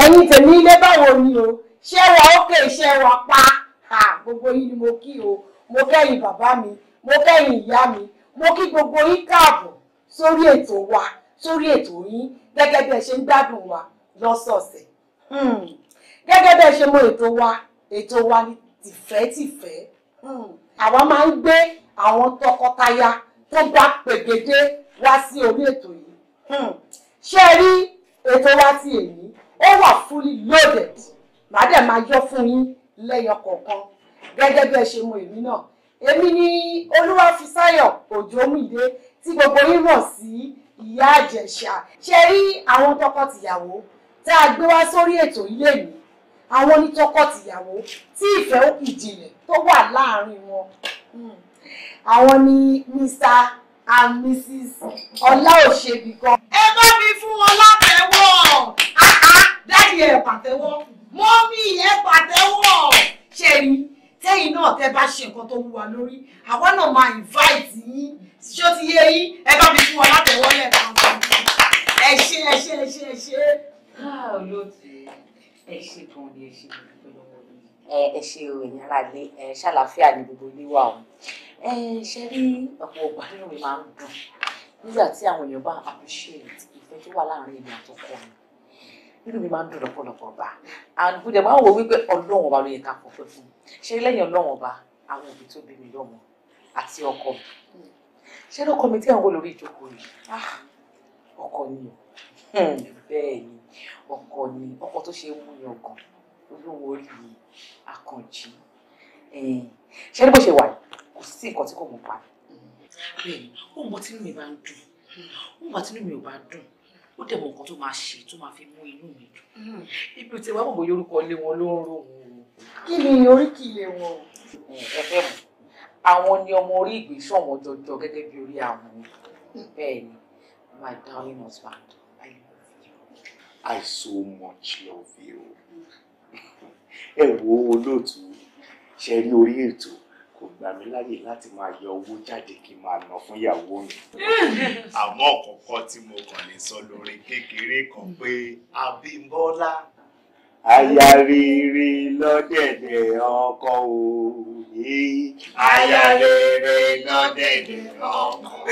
ẹ̀yin tèmi ilé báwo ni o ṣé wa ókè ṣé wa pa gbogbo yín ni mo kí o mo kẹ́yìn bàbá mi mo kẹ́yìn ìyá mi mo kí gbogbo yín káàbọ̀ sórí ètò wa sórí ètò yín gẹ́gẹ́ bí ẹ ṣe ń gbádùn wa lọ́sọ̀ọ̀sẹ̀ hmm, gẹ́gẹ́ bí ẹ ṣe mọ ètò wa ètò wa ni tìfẹ́tìfẹ́ hmm, àwa máa ń gbé àwọn tọkọtaya tó bá pègede wá sí orí ètò yìí hmm, ṣé rí ètò wa ti èyí ó wà fully loaded màá dẹ̀ máa yọ fún yín lẹ́yọ kọ̀ọ̀kan gẹ́gẹ́ bí ẹ ṣe mọ èmi náà èmi ni olúwàfísáyọ̀ òjòmídé tí gbogbo yín mọ̀ sí ìyá àjẹsà ṣe rí àwọn tọkọtìyàwó tá a gbé wá sórí ètò ilé mi àwọn onítọkọtìyàwó tí ìfẹ́ ìjìnlẹ̀ tó wà láàárín wọn hmm. àwọn ni mr and mrs ọlá òṣèbí kan. ẹ bá mi fún wọn látẹ́wọ́ dáàdi ẹ pàtẹ́wọ́ mọ́mí ẹ pàtẹ́wọ́ ṣẹ̀rí tẹ́yìn náà tẹ́ bá ṣe nǹkan tó wúwa lórí àwa náà máa invite yín ṣó ti yé yín ẹ bá mi fún wọn látẹ́wọ́ lẹ́ẹ̀kan ẹ Eh, ẹ ṣe ẹ ṣe ẹ ṣe. Ah, olóòtú ẹ ṣe gan ni ẹ ṣe ẹ ṣe òyìnbó ẹ ṣe àlàáfíà ní gbogbo wíwà ọ̀hún ẹ ṣe ọ̀pọ̀ ọ̀gbà máa ń dùn nígbà tí àwọn èèyàn bá appreciate ìfẹ́ tó wà láàárín èmi àtọkọ mi nínú mi máa ń dùn lọ́pọ̀lọpọ̀ ọba àgbo máa ń wò wípé ọlọ́run ọba ló yẹ ká fọ́fẹ́ fún ṣe lẹ́yìn ọlọ́run ọba àwọn òbí tó bí mi lọ́mọ àti ọkọ mi ṣé lọ́kọ mi tí àwọn olórí ìjókòó yìí ah, ọkọ ni o hmm, bẹ́ẹ̀ ni ọkọ ni ọkọ tó ṣe mú yan gan olówó orí mi àkànjí ṣé ní bó ṣe wà yìí kò sí nǹkan tí kò mọ̀ pa bẹ́ẹ̀ni ó mọ tínú mi máa ń dùn ó mọ tínú mi ò bá dùn ó dẹ̀ mọ nǹkan tó máa ṣe tó máa fi mú inú mi dùn ibi tí wàá mọ̀ bóyá lé wọn ló ń rò wọn kí ni oríkì wọn. àwọn ni ọmọ orí ìgbésọ̀ wọn jọjọ gẹ́gẹ́ bí orí àwọn bẹ́ẹ̀ my darling husband I love you. I so much love you. ẹ wo olóòtú ṣe rí orí ètò kò gbà mí láyè láti máa yọ owó jáde kí n máa ná fún ìyàwó mi. àmọ́ kọ̀ọ̀kan tí mo kàn lè sọ lórí kékeré kan pé Abímbọ́lá. aya rere lọ́dẹ̀dẹ̀ ọkọ òye. aya rere lọ́dẹ̀dẹ̀ ọkọ.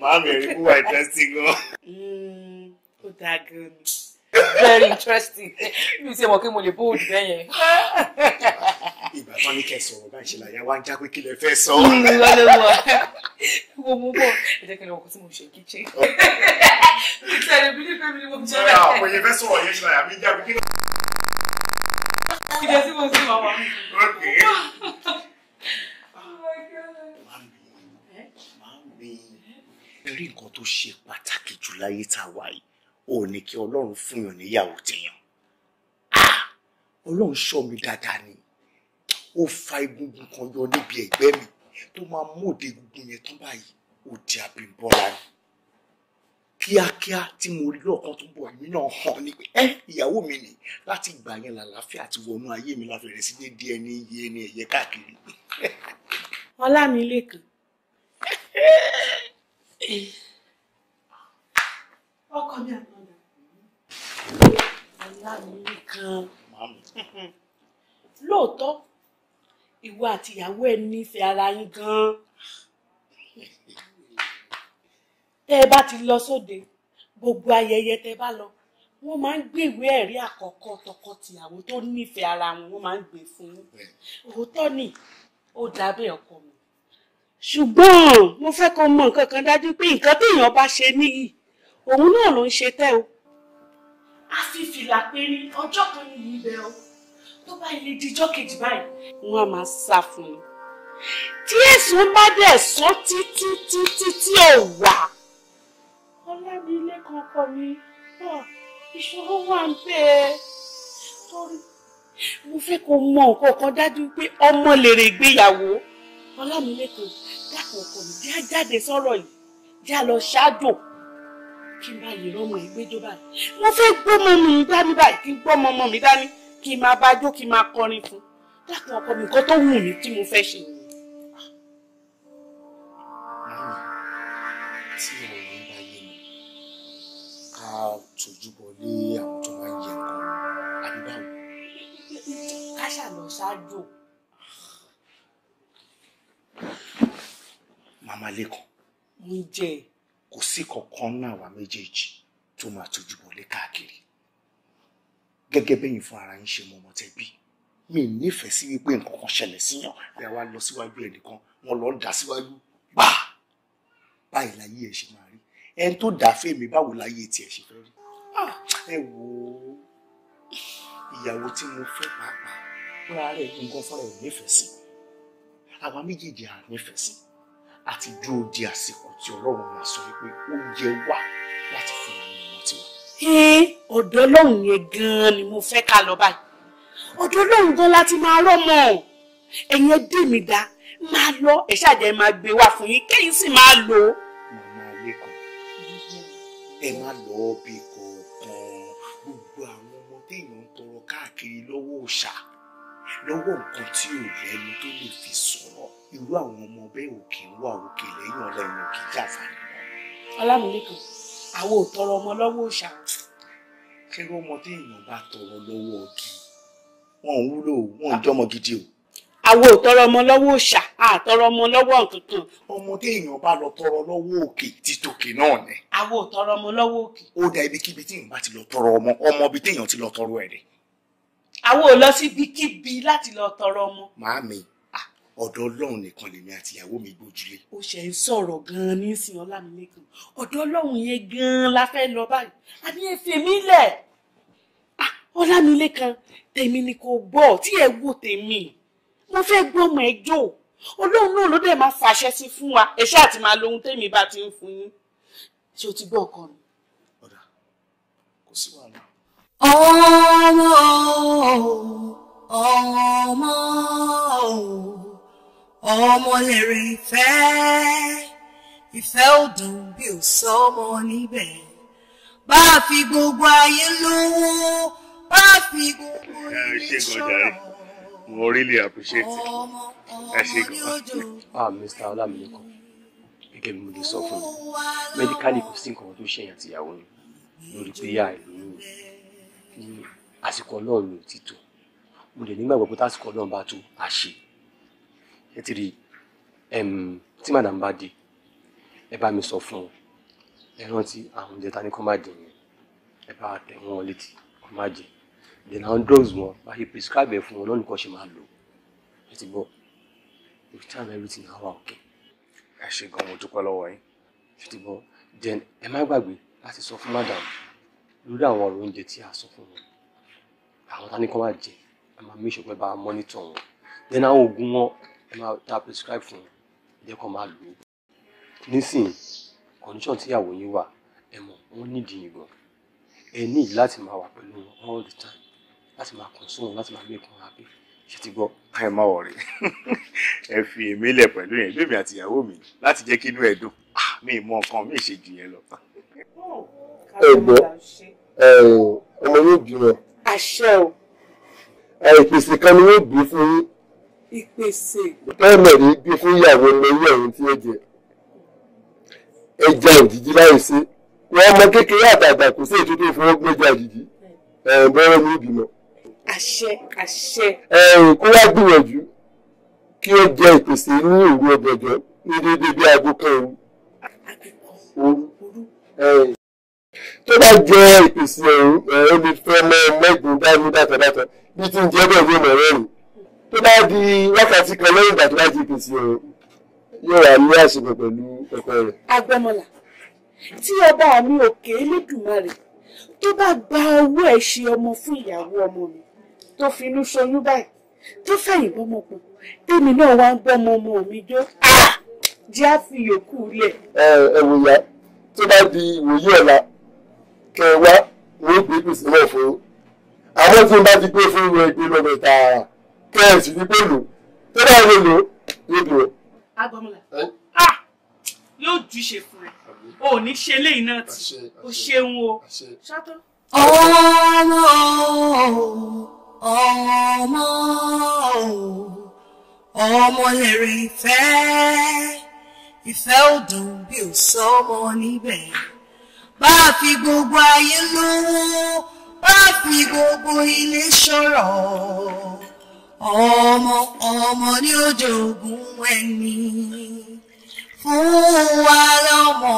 Màmí rí fún wa ìtẹ́sí gan. Hmm, ó dáa gan ni very interesting mi ti mọ̀ pé mo lè bold bẹ́yẹn. ìgbà tó ní kẹ́ sọ̀rọ̀ bá ń ṣe làyà wá ń já pé kí lè fẹ́ sọ. lọ́lọ́wọ́ wo mú bọ̀ ẹ jẹ́ kí n lọ́wọ́ tí mo ṣe kíche. ìtẹ̀lẹ̀ bí ní fẹ́mi ni mo jẹ́ rẹ̀. àwọn èèyàn fẹ́ sọ̀rọ̀ yẹn ṣe làyà mi Oh my God! lè. ìjẹ́ tí mo sì wà wá. Ẹ rí nǹkan tó ṣe pàtàkì jù láyé tá a wà yìí ò ní kí ọlọ́run fún yàn níyàwó tèèyàn ah! ọlọ́run ṣọ́ mi dáadáa ni ó fa egungun kan yọ níbi ẹ̀gbẹ́ mi tó máa mú òde egungun yẹn tán báyìí ó di abìbọ́ra ni kíákíá tí mo rí lọ́ọ̀kan tó bọ̀ èmi náà hàn ni pé ẹ ìyàwó mi ni láti ìgbà yẹn làlàáfíà àti wọnú ayé mi la fẹ̀rẹ̀ sí ní di ẹni iye ẹni ẹ̀yẹ káàkiri. ọlámilékan ọkọ mi àná aláàmúlí kan lóòótọ́ ìwọ àti ìyàwó ẹ nífẹ̀ẹ́ ara yín gan-an tẹ́ ẹ bá ti lọ sóde gbogbo ayẹyẹ tẹ́ ẹ bá lọ wọ́n máa ń gbé ìwé ẹ̀rí àkọ́kọ́ tọkọtìyàwó tó nífẹ̀ẹ́ ara wọn wọ́n máa ń gbé fún un òótọ́ ni ó dábẹ́ ọkọ mi ṣùgbọ́n mo fẹ́ kó mọ nǹkan kan dájú pé nǹkan téèyàn bá ṣe níyì òun náà ló ń ṣe tẹ́ o á fi fìlà péré ọjọ́ kan yìí bẹ ọ tó bá ilé dijọ́ kejì báyìí wọ́n á máa sá fún un tí ẹ̀sùn bá dẹ̀ sán títí títí tí ò wà ọlábílẹ̀ kankan mi ìṣòro wà ń bẹ́ ẹ torí mo fẹ́ kó mọ nǹkan kan dájú pé ọmọ lèrè ìgbéyàwó ọlámilẹ́kọ̀ọ́ dàpọ̀ ọkọ mi já jáde sọ̀rọ̀ yìí já lọ ṣáájò kí n bá lè rọmọ ẹgbẹ́ jó báyìí wọ́n fẹ́ gbọ́mọ mi dání báyìí kí n gbọ́mọ ọmọ mi dání kí n máa bá jó kí n máa kọrin fún dákun ọkọ mi nǹkan tó wù mí tí mo fẹ́ ṣe yìí. tí ọ̀rọ̀ ń bá yé mi ká tójú bọ lé àwọn tó máa ń yẹ nǹkan àbí ká ṣàlọ ṣáájú. màmá lẹ́kọ̀ọ́. mo jẹ́ ẹ̀ kò sí kankan náà wà méjèèjì tó máa tójú bọlé káàkiri gẹ́gẹ́ bẹ́yìn fún ara yín ṣe mọ ọmọ tẹ́ bí mi nífẹ̀ẹ́ sí wípé nǹkan kan ṣẹlẹ̀ síyàn bí a wá lọ síwájú ẹnìkan wọn lọ dá síwájú gbà báyìí láyé ẹ ṣe máa rí ẹni tó dá fèmí báwo láyé tiẹ̀ ṣe fẹ́ rí ẹ wò ìyàwó tí mo fẹ́ pàápàá fúnra rẹ̀ nǹkan fúnra ẹ̀ nífẹ̀ẹ́ sí àwa méjèèjì à nífẹ̀ẹ́ sí àti dúró di àsìkò tí ọlọ́run máa sọ wípé ó yẹ wá láti fún wa ní ọmọ tiwa. ọ̀dọ̀ ọlọ́run yẹn gan-an ni mo fẹ́ ká lọ báyìí ọ̀dọ̀ ọlọ́run gan láti máa rọ́mọ ẹ̀yẹn dè mí dá máa lọ ẹ̀ ṣàjẹ́ máa gbé wá fún yín kẹ́yìn sì máa lò ó. màmá lẹ́kọ̀ọ́ ẹ má lọ bí kọ̀ọ̀kan gbogbo àwọn ọmọ téèyàn ń tọrọ káàkiri lọ́wọ́ òòṣà lọ́wọ́ nǹkan tí ò lẹ́nu tó lè fi sọ̀rọ̀ irú àwọn ọmọ bẹ́ẹ̀ ò kì í wà òkè lẹ́yìn ọlẹ́run ò kì í jà fani. ọlámilẹ́kan àwọn ò tọrọ ọmọ lọ́wọ́ òòṣà kẹrù ọmọ téèyàn bá tọrọ lọ́wọ́ ọdún wọn ò wúlò wọn ò jọmọ gidi o. àwọn ò tọrọ ọmọ lọ́wọ́ òòṣà àtọrọ ọmọ lọ́wọ́ nǹkankan. ọmọ téèyàn bá lọ tọrọ lọ́wọ́ òkè títòkè náà ni. àwọn ò tọrọ ọmọ lọ́wọ́ òkè. ó da ọ̀dọ̀ ọlọ́run nìkan lèmi àti ìyàwó mi gbójúlé. ó ṣe ń sọ̀rọ̀ gan-an nísìnyí ọlámilékan ọ̀dọ̀ ọlọ́run yẹn gan-an la fẹ́ lọ báyìí àbí ẹ fèmí lẹ̀ ah, ọlámilékan tèmi ni kò gbọ́ tí ẹ wo tèmi mo fẹ́ gbọ́ ọmọ ẹ jò ọlọ́run náà ló dẹ̀ máa fàṣẹ sí fún wa ẹ ṣáà ti máa lohun tèmi bá ti ń fún yín ṣé o ti gbọ́ ọkọ mi. ọ̀dà kò sí wàhálà. ọmọ ọmọ ọmọ ọmọ lèrè ìfẹ́ ìfẹ́ ò dùn bí ò sọ́mọ níbẹ̀ bá a fi gbogbo ayé lówó bá a fi gbogbo ilé ṣọ́rọ̀ mo really appreciate it ẹ ṣe gan. ah mr olamileko gẹ́gẹ́ bí mo lè sọ fún mi mẹ́díkálì kò sí nǹkan tó ṣẹ̀yìn àtìyàwó mi lórí pé yá ìlú ní àsìkò ọlọ́run ti tó mo lè nígbàgbọ́ pé tásìkò ọlọ́run bá tó àṣẹ ẹ ti rí tí madam bá dé ẹ bá mi sọ fún un ẹ rántí àwọn oúnjẹ ta ni kó má dín yẹn ẹ bá tẹ̀ wọ́n létí kó má jẹ then àwọn drugs wọn bá ṣe prescribe ẹ fún wọn lónìí kan ṣe máa lò ẹ ti gbọ́ with time everything á wà okay. ẹ ṣe gan mo dúpẹ́ lọ́wọ́ yín. ṣe ti gbọ́ then ẹ má gbàgbé láti sọ fún madam lórí àwọn ọ̀rọ̀ oúnjẹ tí a sọ fún wọn àwọn ta ni kó má jẹ ẹ máa mí ìṣòpẹ́ bá a mọ́nítọ̀ wọn then àwọn oògùn wọn tá a prescribe fún jẹ́ kó máa lò ó nísìnyí condition tíyàwó yín wà ẹ mọ̀ wọ́n nídìí ìgbọ̀n ẹ ní láti máa wà pẹ̀lú wọn all the time láti máa console láti máa make kan happy ṣe ti gbọ́. ẹ má wọ̀rẹ́ ẹ fi èmi lẹ̀ pẹ̀lú yẹn bẹ́ẹ̀ mi àti ìyàwó mi láti jẹ́ kí inú ẹ̀ dùn ah, mi mọ nǹkan mi ṣe jù yẹn lọ. ẹ gbọ́ ọmọ yóò jù rẹ̀. o. ẹ kan ni yóò bí fún yín ìpèsè. pẹ́ẹ́mẹ̀ rí gbé fún ìyàwó ọmọ orí ọ̀hún tí ó jẹ ẹja òjijì láì ṣe wọn ọmọ kékeré àtàtà kò sí ètò tó fọwọ́ gbẹ́jà òjijì bọ́rọ̀ ní ìbímọ. àṣẹ àṣẹ. kó wá gbìyànjú kí ó jẹ ìpèsè ní òru ọ̀gànjọ́ ní déédéé bí aago kan òru. tó bá jẹ ìpèsè ọ̀hún ó lè fẹ́ mọ́ mẹ́gbọ̀n dání bàtàbàtà bí ti ń jẹ́ bẹ́ẹ̀ yóò mọ̀ rẹ́rìn tó bá di wákàtí kan lẹ́yìn ìgbà tó bá di apc o yóò wà ní àṣepọ̀ pẹ̀lú ọkọ rẹ̀. agbẹmọlá tí ọba mi òkè elédùnmarè tó bá gba owó ẹ̀ ṣe ọmọ fún ìyàwó ọmọ mi tó fi inú ṣoyún báyìí tó fẹ̀yìn bọ́mọkùn tèmi náà wá ń bọ́mọ ọmọ mi jó ah! jẹ́ àfi yòókù lẹ̀. ẹ ẹ wò ya tó bá di ìwòye ọ̀la kẹ wá ní ìgbésẹ̀ náà fún un àwọn tí n bá ti gbé fún ìwé ìgbé lọ́dọ̀ tààrà tẹ́ ẹ̀ sì fi pé lò tó bá lè lò yóò dùn ọ́. agbọmọlá ah! yóò ju ṣe fún ẹ o ò ní ṣe eléyìí náà tì o ṣeun o ṣátọ. ọmọ ọmọ ọmọ lèrè ìfẹ́ ìfẹ́ ò dùn bí ò sọ́mọ níbẹ̀ bá a fi gbogbo ayé lówó bá a fi gbogbo ilé ṣọ̀rọ̀ ọmọ ọmọ ní ojogun ẹni fún wa lọ́mọ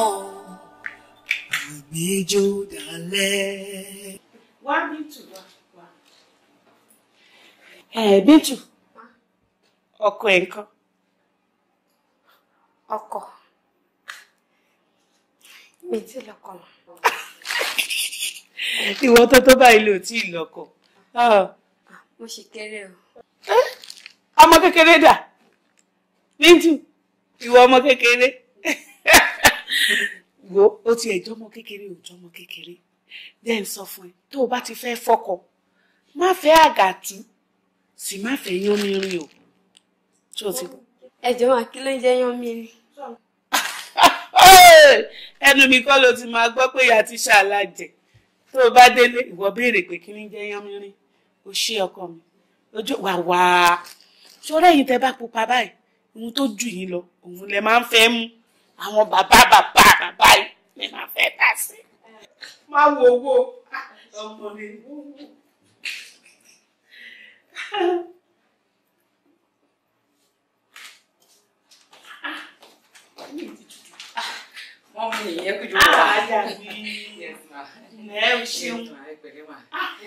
àgbéjò dalẹ̀. wá ọkọ ẹ nǹkan. ọkọ mi ti lọkọ mọ. ìwọ tó tó báyìí ló tí ì lọkọ. mo ṣì kéré o ọmọ kékeré dà Bintu ìwọ ọmọ kékeré wo ó ti ẹ̀jọ́ ọmọ kékeré òjọ́ ọmọ kékeré jẹ́ sọ fún ẹ tó o bá ti fẹ́ fọ́kọ má fẹ́ àgàtú sì má fẹ́ yán mi rin o tí o ti bọ̀. ẹ̀jọ̀ máa kí ló ń jẹ́ yán mi ni. ẹnu mi kọ́ ló ti máa gbọ́ pé ìyá ti ṣàlàjẹ̀ tó o bá délé ìwọ béèrè pé kí ni jẹ́ yán mi rin o ṣé ọkọ mi ojú wa wá ṣọlá yìí tẹ bá pupa báyìí ohun tó jù yín lọ òun lẹ máa ń fẹ́ mú àwọn bàbá bàbá bàbá yìí lẹ máa fẹ́ tà sí. má wo owó ah, ọmọ mi wò ah, wò. wọ́n mú ìyẹn kú jù ah, ẹ ṣeun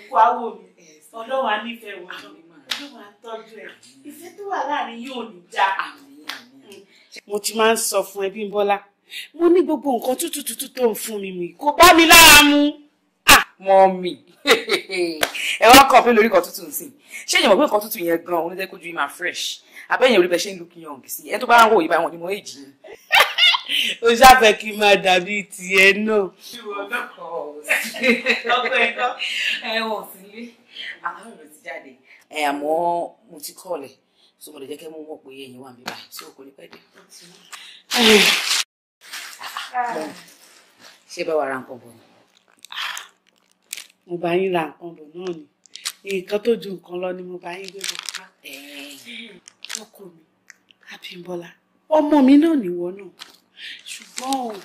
kókó àwọ̀ mi ọlọ́wà nífẹ̀ẹ́ wọn olúwa tọ́jú mo ti máa ń sọ fún ẹbí bọ́lá mo ní gbogbo nǹkan tútù tó ń fún mi mi kò bá mi lára mu. mọ́mì ẹ wá kọ́ pé lórí kan tútù ń ṣé èèyàn pé nǹkan tútù yẹn gan-an onídẹ́kùn ju ìmọ̀ fresh abẹ́yẹn orí bẹ́ẹ̀ ṣe ń lu kìyàn ọ̀gì sí ẹ tó bá ń wò yí báyìí wọn èjì yìí. o ṣàfẹ́ kí n máa dàbí tiẹ̀ náà. ọkọ ẹ̀kọ́ ẹ̀wọ̀n sílé àbáwọ̀ ló ti jáde ẹ àmọ́ mo ti kọ́ọ̀lẹ̀ so mo lè jẹ́ kẹ́ mú wọ́n pé ẹ̀yin wà mí báyìí so kò ní pẹ́ dé. ṣé bá wa ra nǹkan bọ̀ ni. mo bá yín ra nǹkan bọ̀ náà ni nǹkan tó ju nǹkan lọ ni mo bá yín gbé bọ̀ ká. ọkọ mi Abímbọ́lá ọmọ mi náà nìwọ náà ṣùgbọ́n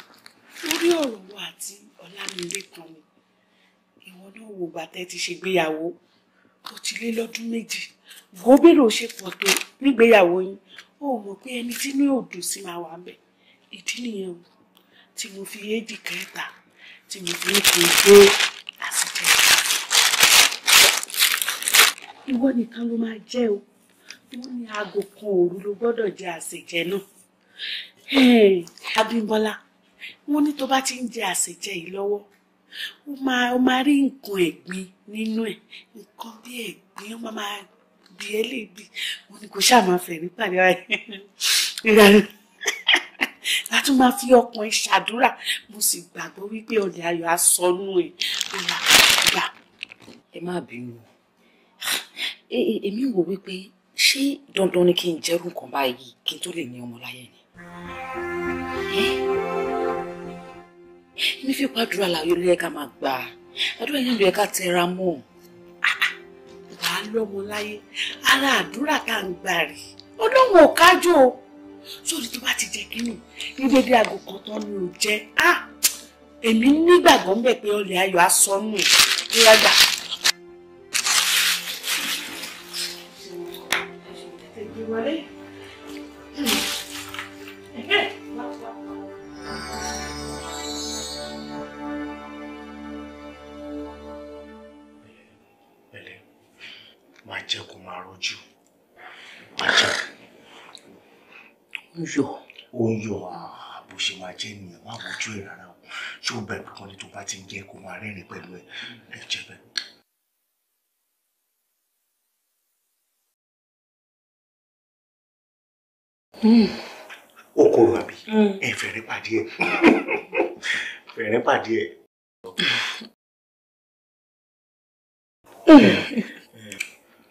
lórí ọ̀rọ̀ wo àti Ọlámilékan mi ìwọ náà wò bàtẹ́ ti ṣègbéyàwó tó ti lé lọ́dún méjì wo bèrè ò ṣe pọ̀ tó nígbéyàwó yín ó mọ̀ pé ẹni tí inú ò dùn sí máa wà ń bẹ̀ ìdí nìyẹn o tí mo fi éjì kẹta tí mo fi ń kí n tó àsìkò ìwọ nìkan ló máa jẹ́ o wọ́n ní aago kan òru ló gbọ́dọ̀ jẹ àsèjẹ náà Abímbọ́lá wọ́n ní tó bá ti ń jẹ àsèjẹ yìí lọ́wọ́ ó máa ó máa rí nǹkan ẹ̀gbin nínú ẹ̀ nǹkan bí ẹ̀gbin ó máa máa bí ẹ lè bí wọn ni kò ṣáà máa fẹ̀ ní pàdé wa yẹn a tún máa fi ọkàn ẹ ṣàdúrà mo sì gbàgbọ́ wípé ọ̀lẹ́ ayọ̀ asọ́nú ẹ̀ ìyá gbà. ẹ má bínú e, e, èmi wò wípé ṣé dandan ni kí n jẹ́rú nǹkan báyìí kí n tó lè ní ọmọ láyé ni èmi fi pàdúrà làyò ló yẹ ká máa gbà á àdúrà yẹn ló yẹ ká tẹra mọ́ gbà ah, á lọ́mọ láyé ara àdúrà tá à ń gbà rè ọlọ́run ò kájọ o sórí tó bá ti jẹ kínú ní dédé aago kan tán ni ò jẹ ah, èmi nígbàgbọ́ ń bẹ̀ pé ọlẹ̀ ayọ̀ á sọ nù ní wàá jẹ́ kó máa rojú máa jẹ́. ó ń yọ. ó ń yọ ah, bó ṣe máa jẹ́ nìyẹn má rojú ẹ̀ rárá o ṣé ó bẹ̀rù kan ní tó bá ti ń jẹ́ kó máa rẹ́rìn pẹ̀lú ẹ̀ ẹ̀ jẹ́ bẹ́ẹ̀. okoro àbí hmm. ẹ fẹ̀rẹ̀ pàdé ẹ̀ fẹ̀rẹ̀ pàdé ẹ̀. Hmm.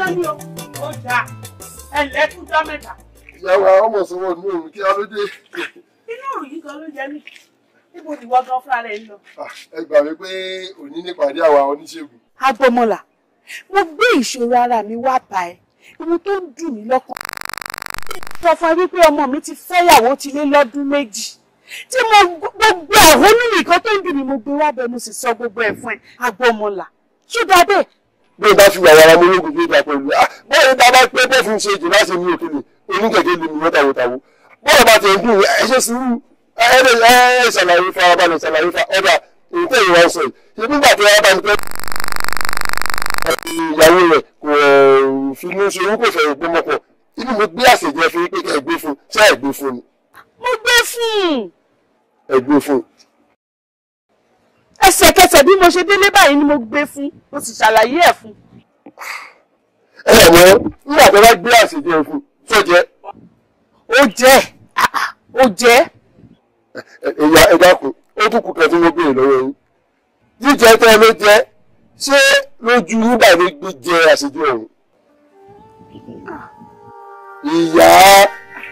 lẹ́nu ọjà ẹ̀lẹ́kúnjọ́ mẹ́ta. ìyàwó àwọn ọmọ sọ̀rọ̀ ní òun kí á ló dé. inú òrùn yìí gan ló jẹ mí níbo ni wọ́n gan fúnra rẹ̀ ń lọ. ẹ gbà mí pé òní nípàdé àwa oníṣègùn. agbọmọlà mo gbé ìṣòro ara mi wá bá ẹ ohun tó ń dùn mí lọ́kàn. sọ fún ẹ wípé ọmọ mi ti fẹ́yàwó ti lé lọ́dún méjì tí mo gbogbo ẹ̀hónú nìkan tó ń dùn mí mo gbé wá bẹ́ẹ̀ mo sì sọ gbogbo ẹ̀ fún ẹ agbọmọlà ṣó bí o bá fi wà wàrà mọ́lógún tó dà pẹ̀lú à ah, bọ́ọ̀lù tá a bá pẹ́ bẹ́ẹ̀ fi ń ṣe jù láti ní òkèlè oníkẹ̀kẹ́ lè mú wọ́tàwọ́tàwọ́ bọ́ọ̀lù bá tẹ̀ ń dùn ẹ ṣe sùúrù ẹ ẹ ṣàlàyé fa abalẹ̀ ṣàlàyé fa ọ̀dà èyí tẹ̀ ìwà ọ̀sẹ̀ yìí nígbà tó yára bá ní pẹ́ ìyàwó rẹ̀ kò fi ní ṣòro kò fẹ́ ìgbọ́mọ̀pọ̀ inú mi gbé àṣejẹ fún pé kẹ́ ẹ gbé fún ṣé ẹ gbé fún ni. mo gbé fún. ẹ gbé fún ẹsẹ̀kẹsẹ̀ bí mo ṣe délé báyìí ni mo gbé fún mo sì ṣàlàyé ẹ̀ fún. ẹ wọ nígbà tó bá gbé àṣejẹ fún tó jẹ. ó jẹ ó jẹ. ìyá ẹ dákun ó tún kù kẹfí wọn béèrè lọ́wọ́ yín jíjẹ tẹ ló jẹ ṣé lójú nígbà ló gbé jẹ àṣejẹ ọ̀hún. ìyá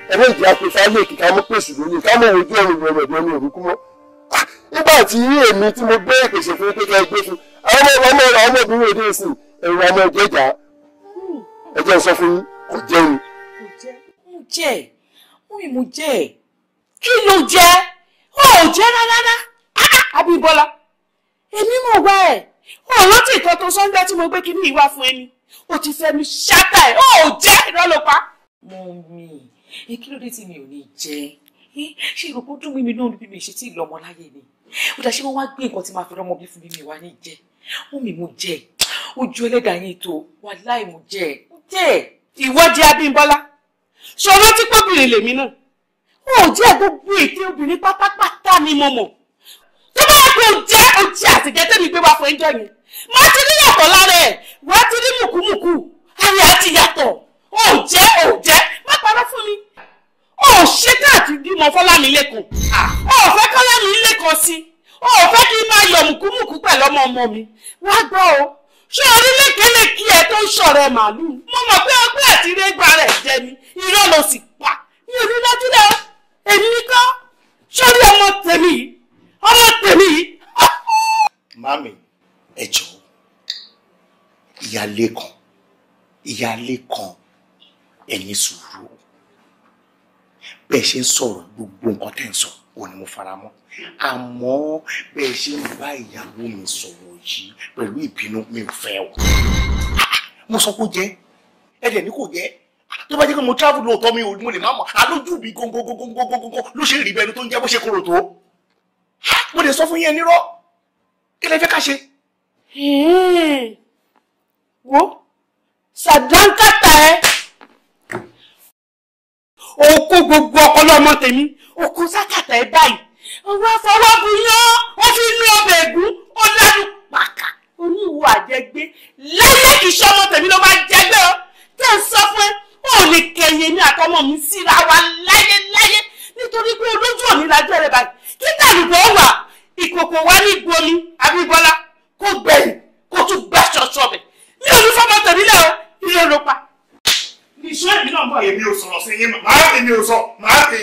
ẹ bẹ́ẹ̀ jẹ́ àpèfà lè kíkà mọ́ pèsè lónìí ká mọ̀ ojú ọ̀run ìrọ̀lẹ́ ọ̀dọ́ ní òrukú mọ́ nígbà tí èmi tí mo gbé ìpèsè fún kékeré gbé fún àwọn ọmọ ọmọ ọmọbìnrin òde ìsìn ẹ̀rù ọmọ ìjẹjà ẹjẹ sọ fún kò jẹ́ mi. mo jẹ́ mo ì mo jẹ́ kí ló jẹ́ ó ò jẹ́ rárá Abímbọ́lá èmi mọ̀ wá ẹ̀ ó rántí nǹkan tó sọ́ńdá tí mo gbé kí ní ìwà fún ẹni ó ti fẹ́ mi ṣáta ẹ̀ ó jẹ́ ìrọ́lọ́pàá. mo mi kí ló dé tí mi ò ní jẹ ṣé ìròpó dùn mí mi náà bí mi ṣe tí ì lọ́mọ láyé ni ó dá ṣé wọ́n wá gbé nǹkan tí máa fi rọ́mọ bí fún mi mi wá ní jẹ́ wọ́n mi mo jẹ́ ojú ẹlẹ́dàá yín tó wà láì mo jẹ́ jẹ́ ìwọ jẹ́ Abímbọ́lá ṣé ọlọ́tí pọ́bìnrin lèmi náà ó jẹ́ gbogbo ète obìnrin pátápátá ni mo mọ̀ tó bá yẹ pé o jẹ́ o jẹ́ àtìjẹ́ tẹ́mi gbé wá fún ẹjọ́ yẹn má ti ní yàtọ̀ lára ẹ̀ wá ti ní mùkúmùkú ayé àti yàtọ̀ ó jẹ́ ó jẹ́ má parọ́ fún mi ò ṣe káàtì bímọ fọlámi lẹ́kọ̀ọ́ ò fẹ́ kọ́lámi lẹ́kọ̀ọ́ sí ò fẹ́ kí n máa yọ̀ mùkúmùkú pẹ̀lú ọmọ ọmọ mi wá gbọ́ o ṣé orílẹ̀-èdè ẹ tó ń ṣọ̀rọ̀ ẹ màlúù mo mọ̀ pé ọgbẹ́ àti rẹ́gbà rẹ̀ jẹ mi irọ́ ló sì pa mi ò ní lọ́jú lẹ èmi kọ́ sórí ọmọ tèmi ọmọ tèmi. mami ẹ jọ̀ọ́ ìyáálé kan ìyáálé kan ẹni sùúrù bẹ́ẹ̀ ṣe ń sọ̀rọ̀ gbogbo nǹkan tẹ́ ń sọ kò ní mo fara mọ́ àmọ́ bẹ́ẹ̀ ṣe ń bá ìyàwó mi sọ̀rọ̀ yìí pẹ̀lú ìbínú mi ò fẹ́ o mo sọ kó jẹ́ ẹ̀dẹ̀ ní kò jẹ́ tó bá jẹ́ pé mo travel lóòótọ́ mi ò mo lè má mọ̀ alójú mi gongongongongongongo ló ṣe rí bẹ́ẹ̀ tó ń jẹ́ bó ṣe kúrò tó mo lè sọ fún yín nírọ́ kí lẹ fẹ́ ká ṣe. wo sàdánkátà ẹ o kó gbogbo ọpọlọ ọmọ tèmi o kó sákàtà ẹ báyìí ọwọ́ afọwọ́bù yán ó fi ní ọbẹ̀ ègún ó lẹ́nu pàkà oníwò àjẹgbé lẹ́yìn ìṣọ́ ọmọ tèmi ló máa jẹgbẹ́ ọ tẹ́ ń sọ fún ẹ ó lè kẹyẹ ní àtọmọ mi síra wa láyé láyé nítorí pé olójú òní lajú ẹ̀rẹ̀ báyìí kí tàlùbọ̀ wà ìkòkò wa ní gbomi àbí bọ́lá kó gbẹ̀yìn kó tún gbà ṣọ̀ṣọ̀ bẹ̀ ní olúfọ́mọ tèmi lẹ́ o ilé ló pa iṣẹ́ mi náà mọ̀ èmi ò sọ̀rọ̀ sí yín màá èmi ò sọ màá fi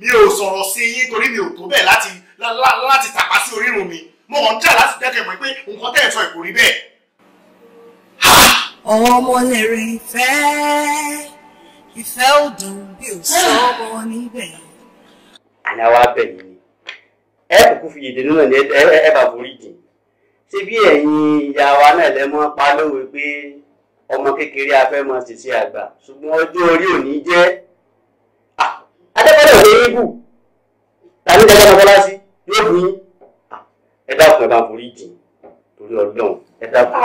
mi ò sọ̀rọ̀ sí yín torí mi ò tó bẹ́ẹ̀ láti láti tàpá sí orírun mi mo kàn ń jà láti dẹ́kẹ̀ mọ́ pé nǹkan tẹ́ ẹ̀ sọ ìkò bẹ́ẹ̀. ọmọ lè ìfẹ́ ìfẹ́ ò dùn bí ò sọ níbẹ̀. àná wa bẹ̀ mí ẹ kúkú fi yèdè náà ní ẹ bá forí jìn ṣé bí ẹ̀yin ìyá wa náà lẹ mọ́ pa lówe pé ọmọ kékeré afẹ́mọ ṣiṣẹ́ àgbà ṣùgbọ́n ọjọ́ orí òní jẹ́ adẹ́gbẹ́dẹ́ òní ibù tàbí dẹ́gbẹ́ ọmọ bọ́lá sí yóò bí ẹ dákun ẹ bá forí jìn torí ọdún ẹ dákun.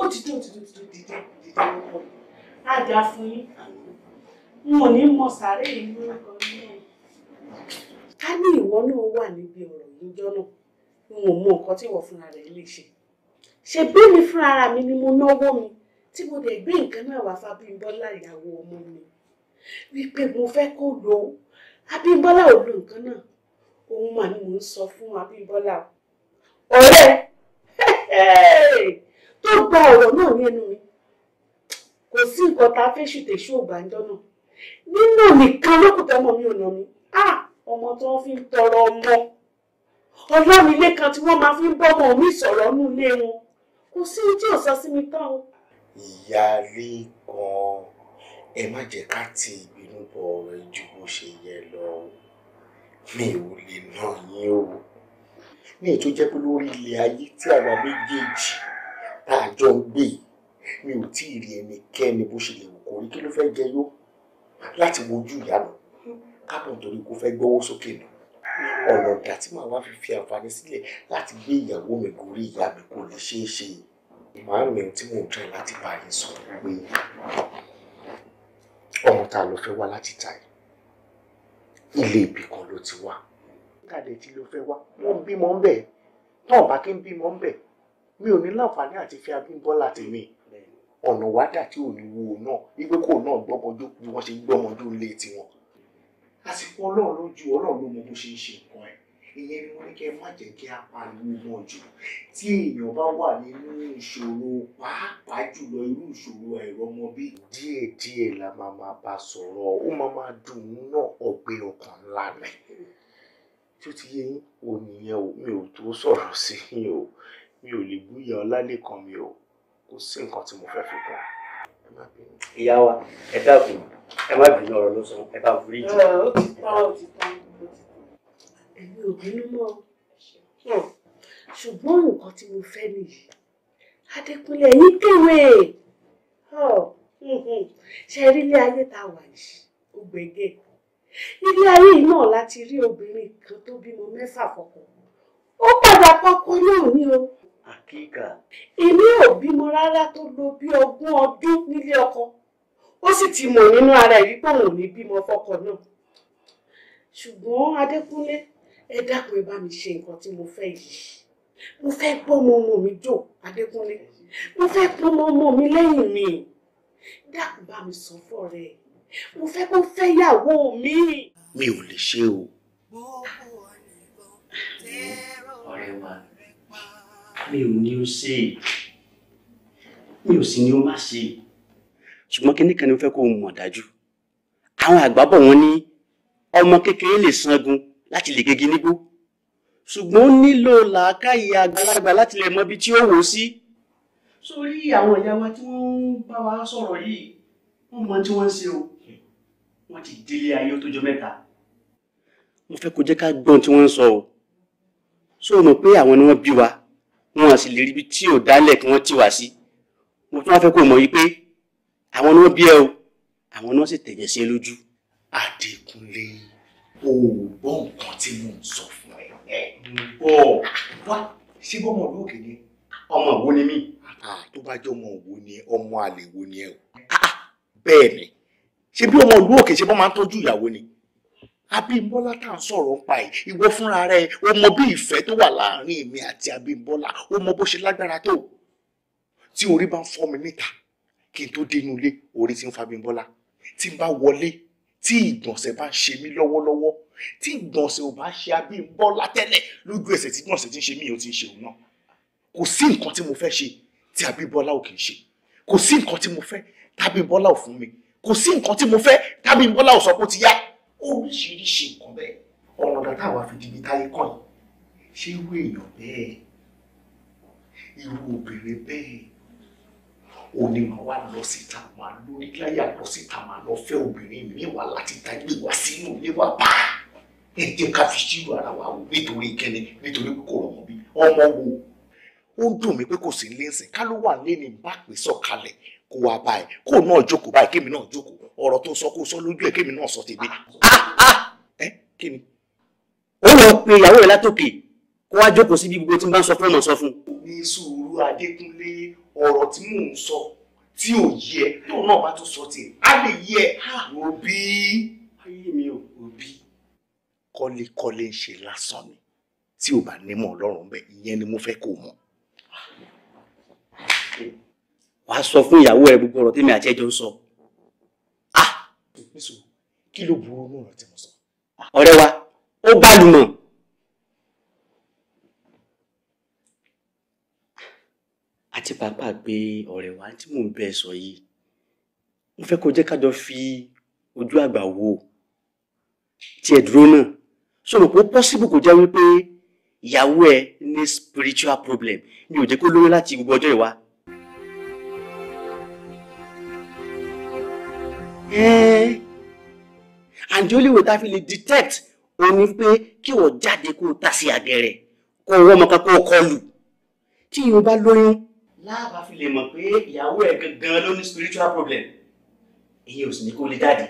ó ti tó ti tó ti tó ti tó ti tó ọkọ á dá fún yín n ò ní mọ sàárè yìí lórúkọ náà. ká ní ìwọ náà wà níbi ọ̀rọ̀ yìí náà n ò mọ nǹkan tí ìwọ fúnra rẹ̀ lè ṣe ṣe bí mi fúnra mi ni mo náwó mi tí mo dẹ̀ gbé nǹkan náà wá fábímbọ́lá ìyàwó ọmọ mi wípé mo fẹ́ kó lo abímbọ́lá ò lo nǹkan náà òun mà ni mò ń sọ fún abímbọ́lá ọ̀rẹ́ tó gba ọ̀rọ̀ náà ní ẹnu mi kò sí nǹkan tá a fẹ́ ṣùtẹ̀ṣù ògbàjọ́ náà nínú nìkan lókùtà ọmọ mi ò nà mí ọmọ tó ń fi tọrọ ọmọ ọlọ́run ilé kan tí wọ́n máa fi ń bọ́ ọmọ mi sọ̀rọ̀ nínú ilé wọn kò sí ní tí ò sọ sí mi tán o yarí gan-an ẹ má jẹ́ ká ti ìbínú bọ̀ ọ̀rọ̀ ju bó ṣe yẹ lọ o mi ò lè nà yín o ní ètò jẹ́ pé lórí ilẹ̀ ayé tí àwa méjèèjì tá a jọ ń gbé mi ò tí ì rí ẹnikẹ́ni bó ṣe lè wò kó rí kí ló fẹ́ jẹ yó láti wojú ìyá mi kábọ̀ nítorí kó fẹ́ gbọ́wọ́ sókè nù ọ̀nà ọ̀dà tí màá wá fi fi àǹfààní sílẹ̀ láti gbé ìyàwó mi gorí ìyá mi kò lè ṣeé ṣe yìí màámi tí mò ń tẹ̀ láti bá yín sọ pé ọmọ tá a lọ fẹ́ wá ta yìí ilé ibì kan ló ti wá. káàdì tí ló fẹ́ wá wọ́n bímọ ń bẹ̀ náà bá kí n bímọ ń bẹ̀ mi ò ní láǹfààní àti fi Abímbọ́lá tèmi ọ̀nà wá dà tí ò ní wo náà wípé kò náà gbọ́mọdé bí wọ́n ṣe gbọ́mọdé lé tiwọn. àsìkò ọlọ́run ló ọlọ́run ló mọ bó ṣe ń ṣe nǹkan ẹ̀ ìyẹn ni mo ní kí ẹ má jẹ́ kí a pariwo mọ́ jù tí èèyàn bá wà nínú ìṣòro pàápàá jùlọ irú ìṣòro ẹ̀rọ ọmọ bí. díẹ̀ díẹ̀ la máa máa bá sọ̀rọ̀ ó máa máa dùn ún náà ọgbẹ́ ọkàn ńlá rẹ̀ tí ó ti yé yín o nìyẹn o mi ò tó sọ̀rọ̀ sí yín o mi ò lè búyà ọlálẹ́kan mi o kò sí nǹkan tí mo fẹ́ fi kàn ìyá wa ẹ dábìí ẹ má bínú ọ̀rọ̀ ló sọ ẹ bá forí jù. ó ti tán ó ti tán èmi ò bínú mọ́ o hmm. ṣùgbọ́n nǹkan tí mo fẹ́ nìyí Adékúnlé ẹ̀yìn kéwé ṣe rí ilé ayé tá a wà yìí ó gbẹgẹ ilé ayé yìí náà láti rí obìnrin kan tó bímọ mẹ́fà fọkọ ó padà pọkọ náà ní o. àkíkà. èmi ò bímọ rárá tó lò bí ogún ọdún nílé ọkọ ó sì ti mọ̀ nínú ara ẹ̀ wípé òun ò ní bímọ fọkọ náà ṣùgbọ́n Adékúnlé ẹ dákun ẹ bá mi ṣe nǹkan tí mo fẹ́ yìí mo fẹ́ pọ́mọ ọmọ mi jò Adékúnlé mo fẹ́ pọ́mọ ọmọ mi lẹ́yìn mi dákun bá mi sọ fọ́ rẹ mo fẹ́ kó fẹ́ yàwó mi. mi ò lè ṣe o. ọ̀rẹ́ wa mi ò ní o ṣe mi ò sì ní o má ṣe ṣùgbọ́n kí nìkan ni mo fẹ́ kó o mọ̀ dájú àwọn àgbà bọ̀ wọ́n ní ọmọ kékeré lè sangun láti lè gègé nígbó ṣùgbọ́n ó nílò làákàyè àgbàlagbà láti lè mọ ibi tí ó wò ó sí. sórí àwọn ìyá wa tí wọ́n ń bá wa sọ̀rọ̀ yìí wọ́n mọ tí wọ́n ń ṣe o wọ́n ti délé ayé tó jọ mẹ́ta. mo fẹ́ kó jẹ́ ká gbọ́n tí wọ́n ń sọ o ṣó o mọ̀ pé àwọn ni wọ́n bí wa wọn sì lè ríbi tí ò dálẹ̀ kí wọ́n tì wá sí mo tún wá fẹ́ kó mọ̀ yìí pé àwọn ni wọ́n bí ẹ o àwọn ni wọ́n sì tẹ̀jẹ̀ sí lójú Adékúnlé o ò gbọ́ nǹkan tí mo ń sọ fún ẹ yẹn ọ wá ṣé bọ́mọ ìlú òkè ni ọmọ ìwo ni mí ah, tó bá jẹ́ ọmọ ìwo ni ọmọ àlè wo ni ẹ o ah, ah, bẹ́ẹ̀ ni ṣé bí ọmọ ìlú òkè ṣe bọ́ máa ń tọ́jú ìyàwó ni Abímbọ́lá tá à ń sọ̀rọ̀ ń pa ẹ̀ ìwọ fúnra rẹ o mọ bí ìfẹ́ tó wà láàárín mi àti Abímbọ́lá o mọ bó ṣe lágbára tó tí orí bá ń fọ́ mi níta kí n tó dé inú ilé orí ti ń fa Abímbọ́lá tí n bá wọlé tí ìgbọ̀nsẹ̀ bá ń ṣe mí lọ́wọ́lọ́wọ́ tí ìgbọ̀nsẹ̀ ò bá ṣe Abímbọ́lá tẹ́lẹ̀ lójú ẹsẹ̀ tí ìgbọ̀nsẹ̀ ti ń ṣe mí ò ti ń ṣe òun náà kò sí nǹkan tí mo fẹ́ ṣe tí Abímbọ́lá ò kì í ṣe kò sí nǹkan tí mo fẹ́ tábímbọ́lá ò fún mi kò sí nǹkan tí mo fẹ́ tábímbọ́lá ò sọ pé ó ti yá oríṣiríṣi nǹkan bẹ́ẹ̀ ọ̀ràn dàda àwa fi dìbí táyé kàn yìí ṣé irú èèyàn bẹ́ẹ̀ irú obìnrin bẹ́ẹ̀ ó ní màá wá lọ síta màá lórí láyà lọ síta màá lọ fẹ́ obìnrin mi wà láti ta ilé wa sínú ilé wa pa ẹ jẹ́ ká fi ṣírò ara wa wò nítorí kẹ́ni nítorí kò rọmọ bí ọmọ wo ó ń dùn mí pé kò sí ń léǹsìn ká ló wà lé ní bá pè sọ̀kalẹ̀ kó wá báyìí kó náà jókòó báyìí kémi náà jókòó ọ̀rọ̀ tó sọ kó sọ lójú ẹ̀ kémi náà sọ tèmi ẹ kémi. ó lọ pe ìyàwó rẹ̀ látòkè kó wá jókòó síbi gbogbo tí n bá ń sọ fún ọmọ sọ fún. ní sùúrù Adékúnlé ọ̀rọ̀ tí mò ń sọ tí ò yí ẹ tóun náà bá tún sọ tiẹ̀ á lè yí ẹ òbí òbí kọ́lékọ́lé ń ṣe lásán ni tí ò bá nímọ̀ ọlọ́run bẹ́ẹ̀ ìyẹn ni mo fẹ́ kó mọ̀. wà sọ fún ìyàwó ẹ gbogbo ọ̀rọ̀ tèmi àti sọ. Ah! kí ló burú ní ọ̀rọ̀ tí mo sọ. ọ̀rẹ́ wa ó gbàlùmọ̀. láti pàápà pé ọ̀rẹ́ wa tí mò ń bẹ sọ yìí mo fẹ́ kó jẹ́ ká jọ fi ojú àgbà wo tiẹ̀ dúró náà sọ̀rọ̀ pé possible kò jẹ́ wípé ìyàwó ẹ ní spiritual problem mi ò jẹ́ kó lóyún láti gbogbo ọjọ́ ìwá. and the only way tá a fi lè detect o ní pé kí wọ́n jáde kó o ta sí àgẹ̀rẹ̀ kó o wọ́n mọ̀ká kó o kọlù tí ìyẹn lóyún láàbà fi lè mọ̀ pé ìyàwó ẹ̀ gangan ló ní spiritual problem èyí ò sì ní kó lè jáde.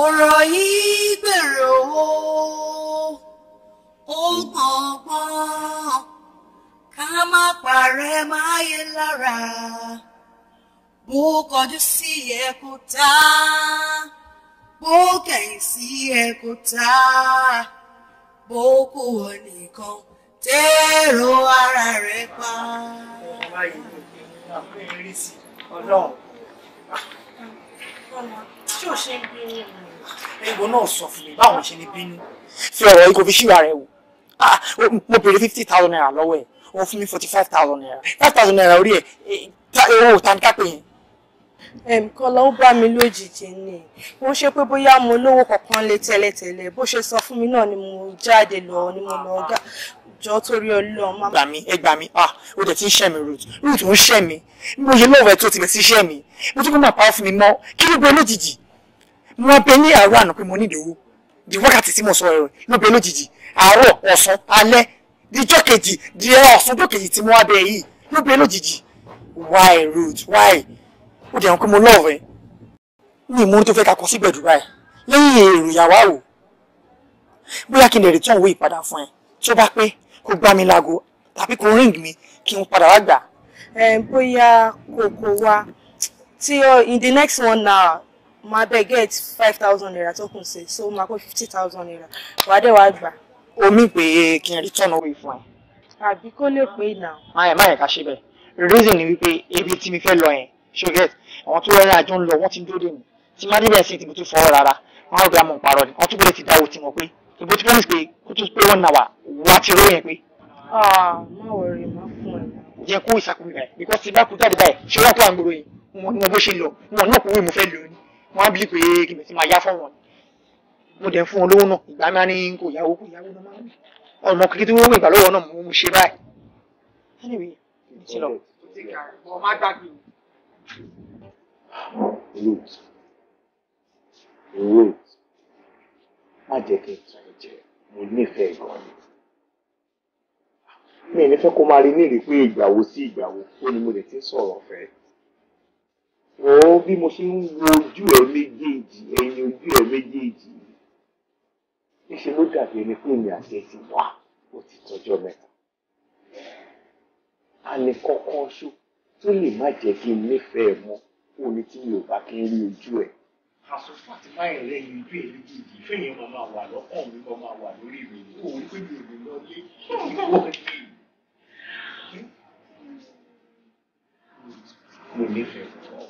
ọ̀rọ̀ yìí bẹ̀rẹ̀ o ó gbọ̀ngbọ̀n ká má parẹ́ máyé lára bó kọjú sí ẹ̀kúta bó kẹ̀yìn sí ẹ̀kúta bó kù ọ nìkan dèrò ara rẹ̀ pa. Ẹ̀wọ̀n náà sọ fún mi báwọn ṣe ní bínú. Fi ọ̀rọ̀ yìí kò fi ṣíra rẹ̀ wò. Ah, mo béèrè fifty thousand naira lọ́wọ́ ẹ̀, wọ́n fún mi forty five thousand naira. Five thousand naira orí ẹ̀ eh, owó ta ni ká pè yẹn kọ́lá ó bá mi lójijì ni wọ́n ṣe pé bóyá mo lówó kankan lé tẹ́lẹ̀tẹ́lẹ̀ bó ṣe sọ fún mi náà ni mo jáde lọ ni mo lọ gá jọ torí Ọlọ́run má. gbà mí ẹ gbà mí ah o dẹ̀ ti ń ṣẹ̀ mi root root ń ṣẹ̀ mi mo ṣe lọ́wọ́ ẹ tó tilẹ̀ ti ṣẹ̀ mi mo tún kó máa pa á fún mi mọ́ kí ló bẹ lójijì mo bẹ ní àárọ̀ àná pé mo ní ìdòwò di wákàtí tí mo sọ ẹ̀rọ ló bẹ lójijì àárọ̀ ọ̀sán alẹ́ díjọ́ kejì di ọ̀sán tó kejì tí mo wá bẹ yìí ló bẹ lójijì why root why o dẹ̀ hàn pé mo lọ́wọ́ ẹ ní ìmúni tó fẹ́ kakọ síbẹ̀ dubai lẹ́yìn èrò ìyàwó bóyá kí n lè return owó ìpadà fún ẹ tó bá pé kó gbá mi láago tàbí kó ring mi kí n padà wá gbà. bóyá kò kò wá tí in the next one hour máa bẹ get five thousand naira tó kù sí so máa kó fifty thousand naira wàá dẹ̀ wàá gbà. omi pé kí n return owó ìfún ẹ. àbí kó lè pé nà. máyẹ̀ máyẹ̀ ká ṣe bẹ́ẹ̀ reason ni wípé ebi tí mi fẹ́ lọ yẹn ṣó get àwọn tó rẹ́rìn àjọ ń lọ wọ́n ti dúró dè mí tí má débẹ̀ sí ti mo tún fọwọ́ rárá wọ́n á gbé àmọ̀ ìparọ́ ni wọ́n tún gbọ́dọ̀ ti dáwọ́ tí mo pé ìbò tí promise pé kó tún pé one hour wà á ti rí yẹn pé. Ah, má wọrí má fún ẹ. jẹ kó ìsàkóbi báyìí because ti bá kú jáde báyìí ṣé wọn kó à ń gbòòrò yìí wọn ni wọn bó ṣe lọ wọn náà kó wí mo fẹ́ lò ó ní wọn á bìlí pé kí n bẹ ti máa yá fún wọn mo dẹ̀ fún wọn lówó náà ìgbà máa ní kò yáwó kò yáwó náà máa ń ọmọ kékeré tí wọ́n wọ ìgbà lọ́wọ́ náà mo ṣe báyìí. anyway mo ti lọ. má o. wait wait má jẹ́ kí n tún mo nífẹ̀ẹ́ gan ni mi ò ní fẹ́ kó máa rí nírìí pé ìgbàwo sí ìgbàwo ó ni mo lè ti ń sọ̀rọ̀ fẹ́ wò ó bí mo ṣe ń wo ojú ẹ méjèèjì ẹyin ojú ẹ méjèèjì níṣẹ́ ló dàbí ẹni pé èmi àti ẹ ti wà ó ti tọ́jọ́ mẹ́ta a ní kọ́kọ́ ṣó tó lè má jẹ́ kí n nífẹ̀ẹ́ mọ́ òní tí mi ò bá kí n rí ojú ẹ̀ àsọ̀tún àti máyì rẹ̀ yìí ju èmi jìjì fẹ́yìn kan máa wà lọ́kàn mi kan máa wà lórí mi kó o rí mi ò lè lọ lé ìwọ ni. mo nífẹ̀ẹ́ púpọ̀.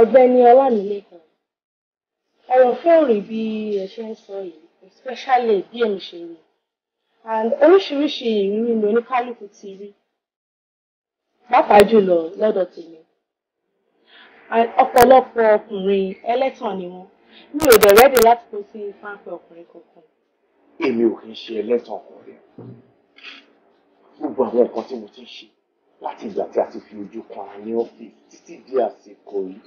ọ̀gbẹ́ni ọlámilékan ọ̀rọ̀ fún òrì bí ẹ ń sọ yìí especially bí èmi ṣe rí and oríṣiríṣi ìrírí ni oníkálukú ti rí pàápàá jùlọ lọ́dọ̀ tèmi ọ̀pọ̀lọpọ̀ ọkùnrin ẹlẹ́tàn ni wọ́n mi ò dẹ̀ rẹ́dì láti kó sí fáńpẹ́ ọkùnrin kankan. èmi ò kì í ṣe ẹlẹ́tàn ọkùnrin gbogbo àwọn nǹkan tí mo ti ń ṣe láti ìgbà tí a ti fi ojú kan ní ọ́fíìsì títí di àsìkò yìí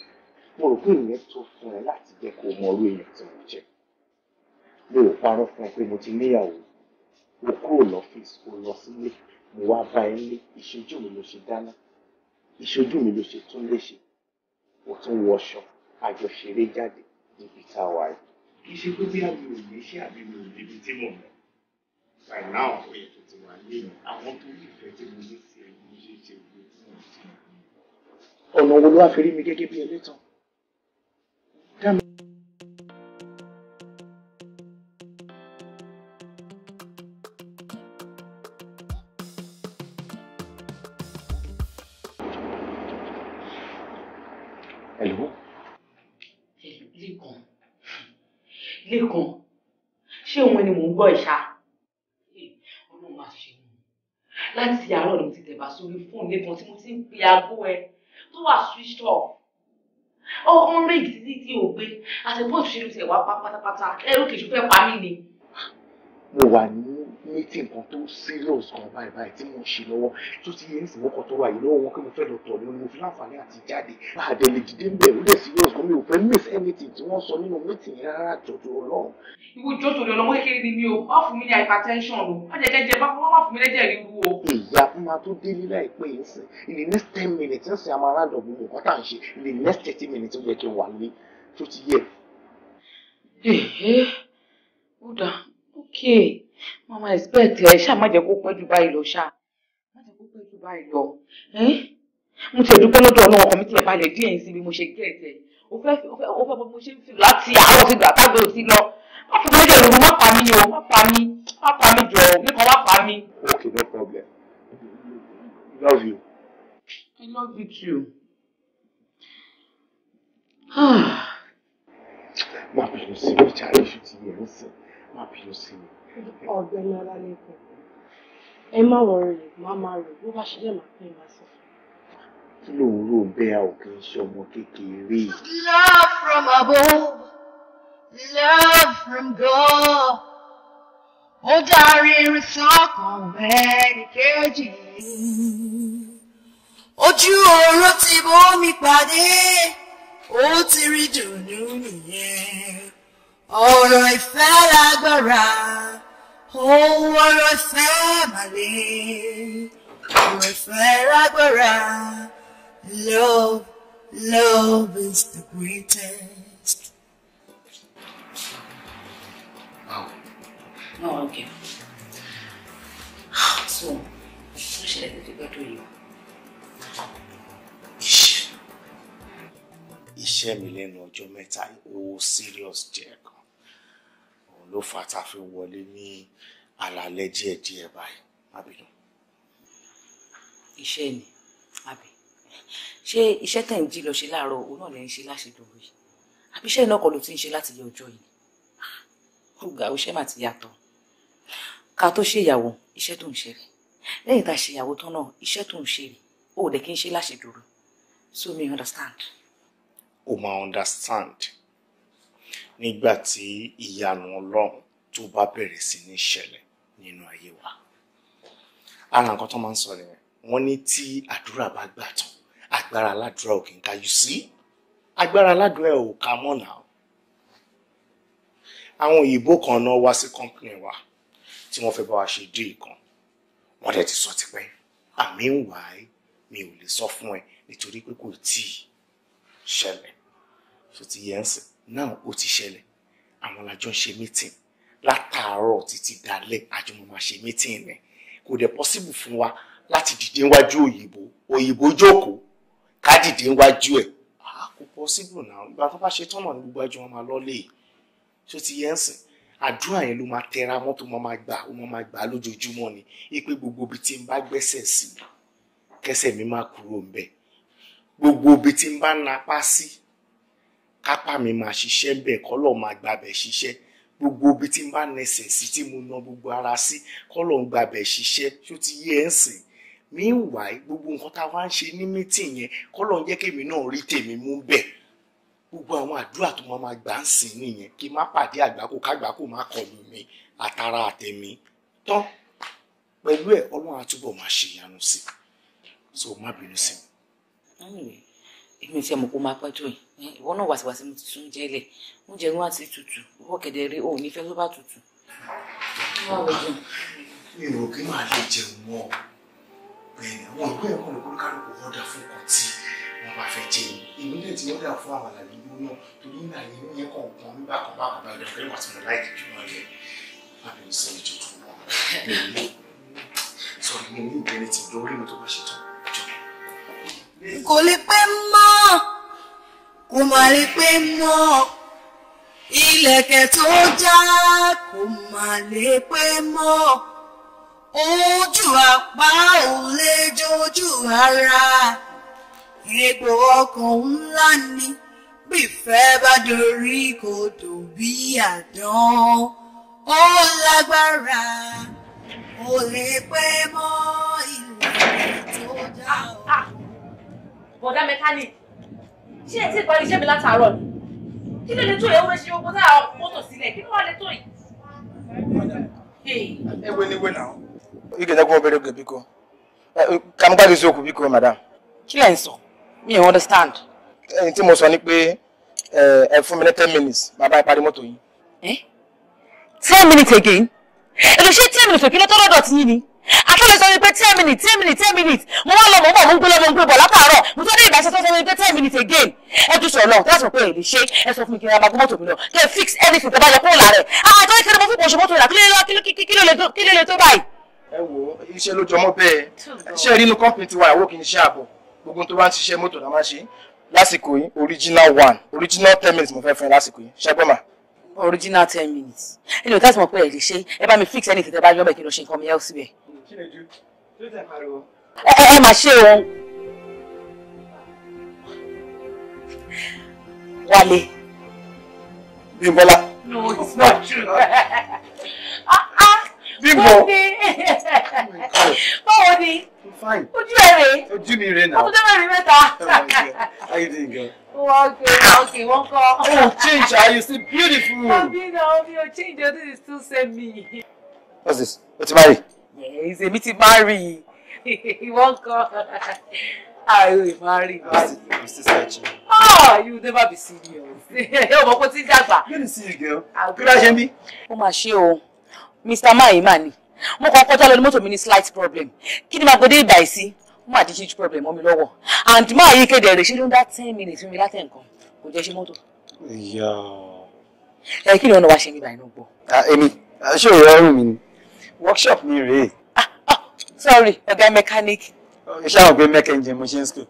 mo rò pé ìyẹn tó fún ẹ láti jẹ́ kó mọ orí èèyàn tí mo jẹ́ mi ò parọ́ fún ẹ pé mo ti níyàwó mo kúrò lọ́fíìsì mo lọ sílé mo wá bá ẹ ní ìṣojú mi ló ṣe dáná ìṣojú mi ló ṣe tún léṣe mo tún wọṣọ àjọṣeré jáde níbi tá a wà yìí. kì í ṣe pé bí àmì ò ní ṣé àmì mi ò níbi tí mò ń lọ. by now ó yẹ kó ti wà lẹ́yìn àwọn tó nífẹ̀ẹ́ tí mo ní sí ẹ̀yìn ṣe ṣe gbé fún ọ̀sẹ̀. ọ̀nà wo ló wá fi rí mi gẹ́gẹ́ bí ẹlẹ́tàn? gbọ́ ìṣá ọlọ́run máa ṣe mú láti àárọ̀ ní ti tẹ̀bà sórí fóònù lẹ́kan tí mo ti ń pe aago ẹ tó wà switched off ọkùnrin rí títí tí ò gbé àti bọ́ọ̀tù ṣe ló ti ẹ̀ wá pátápátá ẹrú kìí ṣe fẹ́ pa mí ni. mo wà ní mítì nǹkan tó serious kan báyìí báyìí tí mo ṣe lọ́wọ́ tó ti yẹ nísìnyí mọ́kàn tó wà yìí lọ́wọ́ wọn kí mo fẹ́ lọ tọ̀ ni mo fi láǹfààní àti jáde láàdé lè dìde mbẹ̀ ó dẹ̀ serious kan mi ò fẹ́ miss anything tí wọ́n sọ nínú mítì yẹn rárá jọjọ ọlọ́run. ìwọ jọ tòlẹ ọlọmọ kékeré ni mi o má fún mi ní hypertension o má jẹ jẹjẹ má fún mi lẹ́jẹ̀ ríru o. ìyá fún ma tó délé láìpẹ́ yìí sìn in the next ten minutes ń sìn amárádọ̀ mi nǹkan tá à ń ṣe in the next thirty minutes ó yẹ kí n wà lé tó ti yẹ. ó dà ókè. Mama, expect ẹ ṣáà má jẹ́ kó pẹ́ jù báyìí lọ ṣáà. Má jẹ́ kó pẹ́ jù báyìí lọ. Mo ti ẹ̀dúpẹ́ lọ́dọ̀ ọlọ́run ọkàn mi ti ẹ̀ balẹ̀ díẹ̀ sí bí mo ṣe gé ẹ̀jẹ̀. O fẹ́ o fẹ́ o fẹ́ bọ́ mo ṣe ń fi láti àárọ̀ sí gbà tágbé o ti lọ. Má fi mọ́jọ́ ìlú má pa mí o, má pa mí, má pa mí jọ̀ọ́, nìkan má pa mí. Okay, no problem. I love you. I love you too. Má bínú sí mi, Charlie, ṣùtì yẹn ń sìn. Má bínú sí mi ọ̀gbẹ́ni ọlálẹ́kùn ẹ má wọrin má má rò bó bá ṣe dẹ̀ máa pẹ́ máa sọ. kí ló ń rò bẹ́ẹ̀ a ò kì í ṣe ọmọ kékeré. love from above love from God ó darí irin sọ́kàn ẹnì ti bómi pàdé ó ti rí dùnú nìyẹn ọ̀rọ̀ ìfẹ́ lágbára owó ọlọ́sẹ̀ àmàlẹ́ ìwẹ̀fẹ̀ lágbára love love is the greatest. Wow. Oh, okay. So, ó ṣẹlẹ̀ tó ti gbẹ́ tó yìí. Iṣẹ́ mi lẹ́nu ọjọ́ mẹ́ta yìí, ó serious jẹ́ kan ló fa tá a fi wọlé ní alalẹ́ díẹ̀díẹ̀ báyìí abinu. iṣẹ́ ni Abi. ṣé iṣẹ́ tẹ̀ ń jí lọ ṣe láàárọ̀ òun náà lẹ́ ń ṣe láṣedòwò yìí àbí iṣẹ́ iná kan ló ti ń ṣe láti yẹ ọjọ́ yìí ah, ọgá iṣẹ́ mà ti yàtọ̀ ká tó ṣèyàwó iṣẹ́ tó ń ṣe rẹ̀ lẹ́yìn tá a ṣèyàwó tán náà iṣẹ́ tó ń ṣe rẹ̀ ó dẹ̀ kí n ṣe láṣedòwò so me understand. o ma understand nígbà tí ìyanu ọlọ́run tó bá bẹ̀rẹ̀ sí ní ṣẹlẹ̀ nínú ayé wa. ara nǹkan tó máa ń sọ nìyẹn wọ́n ní tí àdúrà bá gbà tán agbára aládùúrà ò kì í ka yù sí agbára aládùúrà ò ka mọ́ náà. àwọn òyìnbó kan náà wá sí kọ́ńpìnì wa tí wọ́n fẹ́ bá wa ṣe dé ìkan wọ́n dẹ̀ ti sọ tipẹ́ àmì ń wà á mi ò lè sọ fún ẹ nítorí pé kò tíì ṣẹlẹ̀ ṣe ti yẹn sìn now ó ti ṣẹlẹ̀ àwọn làjọ ń ṣe meeting látàárọ̀ títí dalẹ́ àjùmọ̀ ṣe meeting ni kò dẹ̀ possible fún wa láti dìde níwájú òyìnbó òyìnbó jókòó ká dìde níwájú ẹ̀ kò possible now ìgbà tó bá ṣe tọ́nà ní gbogbo àjùmọ̀ máa lọ́lé yìí tó ti yẹn sìn àdúrà yẹn ló máa tẹra mọ́ tó máa gbà ó máa gbà lójoojúmọ́ ni ipe gbogbo ibi tí n bá gbẹ́sẹ̀ sí kẹsẹ̀ mi máa kúrò ń bẹ̀ gbogbo ibi tí n bá napá sí kápá mi máa ṣiṣẹ́ ń bẹ̀ kọ́lọ̀ máa gbàbẹ̀ ṣiṣẹ́ gbogbo ibi tí n bá nẹsẹ̀ sí tí mo na gbogbo ara sí kọ́lọ̀ ń gbàbẹ̀ ṣiṣẹ́ ṣó ti yé ẹ̀ ń sìn meanwhile gbogbo nǹkan tá a wá ń ṣe ní mítìn yẹn kọ́lọ̀ ń jẹ́ kémi náà rí tèmi mú bẹ̀ gbogbo àwọn àdúrà tó máa gbà ń sìn nìyẹn kí n má pàdé àgbákò kágbákò má kọlù mi àtàrà àtẹ̀mí tán pẹ̀lú ẹ̀ ọlọ́run àtúbọ̀ máa ṣèyanu sí so má bínú sí mi èmi tí ẹ mọ̀ kó máa pẹ́ tó yìí ìwọ náà wàsíwàsí mo ti sún jẹ́ ilẹ̀ oúnjẹ inú àti tutù ìwọ kẹ̀dẹ̀ rí òun nífẹ̀ẹ́ ló bá tutù. mi ò kí máa lè jẹun mọ́ bẹ́ẹ̀ni àwọn ìpín ẹ̀kọ́ ló kúrò kálukú wọ́dà fún kan tí wọ́n bá fẹ́ jẹun èmi náà ti wọ́dà fún àmàlà nínú náà torí ìgbà yẹn ó yẹ kọ̀ọ̀kan ní bákan bákan bá yọ̀dà fẹ́rẹ̀ wà tí mo láìkì jù wọn lẹ̀ lábẹ́ ìsẹ́yìn tuntun wọn. sọ kò lè pé mọ́ kò má lè pé mọ́ ilẹ̀kẹ̀ tó já kò má lè pé mọ́ ojú àpá ò lè jojú ara egbò ọkàn ńlá ni bí ìfẹ́ bá dorí kodò bí àdán ó lágbára ò lè pé mọ́ ilẹ̀kẹ̀ tó já o bọ̀dá mechanic ṣé ẹ ti parí iṣẹ́ mi látàárọ̀ ni kí ló lè tó ìyàwó ṣe gbogbo tá a mọ́tò sílẹ̀ kí ló wà lè tó yìí. ewe ni ewe náà. ike na gbọ́n obere oge biko ka m gbádùn sí okùn biko madam. kí lẹ̀ ń sọ mi ò understand. ẹyin tí mo sọ ni pé ẹ fún mi ní ten minutes bàbá ìparí mọ́tò yìí. Eh? ten minutes again èlò ṣé ten minutes òkè lọ́tọ́ lọ́dọ̀ tí yín ni atọ́lẹ̀ sọ wípé ten minutes ten minutes ten minutes mo wá lọ mo bọ̀ mo ń gbé lọ mo ń gbé bọ̀ látàárọ̀ mo tó ní ìdáṣẹ́ tó sọ wípé ten minutes again ẹ tún sọ lọ láti mọ̀ pé èdè ṣe ẹ sọ fún mi kí n ra magbó mọ́tò mi lọ kí ẹ fix anything tó bá yẹ kó là rẹ̀ ah, àjọ ìkẹrẹ mo fún kòṣe mọ́tò rà kí ló lè tó báyìí. ẹ wo iṣẹ́ ló jọmọ́ bẹ́ẹ̀ ṣé rí inú kọ́mpìnì tiwa ìwọ kì í ṣe ààbò gbogbo tó bá ń ṣiṣẹ́ mọ́tò la máa ṣe lásìkò yìí original one original ten minutes mo fẹ́ fún yín lásìkò yìí ṣẹ́gbọ́n mà original ten minutes ẹni ò tẹ́sí mọ̀ pé ẹ lè ṣe ẹ bá mi fix anything tẹ bá yọ bẹ́ẹ̀ kí n lọ ṣe nǹkan mi else bẹ́ẹ̀. Chinedu, kí ló tẹ̀ pariwo? Ẹ ẹ mà ṣe o. Wálé. Bímbọ́lá. No, it's not true. Ah, ah. Bímbọ́. Oh Báwo ni? I'm fine. Ojú ẹ̀ rè. Ojú mi rè náà. Ọkùnrin mẹ́rin mẹ́ta. How you doing, girl? Oh, okay, okay, one call. Oh, change, are ah, you still beautiful? Bambino, you change, your this is still same me. What's this? What's marry? yes èmi ti máa rí i ìwọ nǹkan ààrẹ ò máa rí i báyìí. mr sachi. ah you never be serious ọmọ kò tí dàgbà. yóò ní sí ìgẹ̀ o kí ló ṣe mí. ó mà ṣe o mr mahima ni mo kàn kọjá lọ ní mọ́tò mi ní slight problem kí ni màá gbọ́dọ̀ ìdà sí ó mà di huge problem mọ́ mi lọ́wọ́ and máa yí kéde rẹ̀ ṣe ló ń dá ten minutes fún mi látẹ̀ nǹkan kò jẹ́ ṣe mọ́tò. ìyá ẹ kí ni ọ̀nà wa ṣe mi báyìí náà gbọ́. Ah, èmi ah, ṣé òun ọrùn mi ni workshop ni oh, sorry ọ̀gá mechanic. iṣẹ́ àwọn pé mẹ́kẹ́ ń jẹ mo ṣe ń school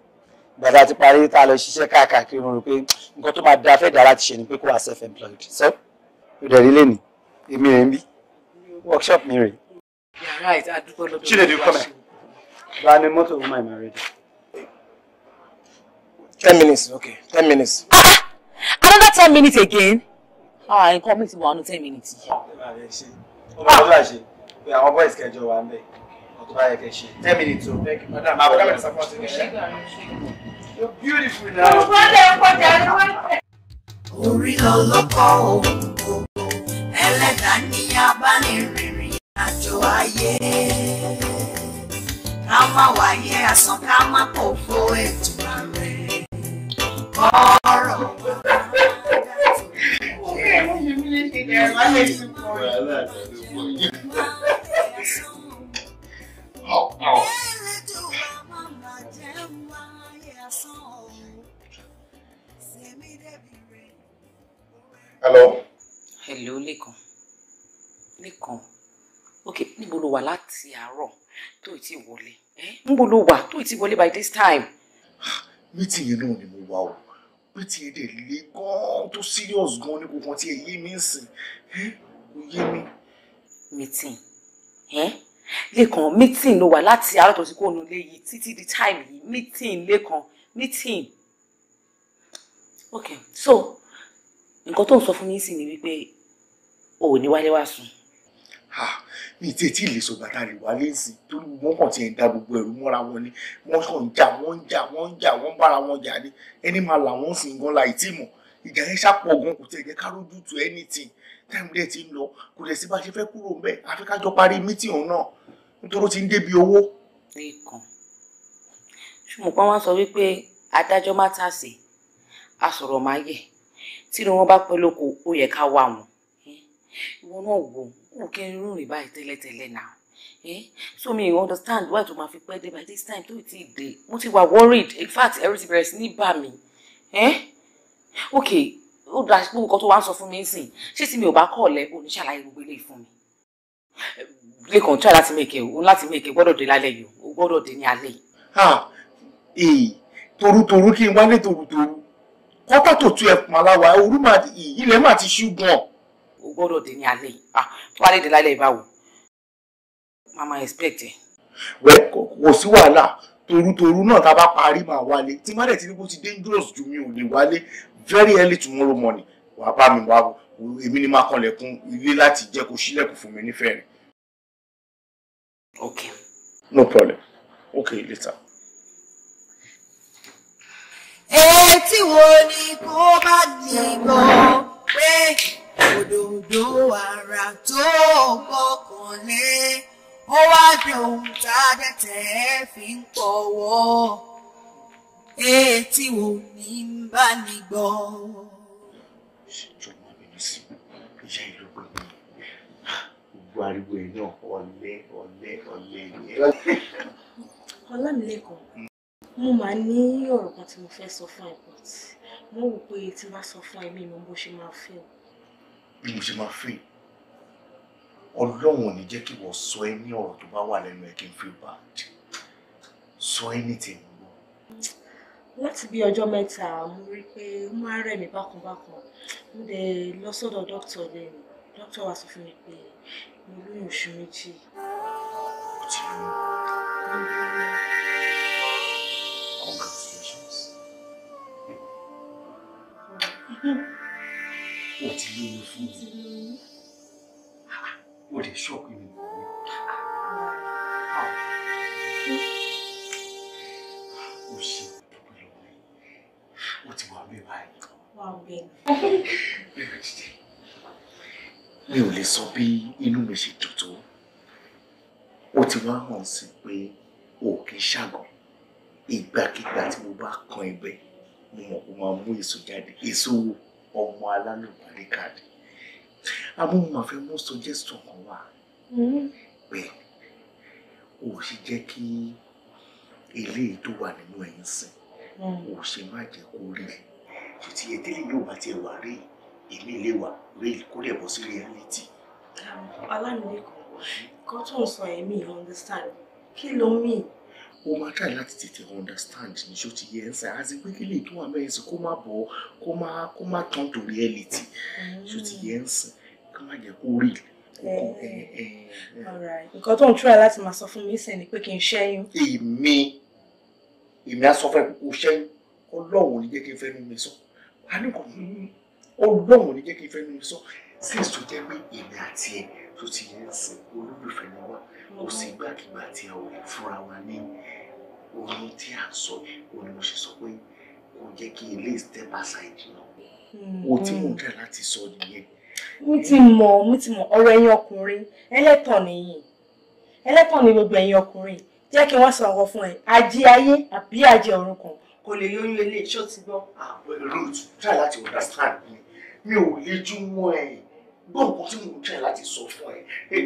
gbàdá ti parí tá a lọ ṣiṣẹ́ káàkiri mo rò pé nǹkan tó máa da fẹ́ dára ti ṣe ni pé kó wà self employed so ìdẹ̀ rí lẹ́nu èmi rẹ̀ ń bí workshop mi rèé. yàrá ìta àdúgbò lọ́dọ̀ ṣílẹ̀ dùn kọ́mẹ̀. bá a ní mọ́tò wọn máa máa rẹ̀ ten minutes okay ten minutes. Ah, ah another ten minutes again. ah nǹkan mi ti wà nù ten minutes ọmọ ọlọ́lá ṣe pé àwọn boys kẹjọ wà ń bẹ̀ ọ̀tún bá yẹ ten minutes o thank you madam àwọn dábàá ṣe. you're beautiful now. olùkọ́ lè kọjá ní wọ́n. orí ọlọ́kọ̀ òun ẹlẹ́dàá ní abánirìnrìn àjò ayé ká má wáyé asán ká má kò fo ètò rẹ̀ ọ̀rọ̀ wá. Hello. Hello, Lẹ́kan. Lẹ́kan. Ok, níbo ló wà láti àárọ̀ tó ti wọlé? Eh, níbo ló wà tó ti wọlé by this time? Meeting yẹn náà ni mo wà o. Mítì yẹn dẹ̀ le gan tó serious gan-an ní kòkan tí èyí mi ń sìn. Eh, kò yé mi. Mítì lẹ́kàn meeting ló wà láti àárọ̀ tó ti kó ònà lé yìí títí di time yìí meeting lẹ́kàn meeting ok so nǹkan tó ń sọ fún mi sì ni wípé o ò ní wálé wá sùn. mi tí etí ìlẹsọ bàtà rẹ wá lẹ́sìn torí wọn kàn ti ń da gbogbo ẹ̀rù mọ́ra wọn ni wọ́n kàn ń jà wọ́n ń jà wọ́n ń jà wọ́n ń bára wọn jà ni ẹni máa là wọ́n sì ń gan la ìtì mọ̀ ìjà yẹn ṣàpọ̀ gan kò tẹ̀ jẹ́ ká lójú tu anything táìmù dẹ̀ ti ń lọ kò dẹ̀ sí bá ṣe fẹ́ kúrò ń bẹ̀ àfi ká jọ parí mítì òun náà nítorí ó ti ń débi owó. nìkan ṣùgbọ́n wọ́n sọ wípé adájọ́ má tàsé asọ̀rọ̀ má yẹ tínú wọn bá pẹ́ lóko ó yẹ ká wà wọn ìwọ náà wò ó kí n rúnrìn báyìí tẹ́lẹ̀tẹ́lẹ̀ náà so me you understand why tó máa fi pẹ́ dé by this time tó ti dé mo ti wà worried in fact ẹ̀rù ti bẹ̀rẹ̀ sí ní bà mí okay ó da gbogbo nǹkan tó wá ń sọ fún mi ń sìn ṣé tí mi ò bá kọ̀ ọ̀lẹ́ lẹ́kàn try láti make o láti make gbọ́dọ̀ dé lálẹ́ yìí o gbọ́dọ̀ dé ní alẹ́ yìí. ee torutoru kí n wá lé torutoru kọ́tà tó tu ẹ̀kún aláwa òru máa ilẹ̀ máa ti ṣú gan. o gbọ́dọ̀ dé ní alẹ́ yìí ah, tó wá lè dé lálẹ́ yìí báwo mama expect ẹ. wẹ́ kò sí wàhálà torutoru náà tá a bá parí máa wálé tí má dẹ̀ ti ní kó ti dangerous ju mi ò lè wálé very early tomorrow morning wàá bá mi wá èmi ni máa kanlẹ̀kùn ilé láti jẹ́ kó ṣílẹ̀kùn fún mi nífẹ̀ẹ́ rẹ̀. Okay. No problem. Okay, later. Etí wo ni kó bá dìbò pé òdòdó àrà tó gbọ́kàn lé ó wá dòun tágẹ́tẹ̀ fi ń pọ̀wọ́ wo ni ń bá ní gbọ́. ṣèjọba mi ní sí ìyá ìlú gbogbo ariwo ẹ̀ náà wọlé ọlámilẹ́kan mo máa ní ọ̀rọ̀ kan tí mo fẹ́ sọ fún ẹ but mo wò pé tí n bá sọ fún ẹ mi mo bó ṣe máa fẹ́ o. bí mo ṣe máa fẹ́ ọlọ́run ò ní jẹ́ kí wọ́n sọ ẹ ní ọ̀rọ̀ tó bá wà lẹ́nu ẹ kí n feel bad sọ ẹ ní tèmi lọ. láti bí ọjọ́ mẹ́ta mo rí pé ó máa ń rẹ̀ mí bákanbákan mo dẹ̀ lọ sọ́dọ̀ dókítà lẹ́nu dókítà wa sọ fún mi pé mo lóyún oṣù méjì mi sọ bí inú mi ṣe dùn ti wá hàn sí pé o kì í ṣàgàn ìgbàkigbà tí mo bá kan ẹgbẹ́ mo mọ̀ kó máa mú èso jáde èso ọmọ alálùbárí káàdì àmọ́ mo máa fẹ́ mú suggestion kan wá mm-hmm. bẹ́ẹ̀ o ṣe jẹ́ kí eléyìí tó wà nínú ẹ̀yìn sìn o mm. ṣe má jẹ́ kó rí ẹ̀ ṣe ti ẹtẹ́lẹ̀ yóò bá tiẹ̀ wà rí èmi ilé wa rí kó lè bọ́ sí reality. aláǹdẹ̀kọ̀ nǹkan tó ń sọ ẹ̀mí yìí understand kí ló mean. ó máa try láti tètè understand ní ṣó ti yẹ ẹ sẹ àti pé kí lè tó wà bẹ́ẹ̀ sí kó má bọ̀ kó má kó má tán to reality ṣó ti yẹ ẹ sẹ kó má jẹ́ kó rí eh. eh, eh, nǹkan tó ń tura láti máa sọ fún mi sẹ́ni pé kí n ṣẹ́yún. èmi èmi á sọ fún ẹ kó ṣẹ́yún ọlọ́run ò ní jẹ́ kí n fẹ́ nu mi sọ àníkàn ọlọ́run ò ní jẹ́ kí n fẹ́ nu mi sọ sí èso jẹ́ pé èmi àti ẹ tó ti yẹn sìn olólùfẹ́ ni wá kò sí ìgbàkigbà tí a ò fúnra wa ní orin tí à ń sọ òun mo ṣe sọ pé kò jẹ́ kí ilé step aside náà o tí mò ń dà láti sọ nìyẹn. mo ti mọ̀ mo ti mọ̀ ọ̀rọ̀ ẹ̀yin ọkùnrin ẹlẹ́tàn nìyí ẹlẹ́tàn ni gbogbo ẹ̀yin ọkùnrin jẹ́ kí wọ́n sọ ọ̀rọ̀ fún ẹ ajé ayé àbí ajé ọ̀run kan kò lè yọyún ilé iṣẹ́ ti gbọ́. àwọn èrò tí try láti understand mi mi ò lè jú wọn ẹ̀yìn gbọ́ nǹkan tí mò ń jẹ́ láti sọ fún ẹ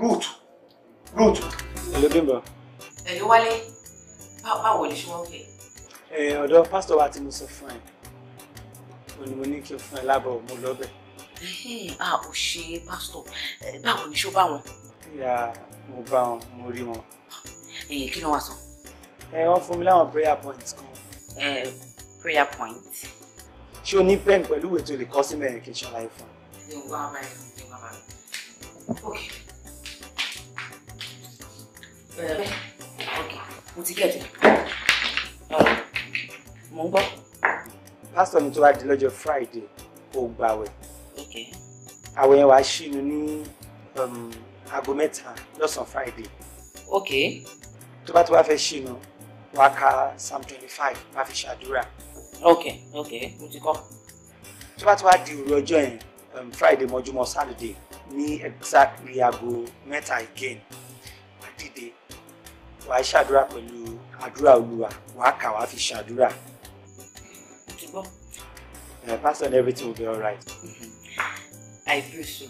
root root. hello Bimbo. hello Wálé báwo lè ṣe wọ́n fẹ́. ọ̀dọ̀ pásítọ̀ wa ti mo sọ fún ẹ mo ni mo ní kí o fún ẹ lábọ̀ mo lọ́bẹ̀. a ò ṣe pásítọ̀ báwo ni ṣó bá wọn. ìyá mo bá wọn mo rí wọn. kí ló wá sọ. wọ́n fún mi láwọn prayer points kan. prayer points. ṣé o ní pen pẹ̀lú ìwé tó lè kọ mẹ́rin kì í ṣàlàyé fún un then wá bá ẹ fún mi bàbá mi ok bẹ̀rẹ̀ bẹ́ẹ̀ ok mo ti kẹ̀dẹ̀ mo ń gbọ́. pásítọ̀ mi friday ó gbàwẹ̀ ok. yẹn wàá ṣínú ní um, aago mẹ́ta just on friday. ok tó bá tó bá waka ṣínú psalm twenty five wàá fi ṣàdúrà. ok ok mo ti kọ́. tó bá tó bá di òru ọjọ́ um, friday mọ́júmọ́ saturday Me exactly aago her again wàá dìde wàá ṣàdúrà pẹ̀lú àdúrà olúwa wàá kà wàá fi ṣàdúrà. Uh, pastor and everything will be alright. Mm-hmm. I feel so.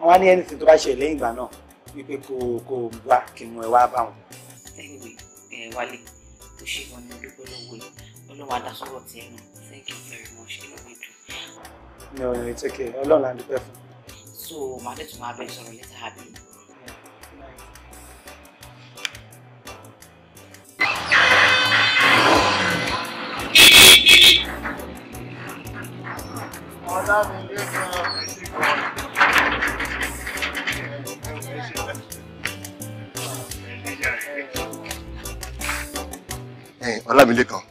Wọ́n á anything to bá ṣe lẹ́yìn no. You wípé kò kò wá kí n mú ẹ wá bá wọn. Anyway, ẹ wálé, kò ṣe ìwọ̀n ní olúgbọ́lọ́wọ́ yìí, olúwa Thank you very much no no it's okay ọlọ́run la dúpẹ́ fún. so màá dẹ̀ tún máa bẹ sọ̀rọ̀ lẹ́tà àbí. ọ̀dà mi lè sọ. ọlámilékan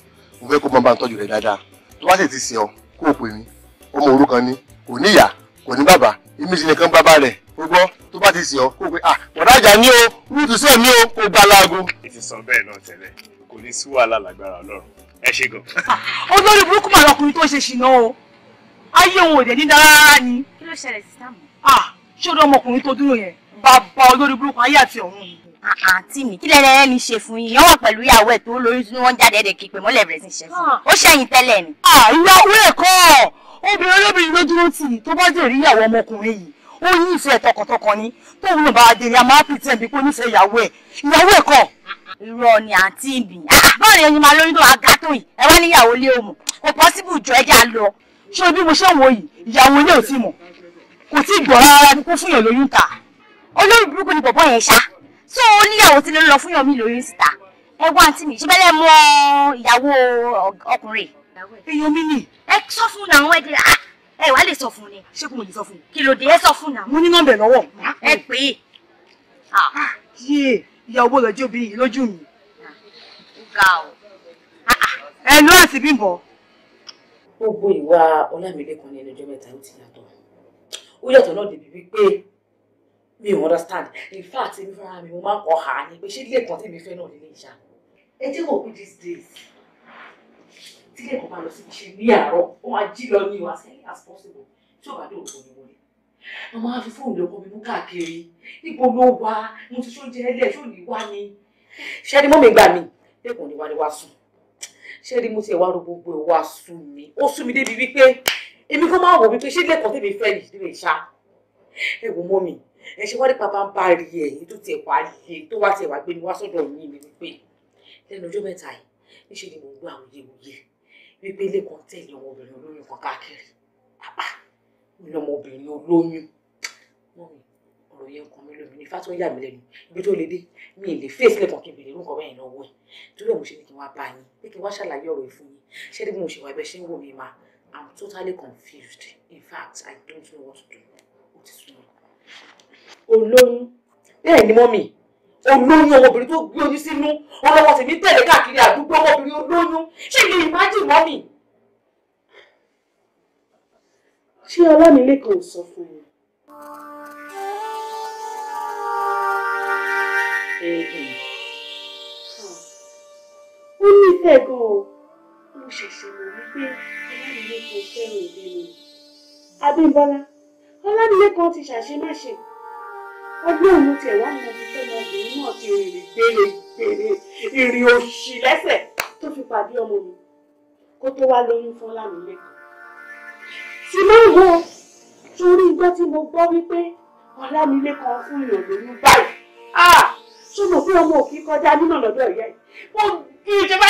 mo fẹ́ kó mọ bá ń tọ́jú rẹ̀ dáadáa tó bá sì ti sìn ọ kó o pè ọmọ òrukàn ni kò ní ìyá kò ní bàbá èmi sì nìkan bàbá rẹ̀ o gbọ́ tó bá ti sì ọ́ kó pe ọ̀dájà ní o rúùtù sí ẹ̀mí o kó gba láago. èsì sọ bẹ́ẹ̀ náà tẹ́lẹ̀ kò ní sí wàhálà lágbára ọlọ́run ẹ ṣe gan. Ah, olórí burúkú màá lọkùnrin tó ṣe ṣìnà o ayé òun ò dẹ̀ ní dára rárá ni. kí ló ṣẹlẹ̀ sí sáàmù. Ah, ṣé o rí ọmọkùnrin tó dúró yẹn bàbá olórí burúkú ayé àti ọ̀run yìí ah, àǹtí mi kí lẹ́rẹ́ ẹni ṣe fún yín yọ́wọ́ pẹ̀lú ìyàwó ẹ̀ tó lórí tí wọ́n jáde ẹ̀dẹ̀ kí pé mọ́lẹ̀ bẹ̀rẹ̀ sí fún ó ṣẹ̀yìn tẹ́lẹ̀ ni. ìyàwó ẹ̀kọ́ obìnrin olóbìnrin ló dúró tì í tó bá dé rí ìyàwó ọmọkùnrin yìí ó ní ìfẹ́ tọkàntọkàn ni tóun náà bá a dé ní a máa pìtẹ́ bí kò nífẹ̀ẹ́ ìyàwó ẹ̀ ìyàwó ẹ̀ kọ́. irọ́ ni àǹtí mi ah, báwo ni ẹyin máa lóyún tó aga tó yìí ẹ wá níyàwó lé òmù kò pọ́sibú jọ ẹ já lọ ṣé bí mo ṣe ń wo yìí ìyàwó ilé ò tí mọ̀ kò tí ì gbọ́ rárá kó fún yàn lóyún ta olórí burúkú ni bọ̀bọ́ yẹn ṣá tó o níyàwó tí ló lọ fún yàn mí lóyún síta ẹ wá àǹtí mi ṣe bẹ́ẹ̀ mọ ìyàwó ọkùnrin èèyàn mi ni. ẹ sọ fún un àwọn ẹdí ah! ẹ wàá lè sọ fún un ni. ṣé kò mọ̀ ní sọ fún un. kí ló dé ẹ sọ fún un mo ní nọ́mbà lọ́wọ́. ẹ pè é. Ah. Ah, yé ìyàwó lọ́jọ́ bí lójú mi. ó ga ẹ ló àti bímbọ. gbogbo ìwà ọlámilẹ́kan ní ẹnìjọ́ mẹ́ta ó ti ó yàtọ̀ náà débi wípé mi ò understand in fact mi fara mi mo máa ń kọ̀ ha ni pé ṣé ilé kan tí mi fẹ́ náà nílé ìṣá. ẹ jẹ́ kó kú these days tí kẹ́kọ̀ọ́ máa lọ síbi ṣe ní àárọ̀ wọ́n máa jí lọ ní ìwà sẹ́yìn as possible tí ò bá dé òkò ni wọlé. wọ́n máa fi fóònù ọkọ mi káàkiri níbo ló wà mo ti ṣóúnjẹ ẹlẹ́ ṣó ní wá ni. ṣé ẹni mọ́ mi gbà mí kẹ́kọ̀ọ́ ni wà ní wá sùn ṣé ẹni mo ti wá ro gbogbo ẹ̀ wá sùn mi ó sún mi débi wípé èmi kò máa wò wípé ṣé lẹ́kọ̀ọ́ tèmi fẹ́ yìí lè ṣá ẹ̀wọ̀n mọ́ mi ẹ ṣe wá pàpà ń bá rí ẹ̀yìn tó tiẹ̀ wá lé tó wá tiẹ̀ wá gbé ni wá sọ́dọ̀ yín mi wípé lẹ́nu ọjọ́ mẹ́ta yìí níṣẹ́ ni mò ń gbọ́ àwọn yewuye wípé ilé kan tẹ̀lé ọmọbìnrin olóyún kan káàkiri àpá ọmọbìnrin olóyún wọ́n ọ̀rọ̀ yẹn kan mi lómi ifá tó ń yà mí lẹ́nu ibi tó le dé mi ì lè fèsì lẹ́kàn kí n bèrè nǹkan bẹ́ẹ̀ lọ́wọ́ ẹ̀ torí ẹ̀ mo ṣe ní kí n wá bá yín pé kí n wá ṣàlàyé ọ̀rọ̀ yìí yín ṣé bí mo ṣe wà ẹ̀bẹ̀ ṣe ń wò mí ma I'm totally confused in fact I don't know what to do olóyún bẹ́ẹ̀ ni mọ́mì olóyún ọmọbìnrin tó gbé oyún sínú ọlọ́wọ́ sì ní tẹ̀lé káàkiri àdúgbò ọmọbìnrin olóyún ṣé ní ìmájì mọ́mì. ṣé ọlámilékan ò sọ fún ẹ. ó ní ìfẹ́ gan-an o mo ṣẹ̀ṣẹ̀ mọ̀ wípé ọlámilékan fẹ́ràn ìbẹ́ni abímbọ́lá ọlámilékan ti ṣàṣemáṣe ọlọ́run ló tiẹ̀ wá ní ẹni pé ọmọbìnrin náà ti rìnrìn gbére gbére ìrìn òṣì lẹ́sẹ̀ tó fi pàdé ọmọ mi kó tó wá lóyún fún lámìlẹ́kọ̀ọ́. tí máa ń wo torí gbọ́ tí mo gbọ́ wípé ọlámilẹ́kọ̀ọ́ fún ìyàn lóyún báyìí tó mọ̀ pé ọmọ òkè kọjá nínà lọ́dọ̀ ìyá ẹ̀ mo bí ìjọba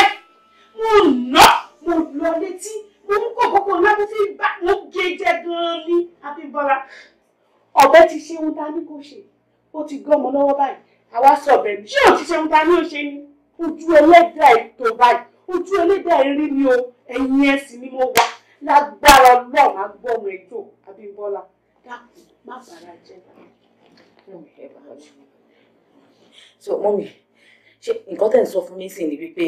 mo nà mo lọ létí mo mú kòkòkò lábẹ́ fi mo gé jẹ gan-an ní abíbọ́ra ọ̀bẹ ti ṣe ohun tá a ní ṣe ó ti gọ́ ọmọ lọ́wọ́ báyìí àwa sọ bẹ̀rù ṣé òun ti ṣe ohun ta ní òṣè ni ojú ẹlẹ́dàá ètò báyìí ojú ẹlẹ́dàá rí ni o ẹ̀yìn ẹ̀sìn ni mo wà lágbára ọlọ́run agbọ́mọ ẹjọ́ Abímbọ́lá dákun má bàrà jẹ́ so mọ́mì ṣe nǹkan tẹ̀ ń sọ fún mi sí ni wípé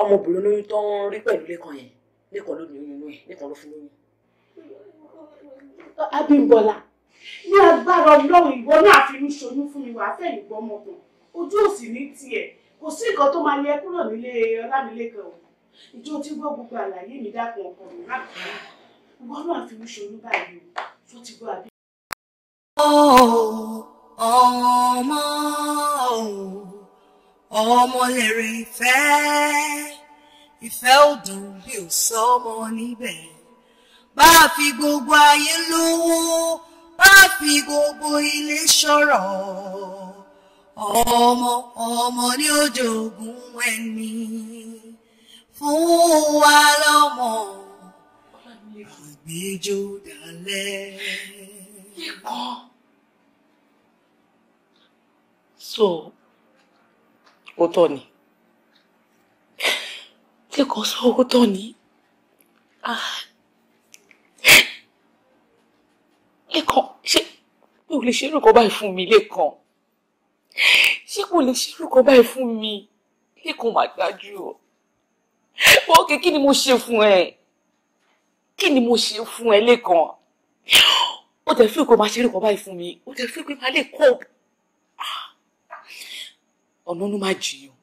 ọmọbìnrin lóyún tó ń rí pẹ̀lú lẹ́kàn yẹn lẹ́kàn ló ní oyún inú ẹ̀ lẹ́kàn ló fún lóyún. Abímbọ́lá ní agbára ọlọ́run ìwọ náà fi mí ṣoyún fún mi wàá fẹ̀yìn gbọ́ ọmọkùn ojú òsì ní tiẹ̀ kò sí nǹkan tó máa lé kúrò nílé ọlámilékan o ìjọ tí gbọ́ gbogbo àlàyé mi dákun ọkọ mi má bàa ìwọ náà fi mí ṣoyún báyìí o tó ti gbọ́ àbí. ọmọ ọmọ lèrè ìfẹ́ ìfẹ́ ò dùn bí ò sọ́mọ níbẹ̀ bá a fi gbogbo ayé lówó bá fi gbogbo ilé ṣọ̀rọ̀ ọmọ ọmọ ní ojoògùn ẹni fún wa lọ́mọ àgbéjò dalẹ̀. so òótọ́ ni kíkọ́ sọ òótọ́ ni. Ah. lẹ́kàn ṣé mi ò lè ṣe irúkọ báyìí fún mi lẹ́kàn ṣé kò lè ṣe irúkọ báyìí fún mi lẹ́kàn má dájú o ókè kí ni mo ṣe fún ẹ kí ni mo ṣe fún ẹ lẹ́kàn ó tẹ̀ fún ìkó máa ṣe irúkọ báyìí fún mi ó tẹ̀ fún ìkó máa lè kọ́ ọ̀nà ló máa jiyàn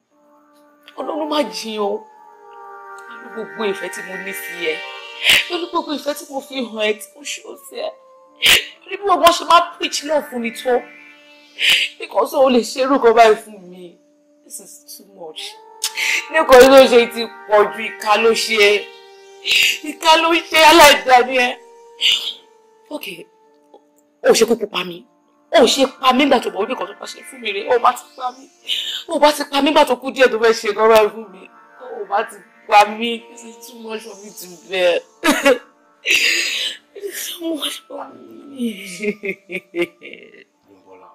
ọ̀nà ló máa jiyàn pẹ̀lú gbogbo ìfẹ́ tí mo ní sí ẹ pẹ̀lú gbogbo ìfẹ́ tí mo fi hàn ẹ tí mo ṣe ó torí bí wọ́n ṣe máa preach náà fún mi tó because o lè ṣerú kan báyìí fún mi this is too much níkan ló ṣe ti pọ̀ ju ìka ló ṣe ìka ló ṣe aláìda ni ẹ ok o ṣe kúkú pa mi o ṣe pa mí nígbà tó bọ̀ wípé kan tó bá ṣe fún mi rè o bá ti pa mí o bá ti pa mí nígbà tó kú díẹ̀ tó fẹ́ ṣe kan báyìí fún mi o bá ti pa mí this is too much for me to bear. Someone for me. Bimbola.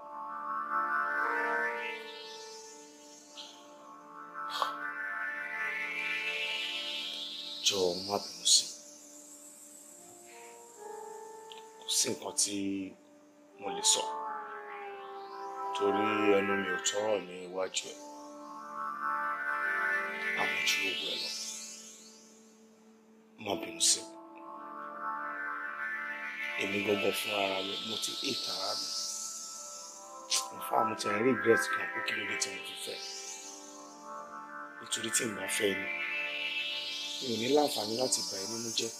Jọ̀ọ́ má bínú sí. Kò sí nǹkan tí mo lè sọ. Torí ẹnu mi ò tọ́rọ̀ ní iwájú ẹ̀. Àmójú owó ẹ lọ. Má bínú sí èmi gọ́gọ́ fún ara mi mo ti hate ara mi nfa mo ti regret kan pé kí ló dé tí mo fi fẹ́ nítorí tí n bá fẹ́ ni mi ò ní láǹfààní láti bà ẹ́ nínú jẹ́.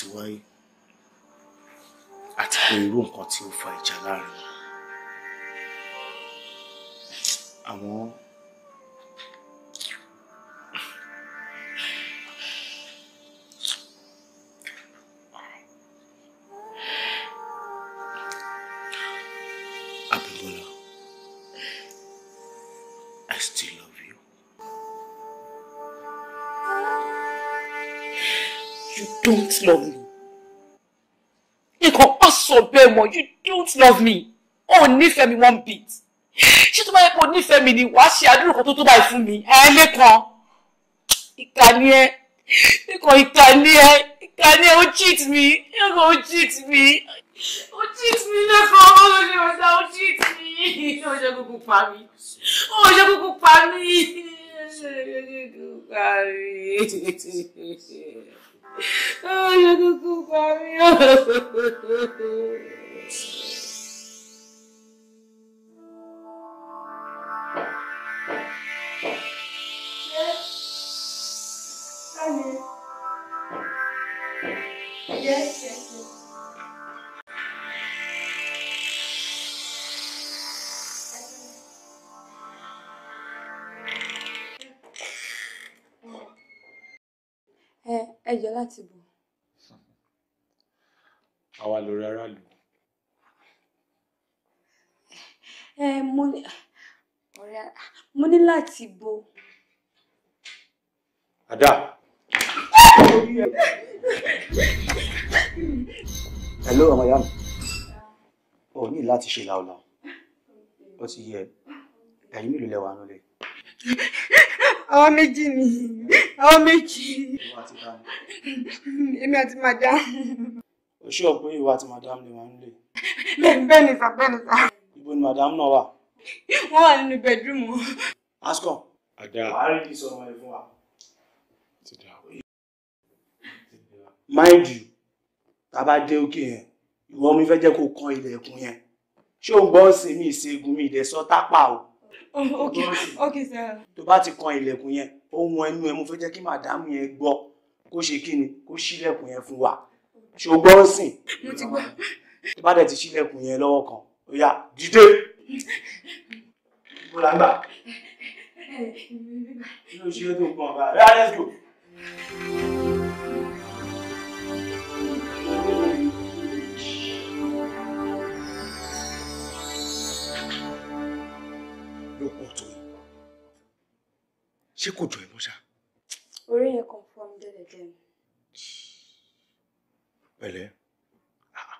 ti wáyé àti pé irú nǹkan tí ó fa ìjà láàrin wọn má bẹ́ẹ̀ mọ́ you don't love me ò nífẹ̀ẹ́ mi one bit ṣé tó bá yẹ kó nífẹ̀ẹ́ mi ni wàá ṣe àdúrà kan tó tó báyìí fún mi ẹ lẹ́kan ìkà ni ẹ lẹ́kan ìkà ni ẹ ìkà ni ẹ ó cheat mi lẹ́kan ó cheat mi ó cheat mi lẹ́kan ó lè ọ̀dà ó cheat mi ó ṣe kúkú pa mi ó ṣe kúkú pa mi ó ṣe kúkú pa mi. 哎呀，个狗官呀！jọ láti bò. àwa lórí aráàlú. ẹ mo ní ọ̀rẹ́ mo ní láti bò. àdá. hello ọmọ ìyá mi o ní láti ṣe làwùlàwù ó ti yẹ ẹ̀yin mélòó lẹ wà àwa méjì ni àwa méjì èmi àti madam. o ṣé o pé ìwà àti madam lè wà nílé. bẹ́ẹ̀ ni sà bẹ́ẹ̀ ni sà. ibo ni madam náà wà. wọ́n wà nínú bedroom. ascom. àdá wàá rí kí sọmọ ẹ fún wa. mind you tàbá dé òkè yẹn ìwọ mi fẹ́ jẹ́ kó kan ilẹ̀kùn yẹn ṣé o gbọ́ sí mi ìṣègùn mi ìdẹ́sọ́ tápà o. Oh, ok ok sir. tó bá ti kan ilẹ̀kùn yẹn ohun ẹnu ẹ mo fẹ́ jẹ́ kí màdámù yẹn gbọ́ kó ṣe kí ni kó ṣílẹ̀kùn yẹn fún wa ṣó gbọ́ ń sìn. mo ti gbọ́. tó bá dẹ̀ ti ṣílẹ̀kùn yẹn lọ́wọ́ kan ó dìde. mo là kí ló ṣe é tó gbọ́n bá rẹ́ let's go. tó yìí ṣé kò jọ ẹ mọ́ ṣá. orí yẹn kan fọ́ mi dẹ́dẹ̀dẹ́ mi. pẹ̀lẹ́ ah,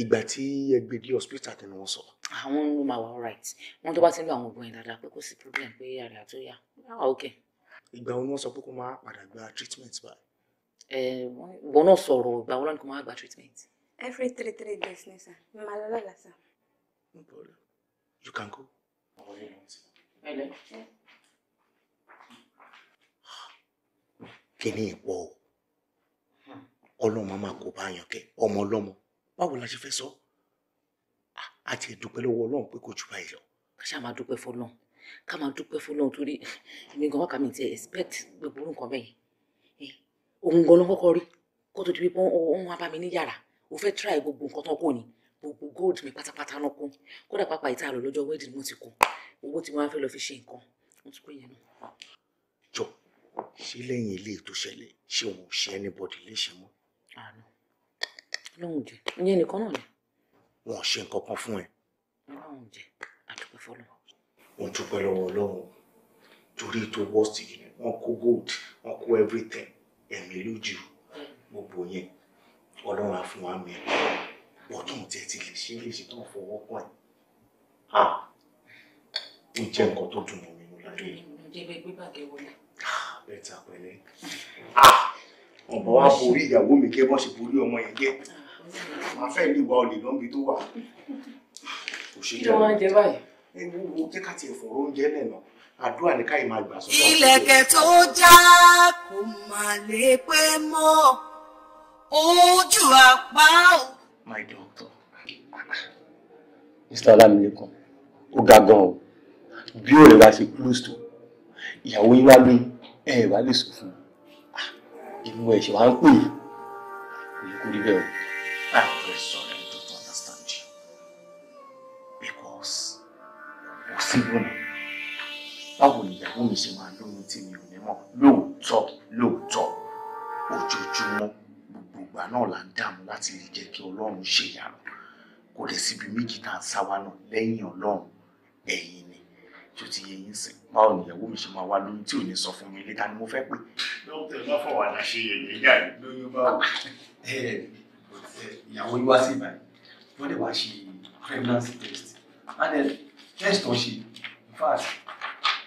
ìgbà tí ẹ gbé dé hospital tẹnu wọn sọ. àwọn know máa wà alright I tó bá ti ń lo àwọn oògùn yẹn dáadáa pé kò sí problem pé àrẹ àtúnyà ah ok. ìgbà wo ni wọn sọ pé kó máa padà gba treatment báyìí. ẹ wọn náà sọ̀rọ̀ ìgbà wo lọ́nà kó máa gba treatment. every three three days ni sir Malala, sir. no problem you can go kíní ìpọ o ọlọ́mọ máa kó bá yàn kẹ ọmọ ọlọ́mọ báwo la ṣe fẹ́ sọ àti ìdúpẹ́ lọ́wọ́ Ọlọ́run pé kò jù báyìí lọ. ká ṣáà máa dúpẹ́ fọ́lọ́run ká máa dúpẹ́ fọ́lọ́run torí èmi gan wákàtí mi ti expect gbogbo nǹkan bẹ́ẹ̀ yẹn eh, òun gan ló kọ́kọ́ rí kó tó di pé wọ́n wá bá mi ní yàrá o fẹ́ try gbogbo nǹkan tán kò ní gbogbo gold mi pátápátá náà kún kódà pápá ìta àlọ́ lọ́jọ́ wedding mo ti kún owó tí wọ́n á fẹ́ lọ fi ṣe nǹkan mo ti pín yẹn náà. jọ ṣé lẹ́yìn ilé tó ṣẹlẹ̀ ṣé wọn ò ṣe anybody léṣe mọ́. àná lóhùn jẹ ìyẹn nìkan náà ni. wọn ò ṣe nǹkan kan fún ẹ. lóhùn jẹ àdúgbò fọlọ. mo dúpẹ́ lọ́wọ́ ọlọ́run torí ètò worst yìí ni wọ́n kó gold wọ́n kó everything ẹ̀mí lójú gbogbo yẹn ọlọ́run á fún wa mẹ́rin wọ́n tó ń tẹ́ ti lè ṣe léṣe tó ń fọwọ́ pọ̀ ẹ̀ ó jẹ́ nǹkan tó dùn mí nínú láyé yìí. ìjẹ́bẹ̀ gbé bàgẹ́ wọlé. bẹ́ẹ̀ta pẹ̀lẹ́ ọ̀bọ wa borí ìyàwó mi kẹ́ bọ́n ṣe borí ọmọ yẹn jẹ́ máa fẹ́ lè wá olè lọ́nbi tó wà. kí ló máa ń jẹ báyìí. ẹni wo jẹ́ ká tiẹ̀ fọ̀rọ̀ oúnjẹ náà náà àdúrà my doctor. Mr. Olamilekan, ó ga gan o. Bí ọ̀rẹ́ wa ṣe close to, ìyàwó yín wá lóyún, ẹ wá lè sọ fún un. Ah, inú ẹ̀ ṣe wá ń pè é. Kò rí bẹ́ẹ̀ o. I am very sorry you Báwo ni ìyàwó mi ṣe máa lóyún tí mi ò ní mọ̀? Lóòótọ́ lóòótọ́ ojoojúmọ́ ìgbà náà là ń dààmú láti lè jẹ́ kí ọlọ́run ṣe ìyanu kò dẹ̀ síbi méjì tá à sá wa náà lẹ́yìn ọlọ́run ẹ̀yin ni tó ti yẹ yín sìn báwo ni ìyàwó mi ṣe máa wá lóyún tí ò ní sọ fún mi létà ni mo fẹ́ pé. dókítà bá fọwọ́ àdáṣe yẹ̀yẹ́ yá lóyún báwo. ìyàwó yín wá sí ìbàdàn wọ́n lè wá ṣe pregnancy test and then test tó ṣe in fact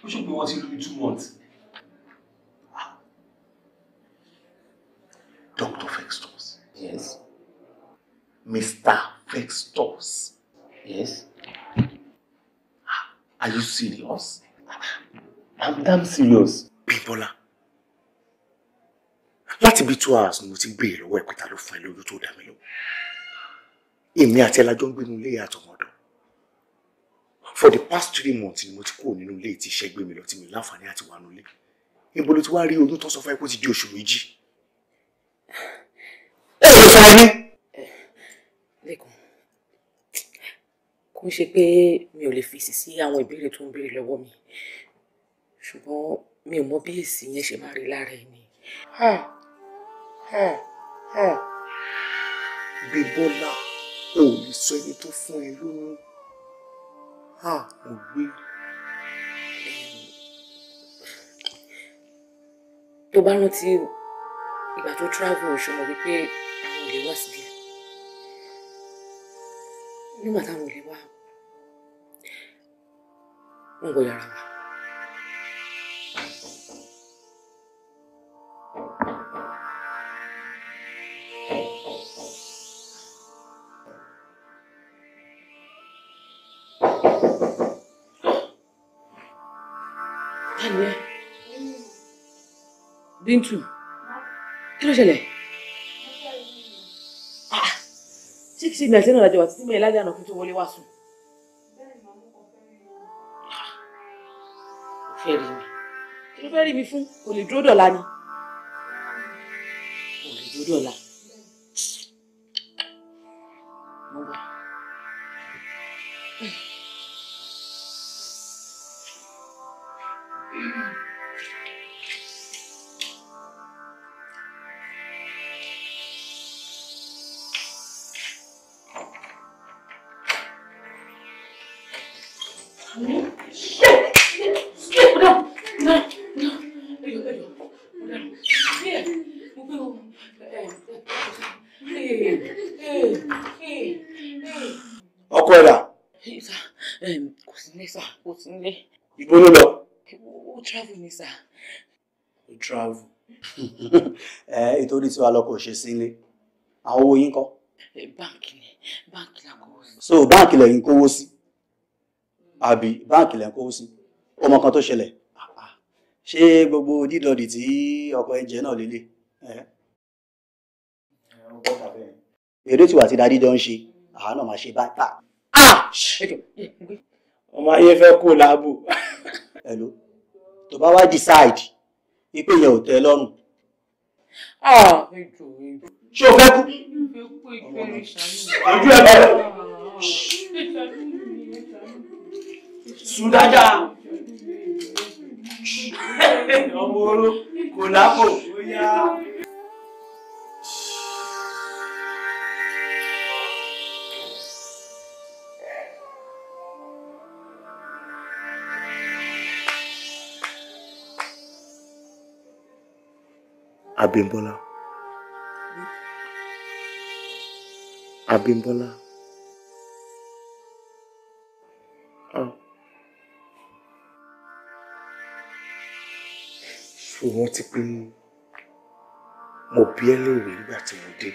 ó ṣùgbọ́n wọ́n ti lóyún two months Mr. Festus. Yes. Ah, are you serious? I'm damn serious. Bímbọ́lá. Láti bí two hours ni mo ti gbé ìrọ̀wọ́ e ẹ̀pẹ́ta ló fún ẹ lórí tó dá mi lọ. Èmi àti Ẹlájọ́ ń gbénu ilé àtọmọdọ̀. For the past three months ni mo ti kúrò nínú ilé tí iṣẹ́ gbé mi lọ tí mi láǹfààní àti wà nílé. Ibo ló ti wá rí oyún tó sọ fún ẹ kó ti di oṣù méjì. ń ṣe pé mi ò lè fèsì sí àwọn ìbéèrè tó ń béèrè lọ́wọ́ mi ṣùgbọ́n mi ò mọ bí èsì yẹn ṣe máa rí lára ẹ̀ ni. Gbébọ́lá ò lè sọ iye tó fún ẹ lóyún mo gbé. tó bá rántí ìgbà tó travel ṣọmọ wípé àwọn olè wá síbí nígbà táwọn olè wá wọn kò yára wa. Bintu, kí jele. Ah, ah, Ṣé kìí ṣe ìgbà tí náà lájọ wà títí mẹ́ẹ̀ẹ́lájà náà kí tó wọlé wá fẹ́ rí mi fún kò lè dúró dọ̀la ni kò dúró dọ̀la. sí nílé. ibo ló lọ. ó travel ni sà. O travel Eh, ìtorí tí wàá lọ kò ṣe sílé àwọn owó yín kọ́. Eh, báńkì ni báńkì la kówó sí. so báńkì lẹ́yìn kówó sí àbí báńkì lẹ́yìn kówó sí ọmọ kan tó ṣẹlẹ̀ ah, ah. ṣé gbogbo dídọ̀dì tí ọkọ ẹ̀jẹ̀ náà lélẹ̀ eh? èrè tí wàá ti Ah jọ ń ṣe ba. máa ṣe báyìí. Ah, ọmọ ayé fẹ́ kó láàbù ẹ̀ló tó bá wá decide wípé yẹn ò tẹ́ lọ́rùn. Ah, ṣé o fẹ́ kú. ojú ẹ bẹ̀rẹ̀ sùn dáadáa ọmọ oró kò lápò ó yá. Abímbọ́lá. Abímbọ́lá. Ṣé ah. wọ́n ti pé mo bí ẹ léèrè nígbà tí mo dé?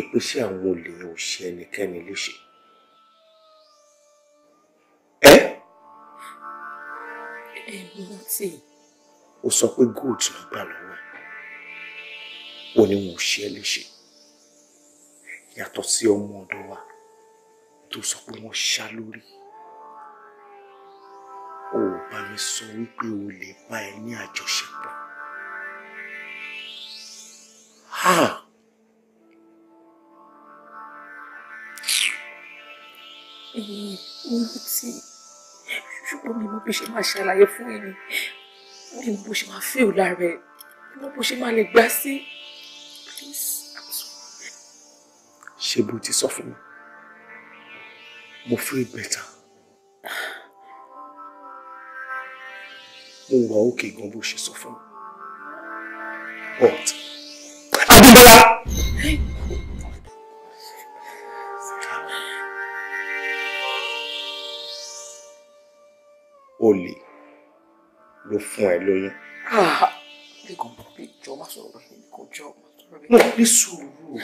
Ìpèsè àwọn olè yẹn ò ṣe ẹnikẹ́ni léṣe. Ẹ mo ti ó sọ pé gold ló gbà lọ́wọ́ ẹ̀ ó ní wọn ò ṣe é léṣe yàtọ̀ sí ọmọ ọ̀dọ̀ wa tó sọ pé wọ́n ṣá lórí ó bá mi sọ wípé o lè bá ẹ ní àjọṣepọ̀ èyí ń lọ tí ṣùgbọ́n mi mọ̀ bí ṣe máa ṣàlàyé fún ẹni mi bó ṣe máa fíò lára ẹ̀ mo bó ṣe máa lè gbá sí. ṣé bó ti sọ fún mi mo feel better mo wà òkè gan bó ṣe sọ fún mi but Abímbọ́lá. olè ló fún ẹ lóyún. Ah, ní bí sùúrù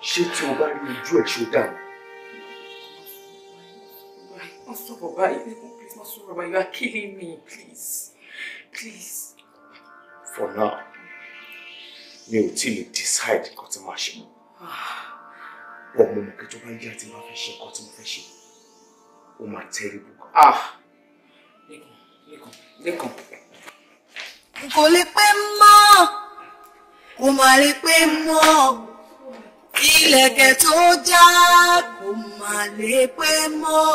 ṣé tí o bá rí ojú ẹ̀ ṣó dà for now mi ò tí lè decide nǹkan tí màá ṣe wọ́n mú mọ̀ kí tó bá yá tí màá fẹ́ ṣe nǹkan tí mo fẹ́ ṣe ó máa tẹ́rí bùkún. Ah lẹ́kàn. kò lè pẹ́ mọ́ kò má lè pẹ́ mọ́ ilẹ̀kẹ̀ tó já kò má lè pẹ́ mọ́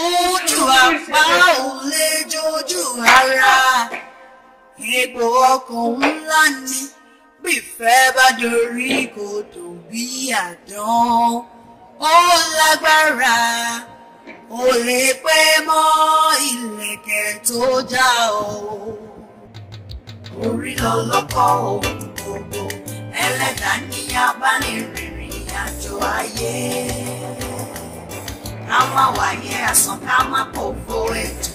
ojú àpá ò lè jojú ara egbò ọkàn ńlá ni bí ìfẹ́ bá dorí kodò bí àdán ó lágbára. òrè pé mọ́ ìlẹ̀kẹ̀ tó já o orí lọ́lọ́kọ̀ ohun gbogbo ẹlẹ́dàá ní abánirìnrìn àjò ayé ká wáyé asán ká má pòfo ètò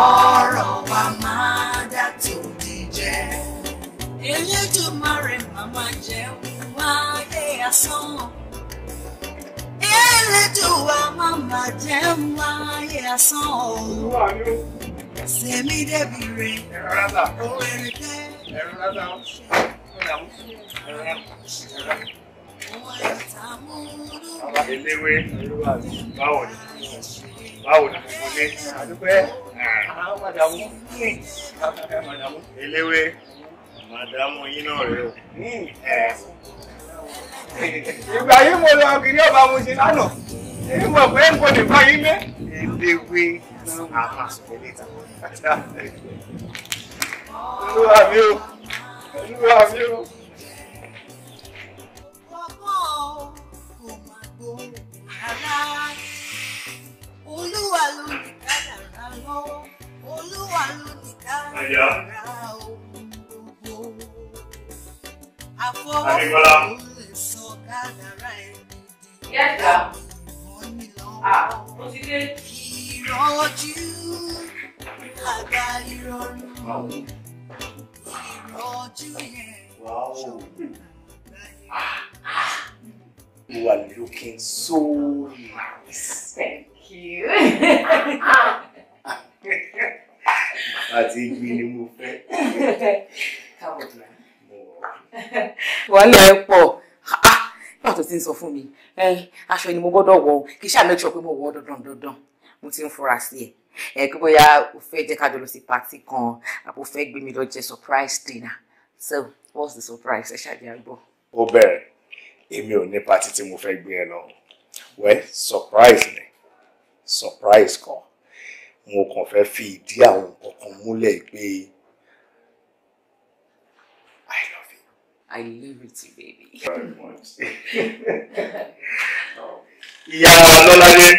ààrẹ ọ̀rọ̀ wa máa dá tòde jẹ́ Elédùmarè màmá jẹun wáyé asan. elédùwà má má ayé asán o sèmi débi rè òun ẹni tẹ́ eléwé báwo ni báwo ni mo ní àdúpẹ́ ah, eléwé màdàmú yín náà rèé o. Hmm, eh ìgbà yìí mo lọ kiri ọba mo ṣe lánàá èyí mo pé n lè bá yín lé. eléwé àmà sọ̀rọ̀ olúwa mi o olúwa mi o. Olúwa ló ní kádàrá lọ́wọ́, Olúwa ló ní kádàrá o. Àfọwọ́fọ́ ló ní. Yes, sir. Ah, ti dé. Ìrọ̀jú àgbà Wow. Ah, ah. You are looking so nice. Thank you. Àti igi ni move fẹ́. Káwọ̀ dùn. Wọ́n lọ ẹ pọ̀ nígbà tó ti ń sọ fún mi aṣọ ni mo gbọ́dọ̀ wọ̀ kí ṣáà make sure pé mo wọ̀ dandan dandan mo ti ń fura sí ẹ ẹ kí bóyá o fẹ́ jẹ́ ká jọ lọ sí pàtí kan àbò fẹ́ gbé mi lọ jẹ surprise dinner so what's the surprise ẹ ṣáàjì àgbọ. ó bẹ̀rẹ̀ èmi ò ní pàtí tí mo fẹ́ gbé ẹ lọ wẹ́ surprise ni surprise kan mo kàn fẹ́ fi ìdí àwọn nǹkan kan múlẹ̀ I love it, baby. Very much. Ìyá Lọ́ládé.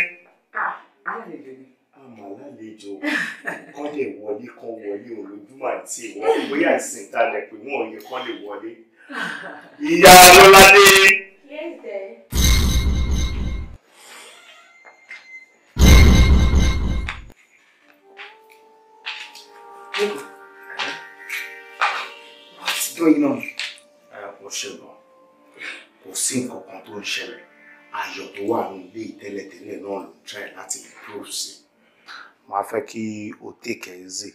Ah, alálejò ni. Ah, Àmọ́ alálejò kán lè wọlé kán wọlé olójúmọ̀ àti ìwọ̀n bóyá ìsìn ìtalẹ̀ pé wọ́n yẹ kán lè Yes, dear. going on? ó ṣègùn kò sí nǹkan kan tó ń ṣẹlẹ̀ ayọ̀ tó wà ní ilé ìtẹ́lẹ̀tẹ́lẹ̀ náà ló ń try láti improve sí máa fẹ́ kí o take it easy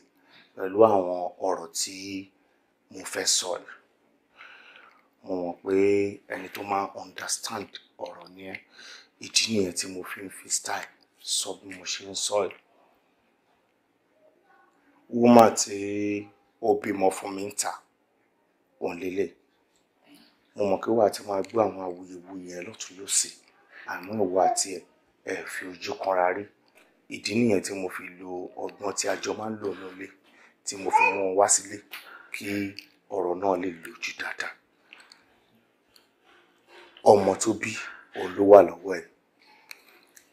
pẹ̀lú àwọn ọ̀rọ̀ tí mo fẹ́ sọ yìí mo mọ̀ pé ẹni tó máa understand ọ̀rọ̀ ni ẹ́ ìdí nìyẹn tí mo fi ń fi style sọ bí mo ṣe ń sọ yìí woman tí ó bímọ fún mi ń ta òun mo mọ̀ pé wà á ti máa gbọ́ àwọn awuyewuye yẹn lọ́tún yóò sì àmọ́ ìwọ àti ẹ̀ ẹ̀ fi ojú kanra rí ìdí nìyẹn tí mo fi lo ọgbọ́n tí a jọ máa ń lò nílé tí mo fi mú wọn wá sílé kí ọ̀rọ̀ náà lè lójú dáadáa ọmọ tó bí òun wà lọ́wọ́ ẹ̀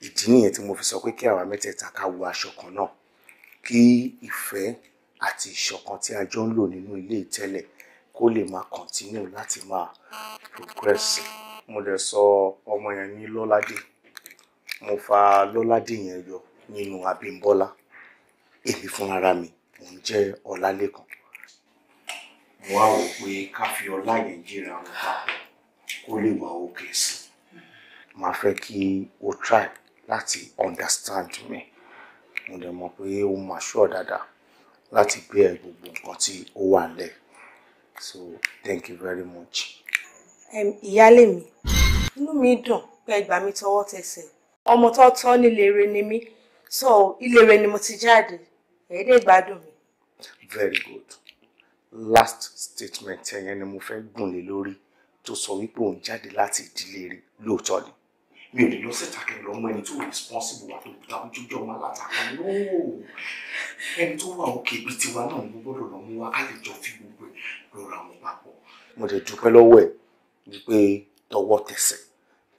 ìdí nìyẹn tí mo fi sọ pé kí àwa mẹ́tẹ̀ẹ̀ta ká wọ aṣọ kan náà kí ìfẹ́ àti ìṣọ̀kan tí a ń lò nínú ilé ìtẹ́lẹ̀ kó lè máa continue láti máa progress mo dẹ̀ sọ ọmọ yẹn ní lọ́ládé mo fa lọ́ládé yẹn yọ nínú abímbọ́lá èmi fúnra mi mò ń jẹ́ ọlálékan mo wá wò pé ká fi ọlá yẹn jíra wọn papọ̀ kó lè wà òkè sí màá fẹ́ kí o try láti understand me mo dẹ̀ mọ̀ pé o máa ṣọ́ dáadáa láti gbé ẹ gbogbo nǹkan tí ó wà nílẹ̀ so thank you very much. ìyáálé mi inú mi dùn pé ẹ gbà mí tọwọ́ tẹsẹ̀ ọmọ tó tọ́ nílé rẹ ni mí so ilé rẹ ni mo ti jáde ẹ̀ẹ́dẹ̀ gbádùn mi. very good last statement ẹ̀yẹn ni mo fẹ́ gùn lé lórí tó sọ wípé òun jáde láti ìdílé rẹ lóòótọ́ ni mi ò lè lọ síta kí n lọ mọ ẹni tó responsible wà tó tàbí jójó ọmọ alátakà no ẹni tó wà òkè ibi tiwa náà ló gbọ́dọ̀ lọ mú wa á lè jọ fi gbogbo ẹ̀ lọ́ra wọn papọ̀. mo lè dúpẹ́ lọ́wọ́ ẹ̀ wípé tọwọ́ tẹsẹ̀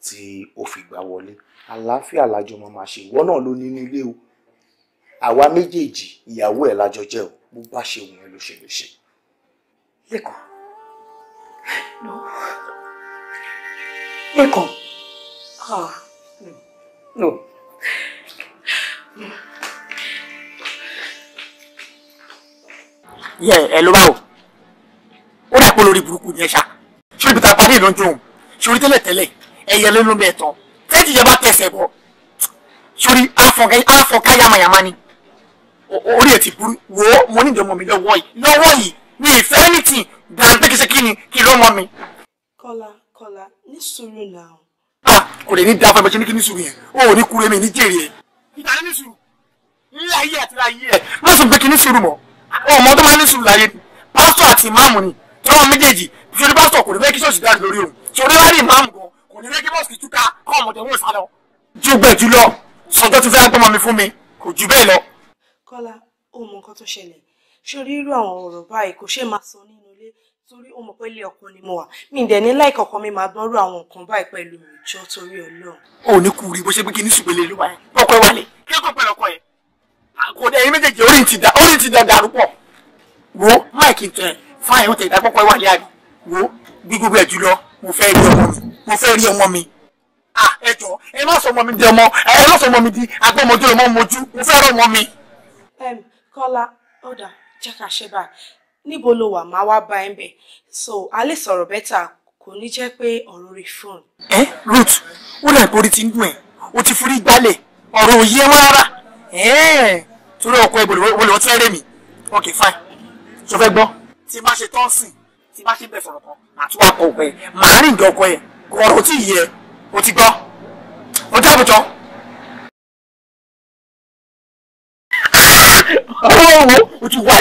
tí ó fi gbà wọlé àlàáfíà lájọ máa ma ṣe ìwọ náà ló ní nílé o àwa méjèèjì ìyàwó ẹ̀ lájọ jẹ́ o bó bá ṣe wù ló ṣe lè ṣe. lẹ́kọ̀ọ́ lẹ́kọ̀ọ́. Ah, no. Yẹ ẹ ló bá wò. Ó dà pé olórí burúkú ni ẹ ṣá. Ṣé ibi tá a parí ìlú ń dùn? Ṣorí tẹ́lẹ̀ tẹ́lẹ̀ ẹyẹ ló ló bẹ̀ tán. Tẹ́tì ìjọba tẹsẹ̀ bọ̀. Ṣorí àfọ̀ká yamayama ni. Orí ẹ̀ ti burú. Wò ó, mo ní ìdánwò mi lọ́wọ́ yìí. Lọ́wọ́ yìí mi ìfẹ́ anything gbàgbé kìí ṣe ah kò lè ní da fún ẹ bó ṣe ní kí ní sùúrù yẹn o ò ní kúrò èmi ní jèrè ẹ. ìgbà ní sùúrù ní ayé àti láyé ẹ má sùn pé kí ní sùúrù mọ́ ọmọ tó máa ní sùúrù láyé pásítọ̀ àti ìmáàmù ni pastor méjèèjì fífi pásítọ̀ kò ní fẹ́ kí ṣọ́ọ̀ṣì dáre lórí òun ṣòro wá ní ìmáàmù gan kò ní fẹ́ kí bọ́ọ̀sì túká kọ́ ọmọdé wọn sálọ. ju bẹ́ẹ̀ jù lọ sọjọ́ ti fẹ́ gbọ́mọ mi fún mi kò jù bẹ́ẹ̀ lọ. kọ́lá ó mọ nǹkan tó ṣẹlẹ̀ ṣorí irú àwọn ọ̀rọ̀ báyìí kò ṣe máa sọ nínú torí ó mọ̀ ọkọ ni mo wà mi dẹ̀ ní láì kọ̀ọ̀kan mi máa gbọ́rú àwọn nǹkan báyìí pẹ̀lú mi torí ọlọ́run. o ní kú rí bó ṣe pé kí ní sùgbẹ́lẹ̀ ló wà yẹn ọkọ wálé kí ló kọ pẹ̀lú ọkọ yẹn. kò dé ẹyin méjèèjì orí ti da orí ti da dàrú pọ̀ wo máìkì tẹ fáìn ó tẹ ìdá pọ́pọ́ wálé àbí wo bí gbogbo ẹ̀ jùlọ mo fẹ́ rí ọmọ mi mo fẹ́ rí ọmọ mi. ẹ jọ ẹ má sọ ọmọ mi di ọmọ ẹ níbo lo wà máa wá bá ẹ bẹ̀ so a lè sọ̀rọ̀ bẹ́tà kò ní jẹ́ pé ọ̀rọ̀ rí fóònù. ẹ Ruth ó rẹ̀ borí ti ń dùn ẹ̀ ó ti forí gbálẹ̀ ọ̀rọ̀ ò yé wọn rárá torí ọkọ ẹ wọlé wọn ti rẹ́ mi ok fine ṣo fẹ́ gbọ́ tí má ṣe tán sìn tí má ṣe bẹ̀ sọ̀rọ̀ kan àtúwà kọ̀ ọ̀pẹ màá rìn dọ̀kọ̀ ẹ̀ ọ̀rọ̀ ò yẹ ò ti gbọ́ ọjọ́ àbùjọ. ọ̀rọ̀ wo o ti wá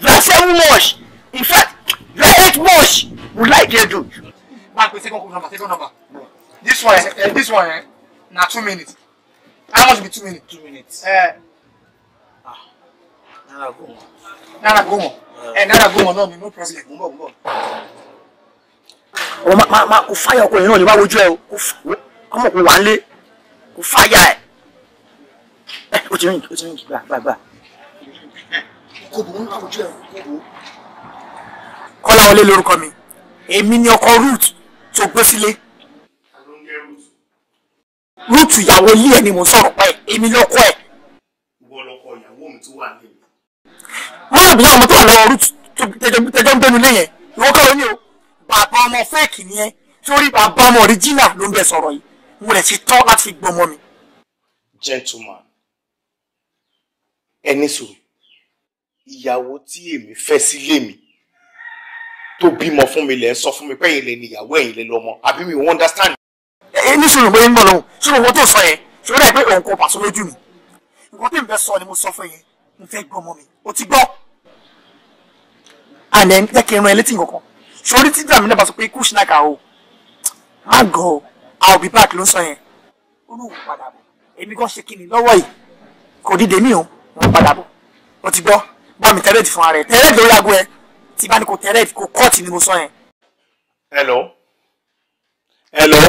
you are seven much in fact you are eight much we like you do. máa pe second number second number this one uh, this one uh, na two minutes how much be two minutes. two minutes. Eh. ah. naira gomo. naira gomo. ẹ naira gomo náà mi no problem. mo ń bọ̀ mo ń bọ̀. Oh, ọmọ máa máa kò fáyà ọkùnrin náà ní wàá wojú ẹ o kò fà ọmọkùnrin wà ń lé kò fáyà ẹ. ẹ o ti rìn o ti rìn gbà gbà gbà kò bò ń mi èmi ni ọkọ root tó gbé sílé root ìyàwó ilé ẹ mò ń sọ̀rọ̀ pẹ́ èmi lọ́kọ ẹ̀. ìwọ lọkọ ìyàwó mi tó wà lẹ́yìn. wọ́n tó tẹjọ́ ń gbénu lẹ́yìn ìwọ kọ́ ní o bàbá ọmọ fẹ́ẹ̀kì ni ẹ torí bàbá ọmọ ọ̀ríjìnà ló ń bẹ sọ̀rọ̀ yìí mo rẹ̀ ti tọ́ láti gbọmọ mi. gentleman ẹni sùúrù ìyàwó tí èmi fẹ́ sílé mi tó bímọ fún mi lẹ́ sọ fún mi pẹ́yìn lẹ́ni ìyàwó ẹ̀yìn lẹ́ lọ́mọ àbí mi ò understand. ẹ ní sọ̀rọ̀ bóyá ń bọ̀ lọ́wọ́ sọ̀rọ̀ wọn tó sọ yẹn sọ̀rọ̀ ẹ̀ pé òun kò pàṣẹ lójú mi nǹkan tí n fẹ́ sọ ni mo sọ fún yẹn n fẹ́ gbọ́ ọmọ mi o ti gbọ́. àná jẹ́ kí n ran ẹ létí nǹkan sọ̀rọ̀ tí dàmí náà bá sọ pé kú o má gọ̀ ọ́ I'll be back ló ń sọ yẹn olóhùn padà bọ̀ èmi gan ṣe kí ni lọ́wọ́ yìí kò dìde mí bá mi tẹ́lẹ̀dì fún ara ẹ̀ tẹ́lẹ̀dì lórí aago ẹ̀ tí bá ní kò tẹ́lẹ̀dì kò kọ́ọ̀tì ni mo sọ yẹn. hello hello.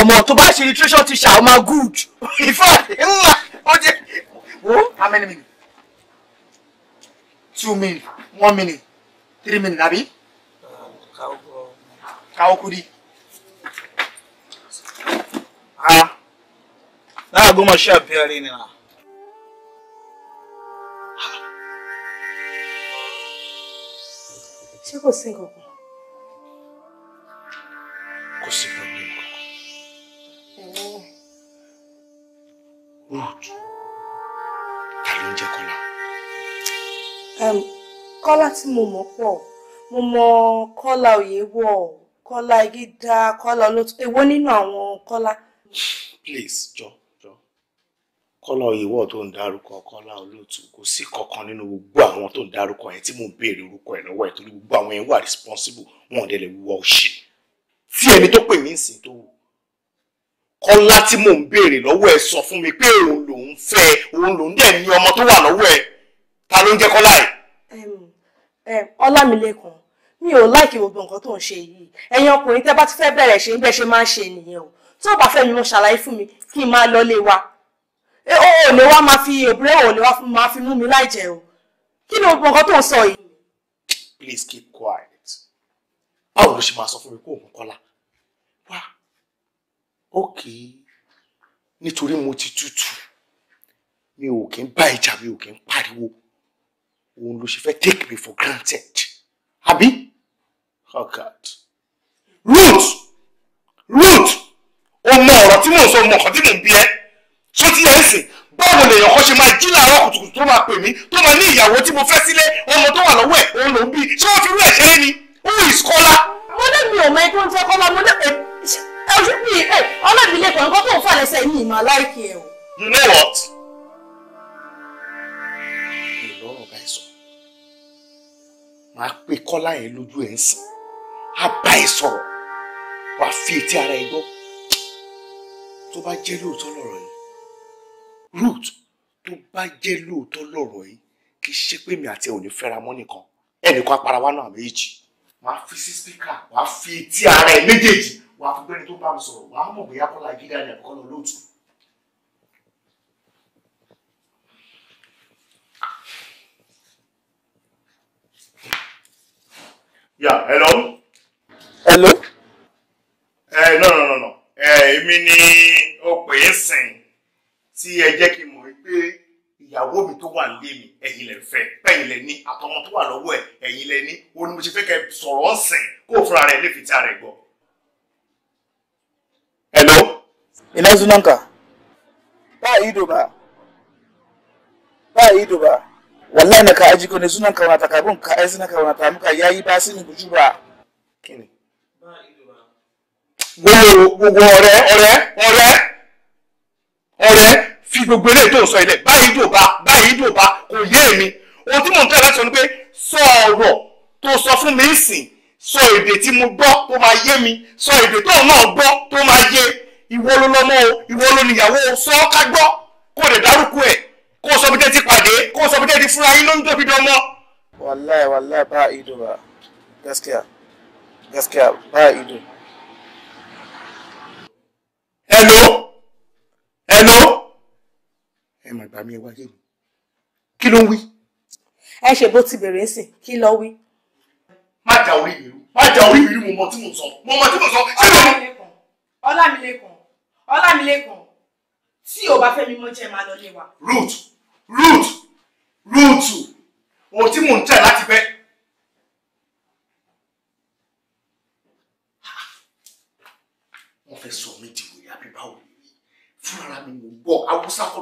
ọmọ tó bá ṣe nutrition teacher ó máa good ìfọ ńlá ó jẹ wo how many minutes two minutes one minute three minutes àbí. káwọ́ kúri. ah na goma sha biyar ne na ṣé kò sí nǹkan kan kò sí problem kankan ruth ta ló ń jẹ kọ́lá. kọ́lá tí mo mọ̀ pọ̀ mo mọ̀ kọ́lá oyèwọ̀ kọ́lá igídá kọ́lá olótú èwo nínú àwọn kọ́lá. please John kọ́lá òyìnbó tó ń dárúkọ kọ́lá olóòtú kò sí kankan nínú gbogbo àwọn tó ń dárúkọ yẹn tí mò ń béèrè orúkọ ẹ̀ lọ́wọ́ ẹ̀ torí gbogbo àwọn yẹn responsible wọn ò dẹ̀lẹ̀ wúwọ́ òṣì tí ẹni tó pè mí ń sìn tó wù kọ́lá tí mò ń béèrè lọ́wọ́ ẹ̀ sọ fún mi pé òun lòún fẹ́ òun lòún dẹ̀ ní ọmọ tó wà lọ́wọ́ ẹ̀ ta ló ń jẹ́ kọ́lá ẹ̀. ọlámilẹ́kùn mi ò láìkí gbogbo nǹkan tó ń ṣe yìí ẹ̀yin ọkùnrin tẹ́ bá ti fẹ́ bẹ̀rẹ̀ ṣe ń bẹ́ ṣe máa ń ṣe nìyẹn o tó bá fẹ́ mi mo ṣàlàyé fún mi kí n máa lọ lé wa ó lè wá máa fi èbúrẹ́ ò lè wá máa fi mú mi láì jẹ o kí ni gbogbo nǹkan tó ń please keep quiet báwo ló ṣe máa sọ fún mi kó o mú kọ́lá wá ókè nítorí mo ti tútù mi ò kí ń bá mi ò kí pariwo òun ló ṣe fẹ́ take me for granted àbí oh god root root o mọ ọ̀rọ̀ tí mò ń sọ mọ̀ ọ̀kan tí mò ń bí ṣé ti yẹn sìn báwo lèèyàn kan ṣe máa jí làárọ̀ kùtùkùtù tó máa pè mí tó máa ní ìyàwó tí mo fẹ́ sílé ọmọ tó wà lọ́wọ́ ẹ̀ òun ló ń bí ṣé wọ́n fi rú ẹ̀ ṣeré ni who is Kọ́lá. mo ní mi ò mọ ẹgbẹ́ oúnjẹ Kọ́lá mo ní ẹjú mi ẹ ọlọ́ọ̀bì lè kàn kọ́ tó ń fà lẹ́sẹ̀ yìí ìmọ̀ láìkí ẹ o. you know what. ìlọ ọ̀gá ẹ̀ sọ máa pe Kọ́lá yẹn lójú ẹ̀ ń sìn á bá ẹ sọ̀rọ̀ wàá fi etí ara ẹ gbọ́ tó bá jẹ́ lóòótọ́ lọ̀rọ̀ ruth tó bá jẹ́ lóòótọ́ lọ̀rọ̀ yìí kì í ṣe pé mi àti ẹ̀ ò ní fẹ́ra mọ́ nìkan ẹnìkan apara wa náà méjì wàá fi sí spíkà wàá fi etí ara ẹ̀ méjèèjì wàá fi gbẹ́ni tó bá mi sọ̀rọ̀ wàá mọ̀ bóyá bọ́lá gíga ni àbíkọ́ lọ lóòótọ́. Yeah, hello. Hello. Eh, no, no, no, no. Eh, èmi ni o pè é sìn tí ẹ jẹ́ kí n mọ̀ pé ìyàwó mi tó wà nílé mi ẹ̀yin lẹ fẹ́ ẹ̀yin lẹ ní àtọmọ tó wà lọ́wọ́ ẹ̀ ẹ̀yin lẹ ní òun ni mo ṣe fẹ́ kẹ́ sọ̀rọ̀ ọ̀sìn kó fúnra rẹ̀ lè fi ti ara ẹ̀ gbọ́. hello. ina sunanka ba ido ba ba ido ba wallahi na ka aji ko ne sunanka na ta kabun ka ai sunanka na ta muka yayi ba sinin guju ba kini. ba ido ba. gbogbo ọ̀rẹ́ ọ̀rẹ́ ọ̀rẹ́ fi gbogbo eléyìí tó sọ ilẹ̀ báyìí dòba báyìí dòba kò yé èmi ohun tí mò ń tẹ́ láti sọ ni pé sọ ọ̀rọ̀ tó sọ fún mi sìn sọ èdè tí mo gbọ́ tó máa yé mi sọ èdè tó náà gbọ́ tó máa yé ìwọ ló lọ́mọ o ìwọ ló níyàwó o sọ ọ́ ká gbọ́ kó lè dárúkọ ẹ̀ kó sọ bí tẹ́tí pàdé kó sọ bí tẹ́tí fúnra yín ló ń tóbi dánmọ́. wallahi wallahi ba ido ba gaskiya gaskiya ba ido. hello hello ẹ mà gbà mí ẹ wáyé mi kí ló ń wí. ẹ ṣe bó ti bẹ̀rẹ̀ sí kí ló wí. má jà orí mi má jà orí mi mo mọ tí mo sọ mo mọ tí mo sọ ṣé mi. ọlámilékan ọlámilékan tí o bá fẹ́ mi mọ́ jẹ́ máa lọ lé wa. root root root ohun tí mò ń tẹ̀ láti bẹ́ẹ̀.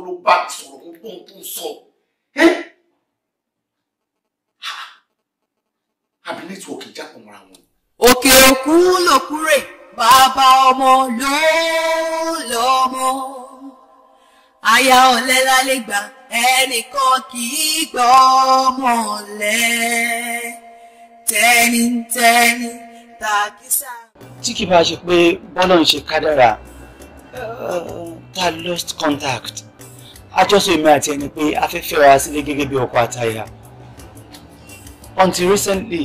ló bá mi sọ̀rọ̀ mo gbóhùn tó ń sọ àbí nẹ́tíwọ̀kì jápọ̀ mọ́ra wọn. òkè òkú lòkúrè bàbá ọmọ ló lọ́mọ aya ọ̀lẹ lálẹ́ ẹnìkan kì í gbọ́ ọmọ ọ̀lẹ́ tẹ́nitẹ́ni tàkísà. tí kì bá ṣe pé bọ́lá ń ṣe kádàrà uh, ta lost contact àjọṣe mi àti ẹni pé a fẹ́ fẹ́ra sílé gẹ́gẹ́ bí ọkọ àtaya until recently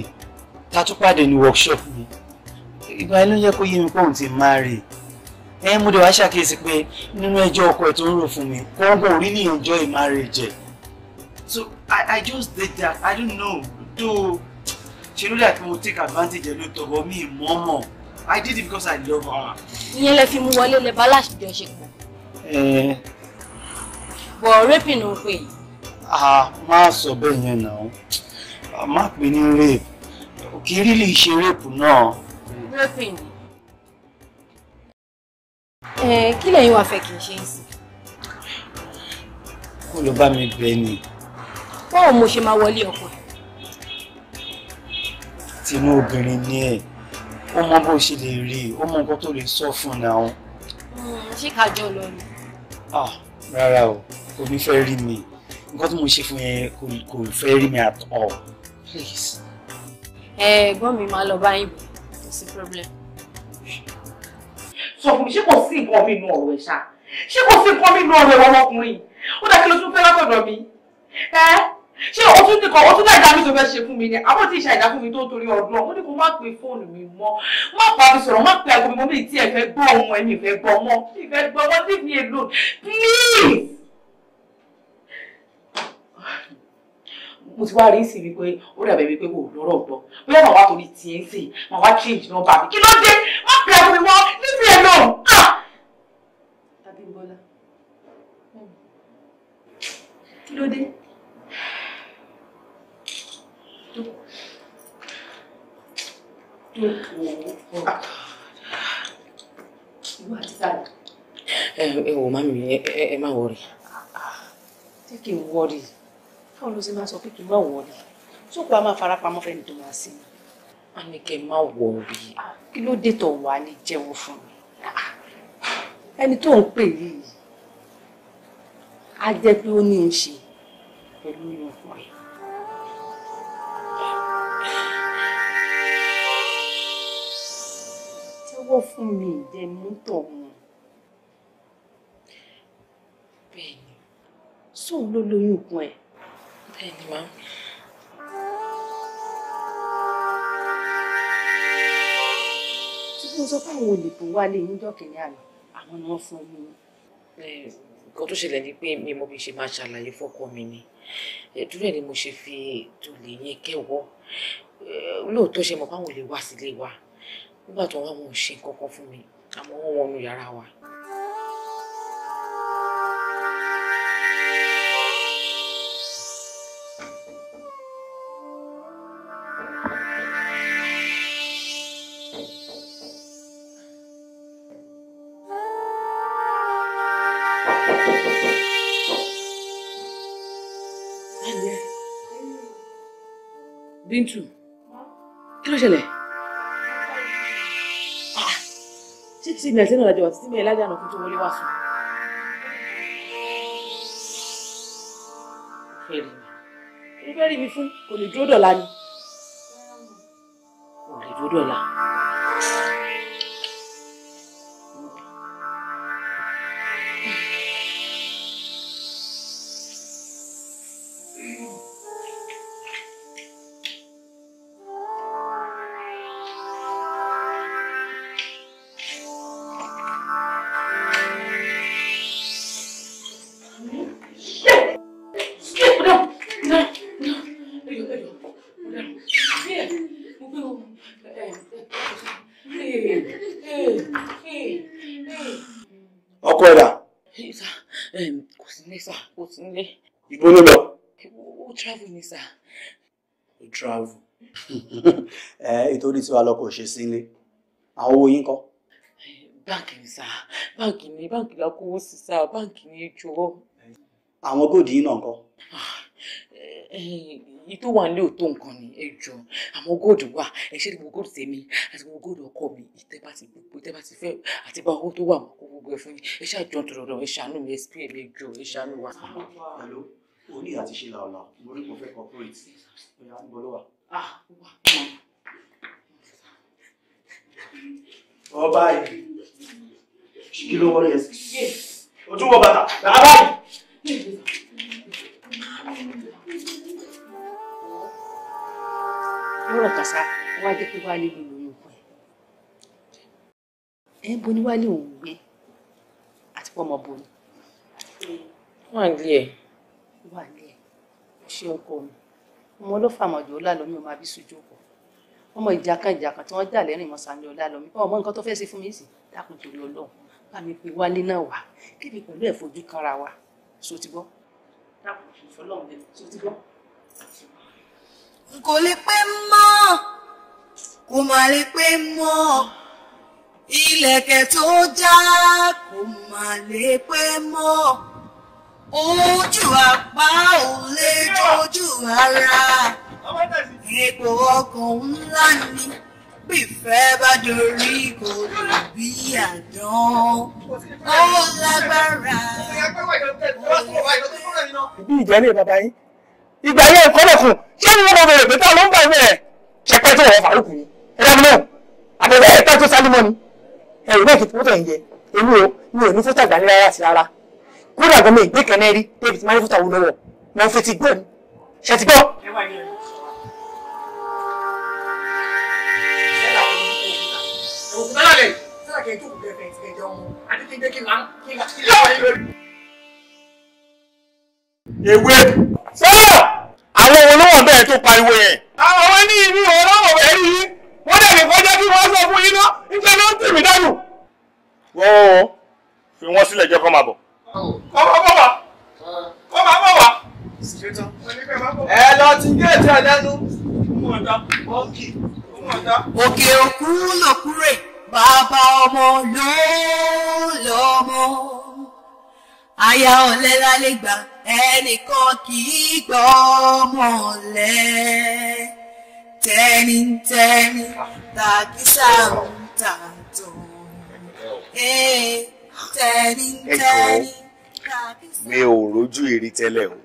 ta tún pàdé ní workshop mi ìgbà yẹn ló yẹ kó yé mi pé òun ti marry ẹ mo dẹ̀ wá ṣàkíyèsí pé nínú ẹjọ́ ọkọ ẹ̀ tó ń rò fún mi kọ́ńgọ̀ really enjoy marriage so I, I just did that I don't know though She ló that pé mo take advantage ẹ ló tọ̀wọ́ mi mọ́mọ́ I did it because I love her. ìyẹn lè fi mú wọlé lè bá láṣìjọṣepọ̀ bọ̀ rape ló ń pè yìí. a ah, máa sọ bẹ́ẹ̀ yẹn náà ah, má pè ní rape kì í rílì ṣe rape náà. rape ni. ẹ kí lẹ́yìn wàá fẹ́ kí n ṣe é sí. kó ló bá mi bẹ ni. báwo mo ṣe máa wọlé ọkọ ẹ. tinú obìnrin ni ẹ ó mọ bó ṣe lè rí i ó mọ nǹkan tó lè sọ fún un náà. Hmm, ṣé ká lọ ni. ah rárá o omi fẹ́ rí mi nǹkan tí mo ṣe fún yẹn kò fẹ́ rí mi at all please. ẹ ẹ̀gbọ́n mi máa lọ bá yín bò kò sí problem. sọ fún mi ṣé kò sí nǹkan mi nínú ọ̀rọ̀ ẹ̀ ṣá ṣé kò sí nǹkan mi nínú ọ̀rọ̀ ẹ̀ ọmọkùnrin ó dà kí ló tún fẹ́ látọ̀dọ̀ mi ẹ́ ṣé o tún nìkan o tún náà ìdá mi tó fẹ́ ṣe fún mi ni àbọ̀ tí ìṣe ìdá fún mi tó torí ọdún ó ní kó má pe fóònù mi mọ́ má pa mi sọ̀rọ̀ má pe àgbo mi mọ́ mi tí ẹ fẹ́ gbọ́ ohun ẹ̀ mi gbọ́ mọ́ mi gbọ́ mọ́ leave me alone please. mo ti wá rí sí wípé ó dàbẹ̀ wípé wò lọ́rọ̀ gbọ́ bóyá màá wá torí tiẹ̀ ń sè màá wá change nọ́mbà mi kí ló dé má pè àwọn ìwọ níbi ẹ̀ náà. Ah! Abímbọ́lá kí ló dé. ẹ wò mami ẹ má wọrí jẹ́ kí n wọrí báwo ló ṣe máa sọ pé kí n má wọlé tó pa máa fara pamọ́ fẹ́ni tó máa sí a ní kẹ́ ẹ má wọlé ah, kí ló dé tó wà ní jẹ́wọ́ fún mi ah, ẹni tó ń pè yìí á jẹ́ pé ó ní í ṣe pẹ̀lú ìyókù rẹ̀. jẹ́wọ́ fún mi ìdẹ́mú tọ̀hún. bẹ́ẹ̀ sóun ló lóyún ikùn ẹ̀. Bẹ́ẹ̀ni máa ń. Tí mo sọ pé àwọn olùkọ́ wá lé níjọ́ kìíní àná, àwọn ni wọ́n fún mi. Eh, nǹkan tó ṣẹlẹ̀ ni pé mi mo bí ṣe máa ṣàlàyé fọ́kọ mi ni. Eh, Ẹ̀dúrẹ́ ni mo ṣe fi tòlè yẹn kẹ́wọ́. Eh, lóòótọ́ ṣe mọ̀ pé àwọn olè wá sílé wa. Nígbà tó wá wọn ṣe nǹkan fún mi, àmọ́ wọ́n wọnú yàrá wa. Bíntù kí ló ṣẹlẹ̀? Ah, ṣé tí mi àti ẹnu ìlàjọ àti tí mi ẹ̀ lájà náà kí n tó wọlé wá sùn. fẹ́ẹ̀rì mi fẹ́ẹ̀rì mi fún kò lè dúró dọ̀la ni kò lè dúró dọ̀la. sí wa lọ́kọ̀ ṣe sílé àwọn owó yín kọ́. báǹkì ni sá báǹkì ni báǹkì la kówó sí sá báǹkì ni jọ. àwọn góòdì yín náà kọ́. Ah, eh, eh, èyí tó wà nílé òótọ́ nǹkan ni ẹ jọ àwọn góòdì wà ẹ ṣe gbogbo góòdì tèmi àti gbogbo góòdì ọkọ mi ìtẹ́bà ti gbogbo ìtẹ́bà ti fẹ́ àti bá owó tó wà mọ́ kó gbogbo ẹ fún yín ẹ ṣàjọ tọ̀rọ̀ ẹ ṣàánú mi ẹ sì pè é jọ ẹ ṣàánú wa. o ní ah wà á ọba yìí kí ló wọlé ẹsẹ ojú wọ bàtà bàbá yìí. lọ́rọ̀ kàṣá wá jẹ́ pé wálé ló lóyún fún ẹ. ẹ bo ni wálé òun gbé àti pọ́ ọmọ bo ni. wà á lé ẹ. wà á lé ẹ ṣé ń kọ mi ọmọ ló fàmọ̀jọ́ ó lálọ́ mi ò máa bí sojú ọkọ̀ ọmọ ìjàkanjàkan tí wọ́n jà lẹ́rìn mọ́ Sanni Ọlálọmí ọmọ nǹkan tó fẹ́ ṣe fún mi sì dákun torí Ọlọ́run bá mi pe wálé náà wá kébi pẹ̀lú ẹ̀ fojú kanra wa so kò lè pé mọ́ kò má lè pé mọ́ ilẹ̀kẹ̀ tó já kò má lè pé mọ́ ojú àpá ò lè dojú ara. Epo ọkàn ńlá ni bífẹ́ bá dorí kò lè bí àdán. Ó lágbára. Bí ìjẹ́ ní bàbá yín, ìgbà yẹn ẹ̀kọ́ lẹ̀kùn, ṣé ni wọ́n mọ̀ pé táwọn ló ń bà bẹ̀rẹ̀? Ṣẹpẹ́ tó wọ̀ fàlùkù ni, ẹ̀rọ mi náà, àbẹ̀rẹ̀ ẹ̀ta tó sálímọ́ ni. Ẹ̀rù náà kì í ẹ̀yẹ, èmi ò mi ò ní fọ́tọ̀ àgbà ní rárá sí rárá. Kúrò àgbọ̀n ìgbé kẹ́nẹ́rí, David Mánífọ́tà wo lọ́wọ́, mo fi ti gbọ́ ni, ṣe ti gbọ́. Ẹ wá ní kẹ́ ẹ jókòó kẹ́ ẹ fẹ̀yìntì kẹ́ ẹ jẹun mu àti kí n gbé kí n lá kí n lá kí n lá wáyé lórí. ewé. sọ àwọn olówó bẹ́ẹ̀ tó pariwo yẹn. àwọn ní ibi olówó bẹ́ẹ̀ rí i wọ́n dẹ̀ nìkan jẹ́ kí wọ́n sọ fún iná nígbà náà ń tì mí dànù. wọ́n fi wọ́n sílẹ̀ jẹ́ kó máa bọ̀. kọ́ bá bọ̀ wá kọ́ bá bọ̀ wá. ẹ lọ ti géètì ọ̀dẹ́nu. òkè òkú lòkúrè bàbá ọmọ ló lọ́mọ aya ọ̀lẹ lálẹ́ gbà ẹnìkan kì í gbọ́ ọmọ ọ̀lẹ tẹnitẹni tàkísà ń tà tó tẹnitẹni tàkísà. mi ò rojú ìrí tẹ́lẹ̀ o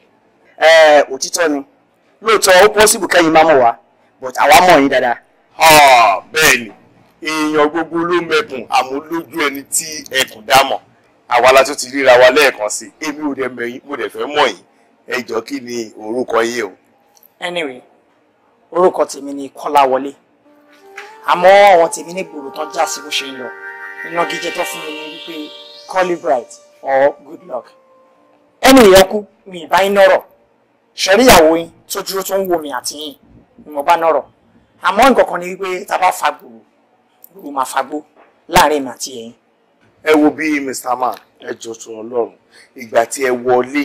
òtítọ́ ni lóòótọ́ ó pọ́sibù kẹ́yìn máa mọ̀ wá but àwa mọ̀ yín dáadáa. Ah, bẹ́ẹ̀ ni èèyàn gbogbo ló mẹ̀kùn àmúlójú ẹni tí ẹkùn dámọ̀ àwa la tún ti ríra wa lẹ́ẹ̀kan sí èmi ò dẹ̀ mẹ̀yìn mo dẹ̀ fẹ́ mọ̀ yìí ẹ jọ kí ni orúkọ yìí o. anyway orúkọ tèmi ni Kọ́láwọlé àmọ́ àwọn tèmi ní gbòòrò tán já sí bó ṣe ń lọ iná gíjẹ tó fún mi ní wípé Kọ́lí bright or good luck ẹni ìyọkú mi ì bá ń nọ̀rọ̀ ṣẹ̀rí ìyàwó yín tó dúró tó ń wo mi àti ni mo bá nọ̀rọ̀ àmọ́ nǹkan kan ni wípé tá a bá fa gbòòrò ó máa fagbó láàrin màá ti ẹ̀yìn. ẹ wo bí mr man ẹ jọ tún ọlọ́run ìgbà tí ẹ wọlé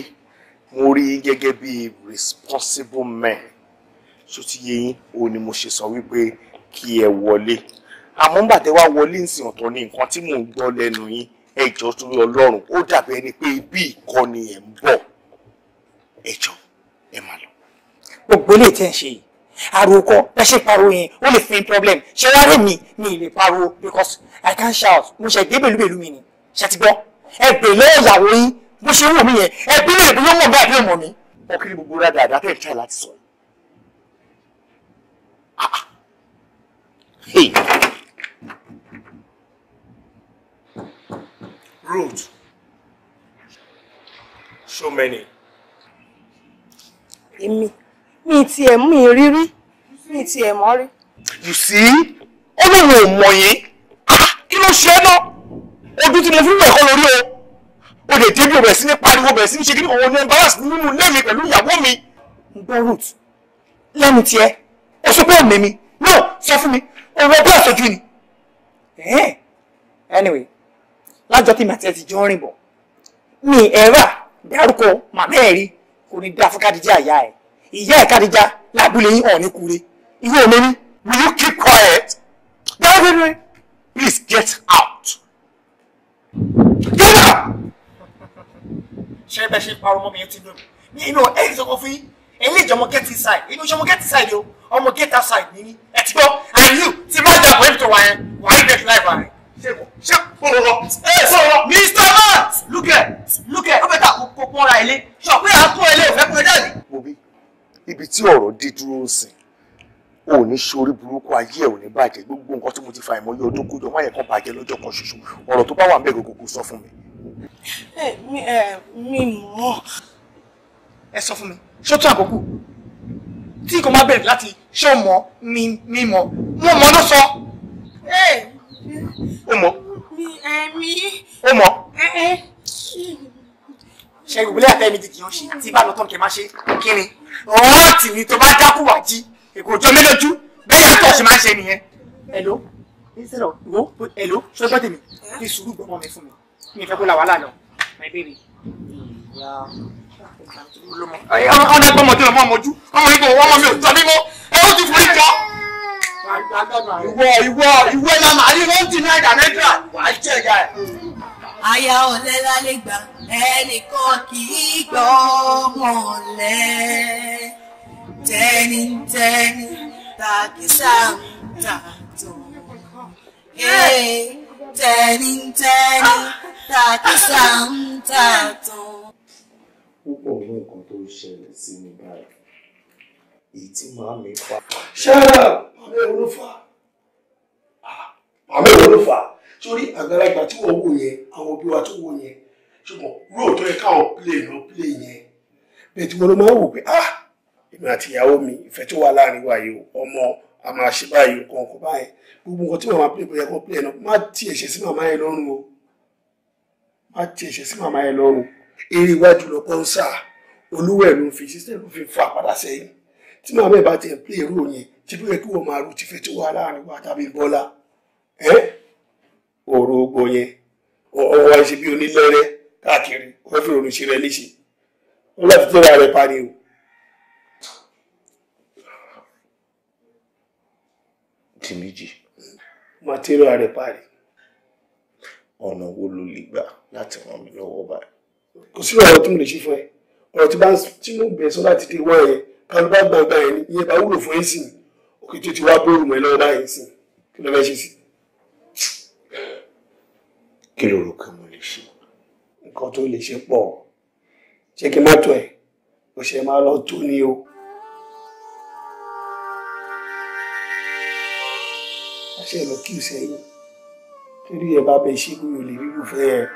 mo rí yín bí responsible men. tó ti yé yín òun ni mo ṣe sọ wípé kí ẹ wọlé àmọ́ nígbà tẹ́ wá wọlé ìsìn ọ̀tọ̀ ni nǹkan tí mò ń gbọ́ lẹ́nu yín ẹ jọ tún ọlọ́run ó dàbí ẹni pé ibi ìkọ́ni ẹ̀ ń bọ̀ ẹ jọ ẹ máa lọ. gbogbo ilé tẹ́ ń ṣe yìí àròkọ bẹ́ẹ̀ ṣe pariwo yẹn ó lè fún problem ṣé wàá rẹ̀ mi mi lè pariwo because i can shout mo ṣe dé bèlúbèlú mi ni ṣe ti gbọ́ ẹ bè lọ́wọ́ ìyàwó yín bó ṣe wù mí yẹn ẹ bí lè bí lọ́mọ bá àbí ọmọ mi. ọkiri gbogbo rẹ dáadáa tẹ̀ tẹ̀ láti sọ yìí. rude so many. èmi mi ti ẹ̀ mú ìrírí mi ti ẹ̀ mọ́ rí. you see ó lóun ò mọ̀ yín ah, kí ló ṣe é náà ojú tí mo fi ń wẹ̀ kọ́ lórí o o lè débi o bẹ̀rẹ̀ sí ní pariwo bẹ̀rẹ̀ sí ní ṣe kí ni òun ní embarrass nínú ilé mi pẹ̀lú ìyàwó mi. n gbọ́ root lẹ́nu tiẹ̀ o sọ pé ò mẹ́mi náà sọ fún mi òun ọgbẹ́ àṣojú ni. anyway lájọ tí màtí ẹ ti jọ ń rìn bọ̀ mi ẹ̀rà dárúkọ màmá ẹ̀ rí kò ní dáa fún kádìjẹ́ àyà ẹ̀ ìyá ẹ̀ kádìjà lábúlé yín ọ̀ọ́ni kure ìwé òun ní will you keep quiet dáwọ́dẹ́dẹ́ please get out get out. ṣé bẹ́ẹ̀ ṣe parọ́ mọ́ mi yẹn ti dùn mí inú ẹ̀ ẹ́ ìṣòro fún yín ẹ̀yin ìjọmọ get inside inú ìṣọmọ get inside o ọmọ get outside nínú ẹ̀ ti gbọ́ and you ti má jà pẹ̀lú tó wà yẹn wà á get life rẹ̀ ṣé ṣé kòrò ẹ sọ̀rọ̀ Mr. Matt look at look at ó bẹ̀ tà kó pọ́nra ilé ṣọ̀pẹ́ àtúnwọ̀ ilé òfẹ́ pẹ̀lú ẹ̀ ibi tí ọ̀rọ̀ dí dúró ń sìn ò ní ṣorí burúkú ayé ẹ̀ ò ní bàjẹ́ gbogbo nǹkan tí mo ti fa ìmọ̀ye ọdún kójọ má yẹ kán bàjẹ́ lọ́jọ́ kan ṣoṣo ọ̀rọ̀ tó bá wà ńbẹ̀ gbogbo sọ fún mi. mi mọ̀ ẹ sọ fún mi ṣó tó àkókò tí nǹkan bá bẹ̀rẹ̀ láti ṣó mọ̀ mi mi mọ̀ mo mọ̀ ló sọ. ó mọ̀ ó mọ̀ ṣe gbogbo lẹ́yìn àtẹ́mi di kìyàn ṣe tí bá lọ tán kẹ máa ṣe kí ni ọ̀hún àti ni tó bá dákú wà jí èkó jọ mí lójú bẹ́ẹ̀ yàtọ̀ ṣe máa ń ṣe nìyẹn. ẹ̀ló ìṣẹ̀lọ̀ wo ẹ̀ló ṣọgbọ́n tèmi ní sùúrù gbọ́mọ mi fún mi mi fẹ́ kó la wàhálà lọ my baby. ọ̀nà ẹgbẹ́ ọmọdé lọ́mọ ọmọjú ọmọ ìgbò ọmọ mi ò jọ mímọ́ ẹ ó ti forí jọ. ìwọ ìwọ ìwọ ẹ̀yà ẹ̀ aya ọ̀lẹ lálẹ́ gbà ẹnìkan kì í gbọ́ ọmọ ọ̀lẹ tẹnitẹni tàkísà ń tà tó tẹnitẹni tàkísà ń tà tó. púpọ̀ ní nǹkan tó ṣẹlẹ̀ sí mi báyìí èyí tí màá mi fà. ṣé àmì olúfà ah, àmì olúfà torí àgbàlagbà tí wọ́n wò yẹn àwọn òbí wa tó wò yẹn ṣùgbọ́n lóòótọ́ yẹ káwọn play náà play yẹn bẹ́ẹ̀ tí wọ́n máa wò pé ah èmi àti ìyàwó mi ìfẹ́ tó wà láàrin wa yìí ọmọ a máa ṣe báyìí nǹkan kò báyìí gbogbo nǹkan tí màmá play bóyá kan play náà má ti ẹ̀ṣẹ̀ sí màmá yẹn lọ́rùn o má ti ẹ̀ṣẹ̀ sí màmá yẹn lọ́rùn eré iwájú lọ kọ́ńsà olúwẹ̀ ló fi sísẹ́ ló fi fà padà sẹ́yìn tí màmá ẹ̀ bá ti ẹ̀ play rò yẹn ti bí kí wọ́n máa ro tìfẹ́ tó wà láàrin wa tàbí bọ́lá ẹ́ òrògbò yẹn ọwọ́ ẹ ṣe bí onílẹ́rẹ́ káàkiri wọ́n fi òrùn ṣe rẹ léṣe wọ́n láti tẹ́ra rẹ parí o. ti méjì. máa tẹ́ra rẹ parí. ọ̀nà wo ló lè gbà láti ràn mí lọ́wọ́ báyìí. kò sí ọ̀rọ̀ tí mo lè ṣe fún ẹ ọ̀rọ̀ tí bá tí mo bẹ̀ sọ láti dé wọ́n yẹn káló bá gbọ̀ngàn yẹn ìyẹn bá wúlò fún ẹ̀ sìn òkè tó ti wá bóòrùn ẹ lọ́wọ́ báyìí sìn kí ló fẹ́ ṣe sí kí ló rò pé mo lè ṣe nǹkan tó lè ṣe pọ̀ ṣé kí n má tọ́ ẹ̀ ó ṣe máa lọ tó ní o. àṣẹ lọ kí o sẹ́yìn torí ẹ bá bẹ ṣe kúrò lè rí irúfẹ́ ẹ̀.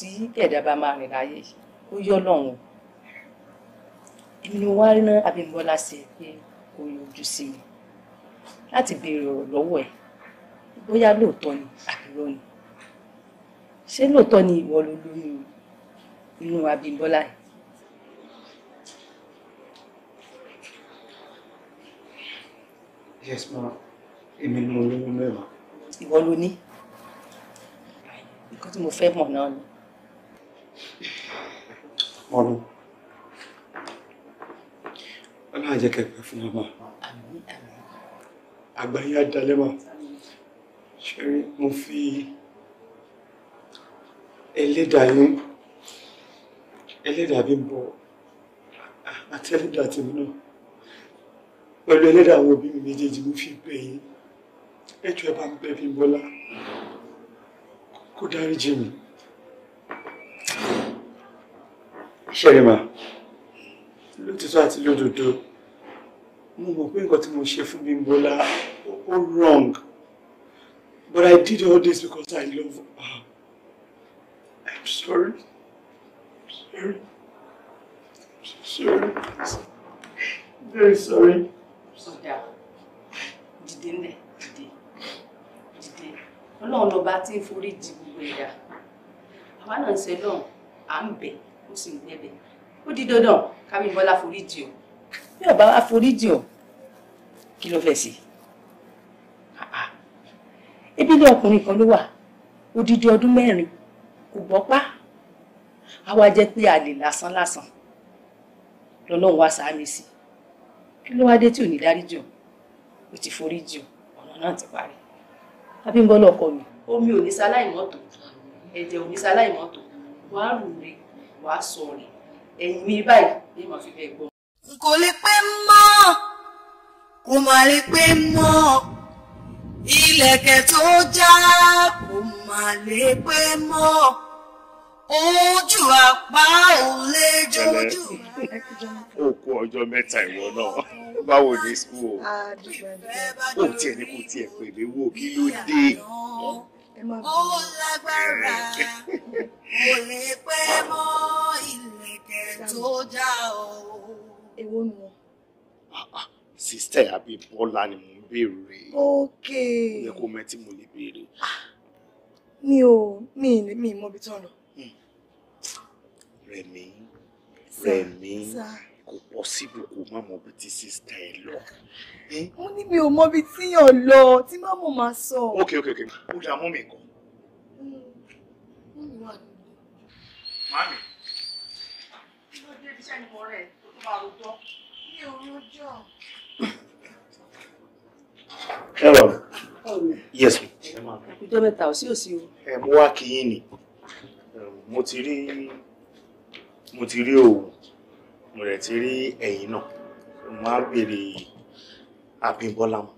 tí ẹ̀dá bá máa rìn láyé yìí ó yọ lọ́hùn èmi ni wàá ná Abímbọ́lá sí pé kò yọjú sí mi láti béèrè ọ̀rọ̀ lọ́wọ́ ẹ̀ bóyá lóòótọ́ ni àbúrò ni ṣé lóòótọ́ ni ìwọ ló lóyún inú Abímbọ́lá yìí. yes ma èmi ni mo lóyún mẹ́wàá. ìwọ ló ní nǹkan tí mo fẹ́ mọ̀ náà ni ọ̀run ọlọ́run jẹ́ kẹpẹ fún ọmọ àgbáyé adalẹ́mọ̀ ṣeré mo fi ẹlẹ́dà yín ẹlẹ́dà bí ń bọ̀ àti ẹlẹ́dà tèmi náà pẹ̀lú ẹlẹ́dà àwọn òbí mi méjèèjì mo fi bẹ̀ yín ẹjọ́ ẹ bá ń bẹ̀ bí ń bọ́lá kó dáríjì mi. ṣẹ́rìmà lótìtọ́ àti lódodo mo mọ̀ pé nǹkan tí mo ṣe fún Bímbọ́lá ó wrong but I did all this because I love her I'm sorry I'm sorry I'm sorry I'm very sorry. ọ̀dà dìde ńlẹ̀ dìde dìde ọlọ́run lọ́ba tí ń forí jì gbogbo ẹ̀dá àwa náà ń ṣe lọ́hùn à ń bẹ̀ẹ́ ó sì ń bẹ̀bẹ̀ ó di dandan kábí bọ́lá foríjì o bí ọba wa foríjì o kí ló fẹ́ sí ebi ní ọkùnrin kan ló wà odidi ọdún mẹ́rin kò gbọ́pá àwa jẹ́ pé àlè lásán lásán lọ́lọ́run wá sáà mi sí kí ló wá dé tí ò ní dáríjì o ò ti foríjì o ọ̀nà náà ti parí abímbọ́lá ọkọ mi omi ò ní sáláì mọ́tò ẹ̀jẹ̀ ò ní sáláì mọ́tò wàá rù rèé wàá sọ rẹ̀ ẹ̀yìn mi báyìí ní mo. fi bẹ́ẹ̀ gbọ́. kò lè pé mọ́ kò má lè pé mọ́ ilẹ̀kẹ̀ tó já kò má lè pé mọ́ ojú àpá ò lè jojú. òkú ọjọ́ mẹ́ta ìwọ náà báwo ni school o ò tiẹ̀ ní kò tiẹ̀ pè mí kí ló dé ó lágbára mo lè pẹ́ mọ́ ìlẹ̀kẹ̀ tó o. èwo ni wọn. sísítà àbí bọ́lá ni mo ń béèrè. ok. yẹ kó mẹ́ tí mo lè béèrè. Ah, mi ò mi ì mi ì mọ ibi tó ń lọ. Hmm. rẹ̀mí rẹ̀mí. sáà kò pọ́síbù kò má mọ bí tí sísítà ẹ lọ. wọ́n ní mi ò mọ bí tíyàn lọ tí má mọ̀ máa sọ. ok ok ok ó dá mọ́ mi kọ́. mami. ló dé yes. ìjọ mẹ́ta ò sí òsì o. ẹ mo wá kí yín mo ti rí mo ti rí òun mo rẹ̀ ti rí ẹ̀yìn náà mo á béèrè Abímbọ́lá mu.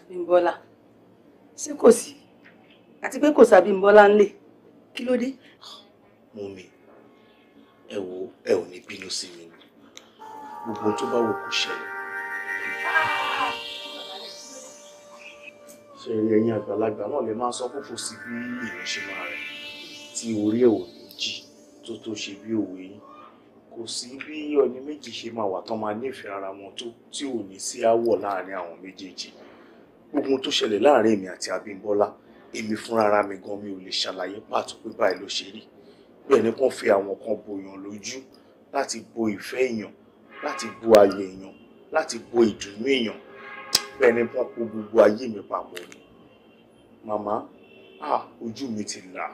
Abímbọ́lá ṣé kò sí àti pé kò sàbímbọ́lá ńlẹ̀ kí ló dé. mú mi ẹ wo ẹ ò ní bínú sí mi gbogbo tó bá wò kó ṣẹlẹ̀. ṣe ẹ̀yin àgbàlagbà náà lè máa sọ kókó sí bí èèyàn ṣe máa rẹ̀ tí orí ẹ̀ ò jí tó tó ṣe bí òwe yín kò sí bí ọ̀nì méjì ṣe máa wà tán máa nífẹ̀ẹ́ ara wọn tó tí ò ní sí áwọ̀ láàrin àwọn méjèèjì gbogbo tó ṣẹlẹ̀ láàrin èmi àti Abímbọ́lá èmi fúnra ara mi gan mi ò lè ṣàlàyé pàtó pé báyìí ló ṣe rí bẹ́ẹ̀ ni kàn fi àwọn kan bòyàn lójú láti bo ìfẹ́ èèyàn láti bo ayọ̀ èèyàn láti bo ìdùnnú èèyàn bẹ́ẹ̀ ni wọ́n po gbogbo ayé mi papọ̀ ni màmá ah ojú mi ti là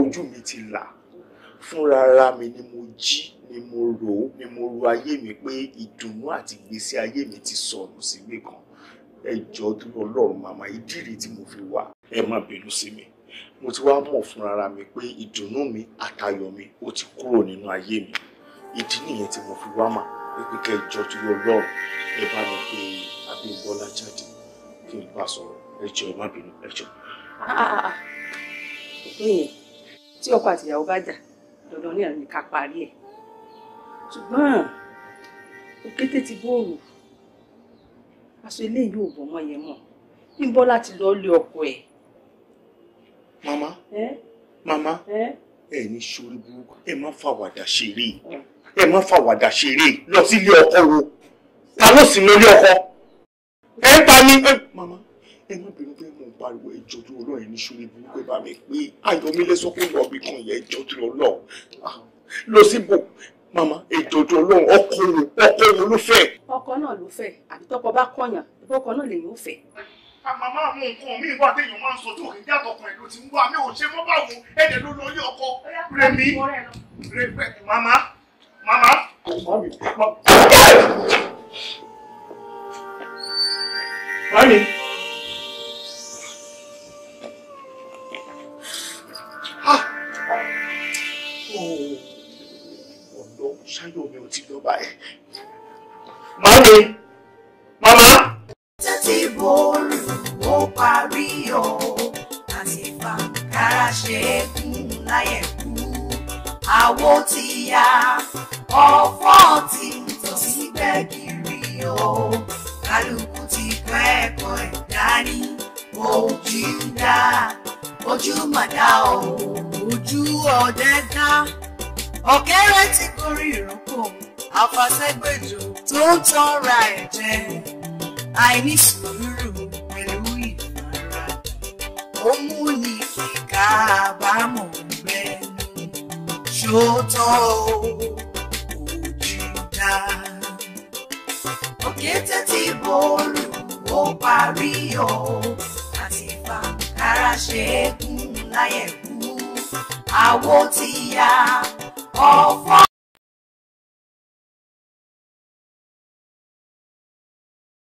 ojú mi ti là fúnra ara mi ni mo jí ni mo rò ó ni mo ro ayé mi pé ìdùnnú àti ìgbésí ayé mi ti sọnù síbì kan ẹ jọ̀ọ́ dúró Ọlọ́run màmá ìdí rèé tí mo fi wà ẹ má bínú sí mi mo ti wá mọ̀ fúnra ara mi pé ìdùnnú mi àtayọ̀ mi ó ti kúrò nínú ayé mi ìdí nìyẹn tí mo fi wá mà wípé kẹ́ ìjọ tí ó lọ́rùn ẹ bá mi pé Abímbọ́lá jáde kí n bá sọ̀rọ̀ ẹ má bínú ẹ ah, ah, ah, tí ọkọ àtìyàwó bá jà dandan ní ẹ̀rọ ká parí ẹ̀ ṣùgbọ́n òkété ti bóòrò aṣọ eléyìí ò bọ́ mọ́ yẹn mọ́ ní bọ́lá ti lọ lé ọkọ ẹ̀. màmá màmá ẹ ní sori burúkú ẹ má fàwàdà ṣeré ẹ má fàwàdà ṣeré lọ sílé ọkọ wo ta ló sì lọ lé ọkọ ẹ pa ní. màmá ẹ má bínú pé mo ń pariwo ẹjọ́ tó lọ ẹ ní sórí burúkú ẹ bá mi pé ayọ̀mílẹ̀ sọ pé lọ́ọ̀bì kan yẹ ẹjọ́ tó lọ lọ lọ síbò màmá ẹjọ́ tó lọ ọkọ òun ọkọ òun ló fẹ́. ọkọ náà ló fẹ́ àbí tọkọ bá kọyàn ọkọ náà lèyìn ó fẹ́. Ah, àmọ́ mú nǹkan mi wá téèyàn máa ń sọ tó kìí yàtọ̀ kan ìlú ti ń wá mi ò ṣe mọ́ báwo ẹ̀dẹ̀ ló lọ yé ọkọ rẹmi rẹpẹ màmá màmá. ṣáyọ̀ mi ò ti lọ báyìí. Màmí! Màmá! Tẹ́tí bọ́ọ̀lù ó parí ọ̀ àti fàkàrà ṣe é kún láyẹ̀ kú. Àwo ti ya ọ̀fọ́ ti tọ̀ sí gbẹ̀gìrì ọ̀. Kálukú ti pẹ́ ẹ̀kọ́ ẹ̀ dání. Ojú dá, ojú màdá ọ̀, ojú ọ̀dẹ́ dá ọ̀kẹ́rẹ́ ti gorí ìrókò àfàṣẹ́gbèjò tó ń tán ra ẹ̀jẹ̀ àìní sùúrù pẹ̀lú ìfara ó mú ní ìkà àbámọ̀ bẹ́ẹ̀ ni ṣòótọ́ òjì dá. òkété tí bọ́ọ̀lù ó parí ọ̀ àti ìfà kára ṣe é kún láyẹ̀kú àwo ti yá. all fire.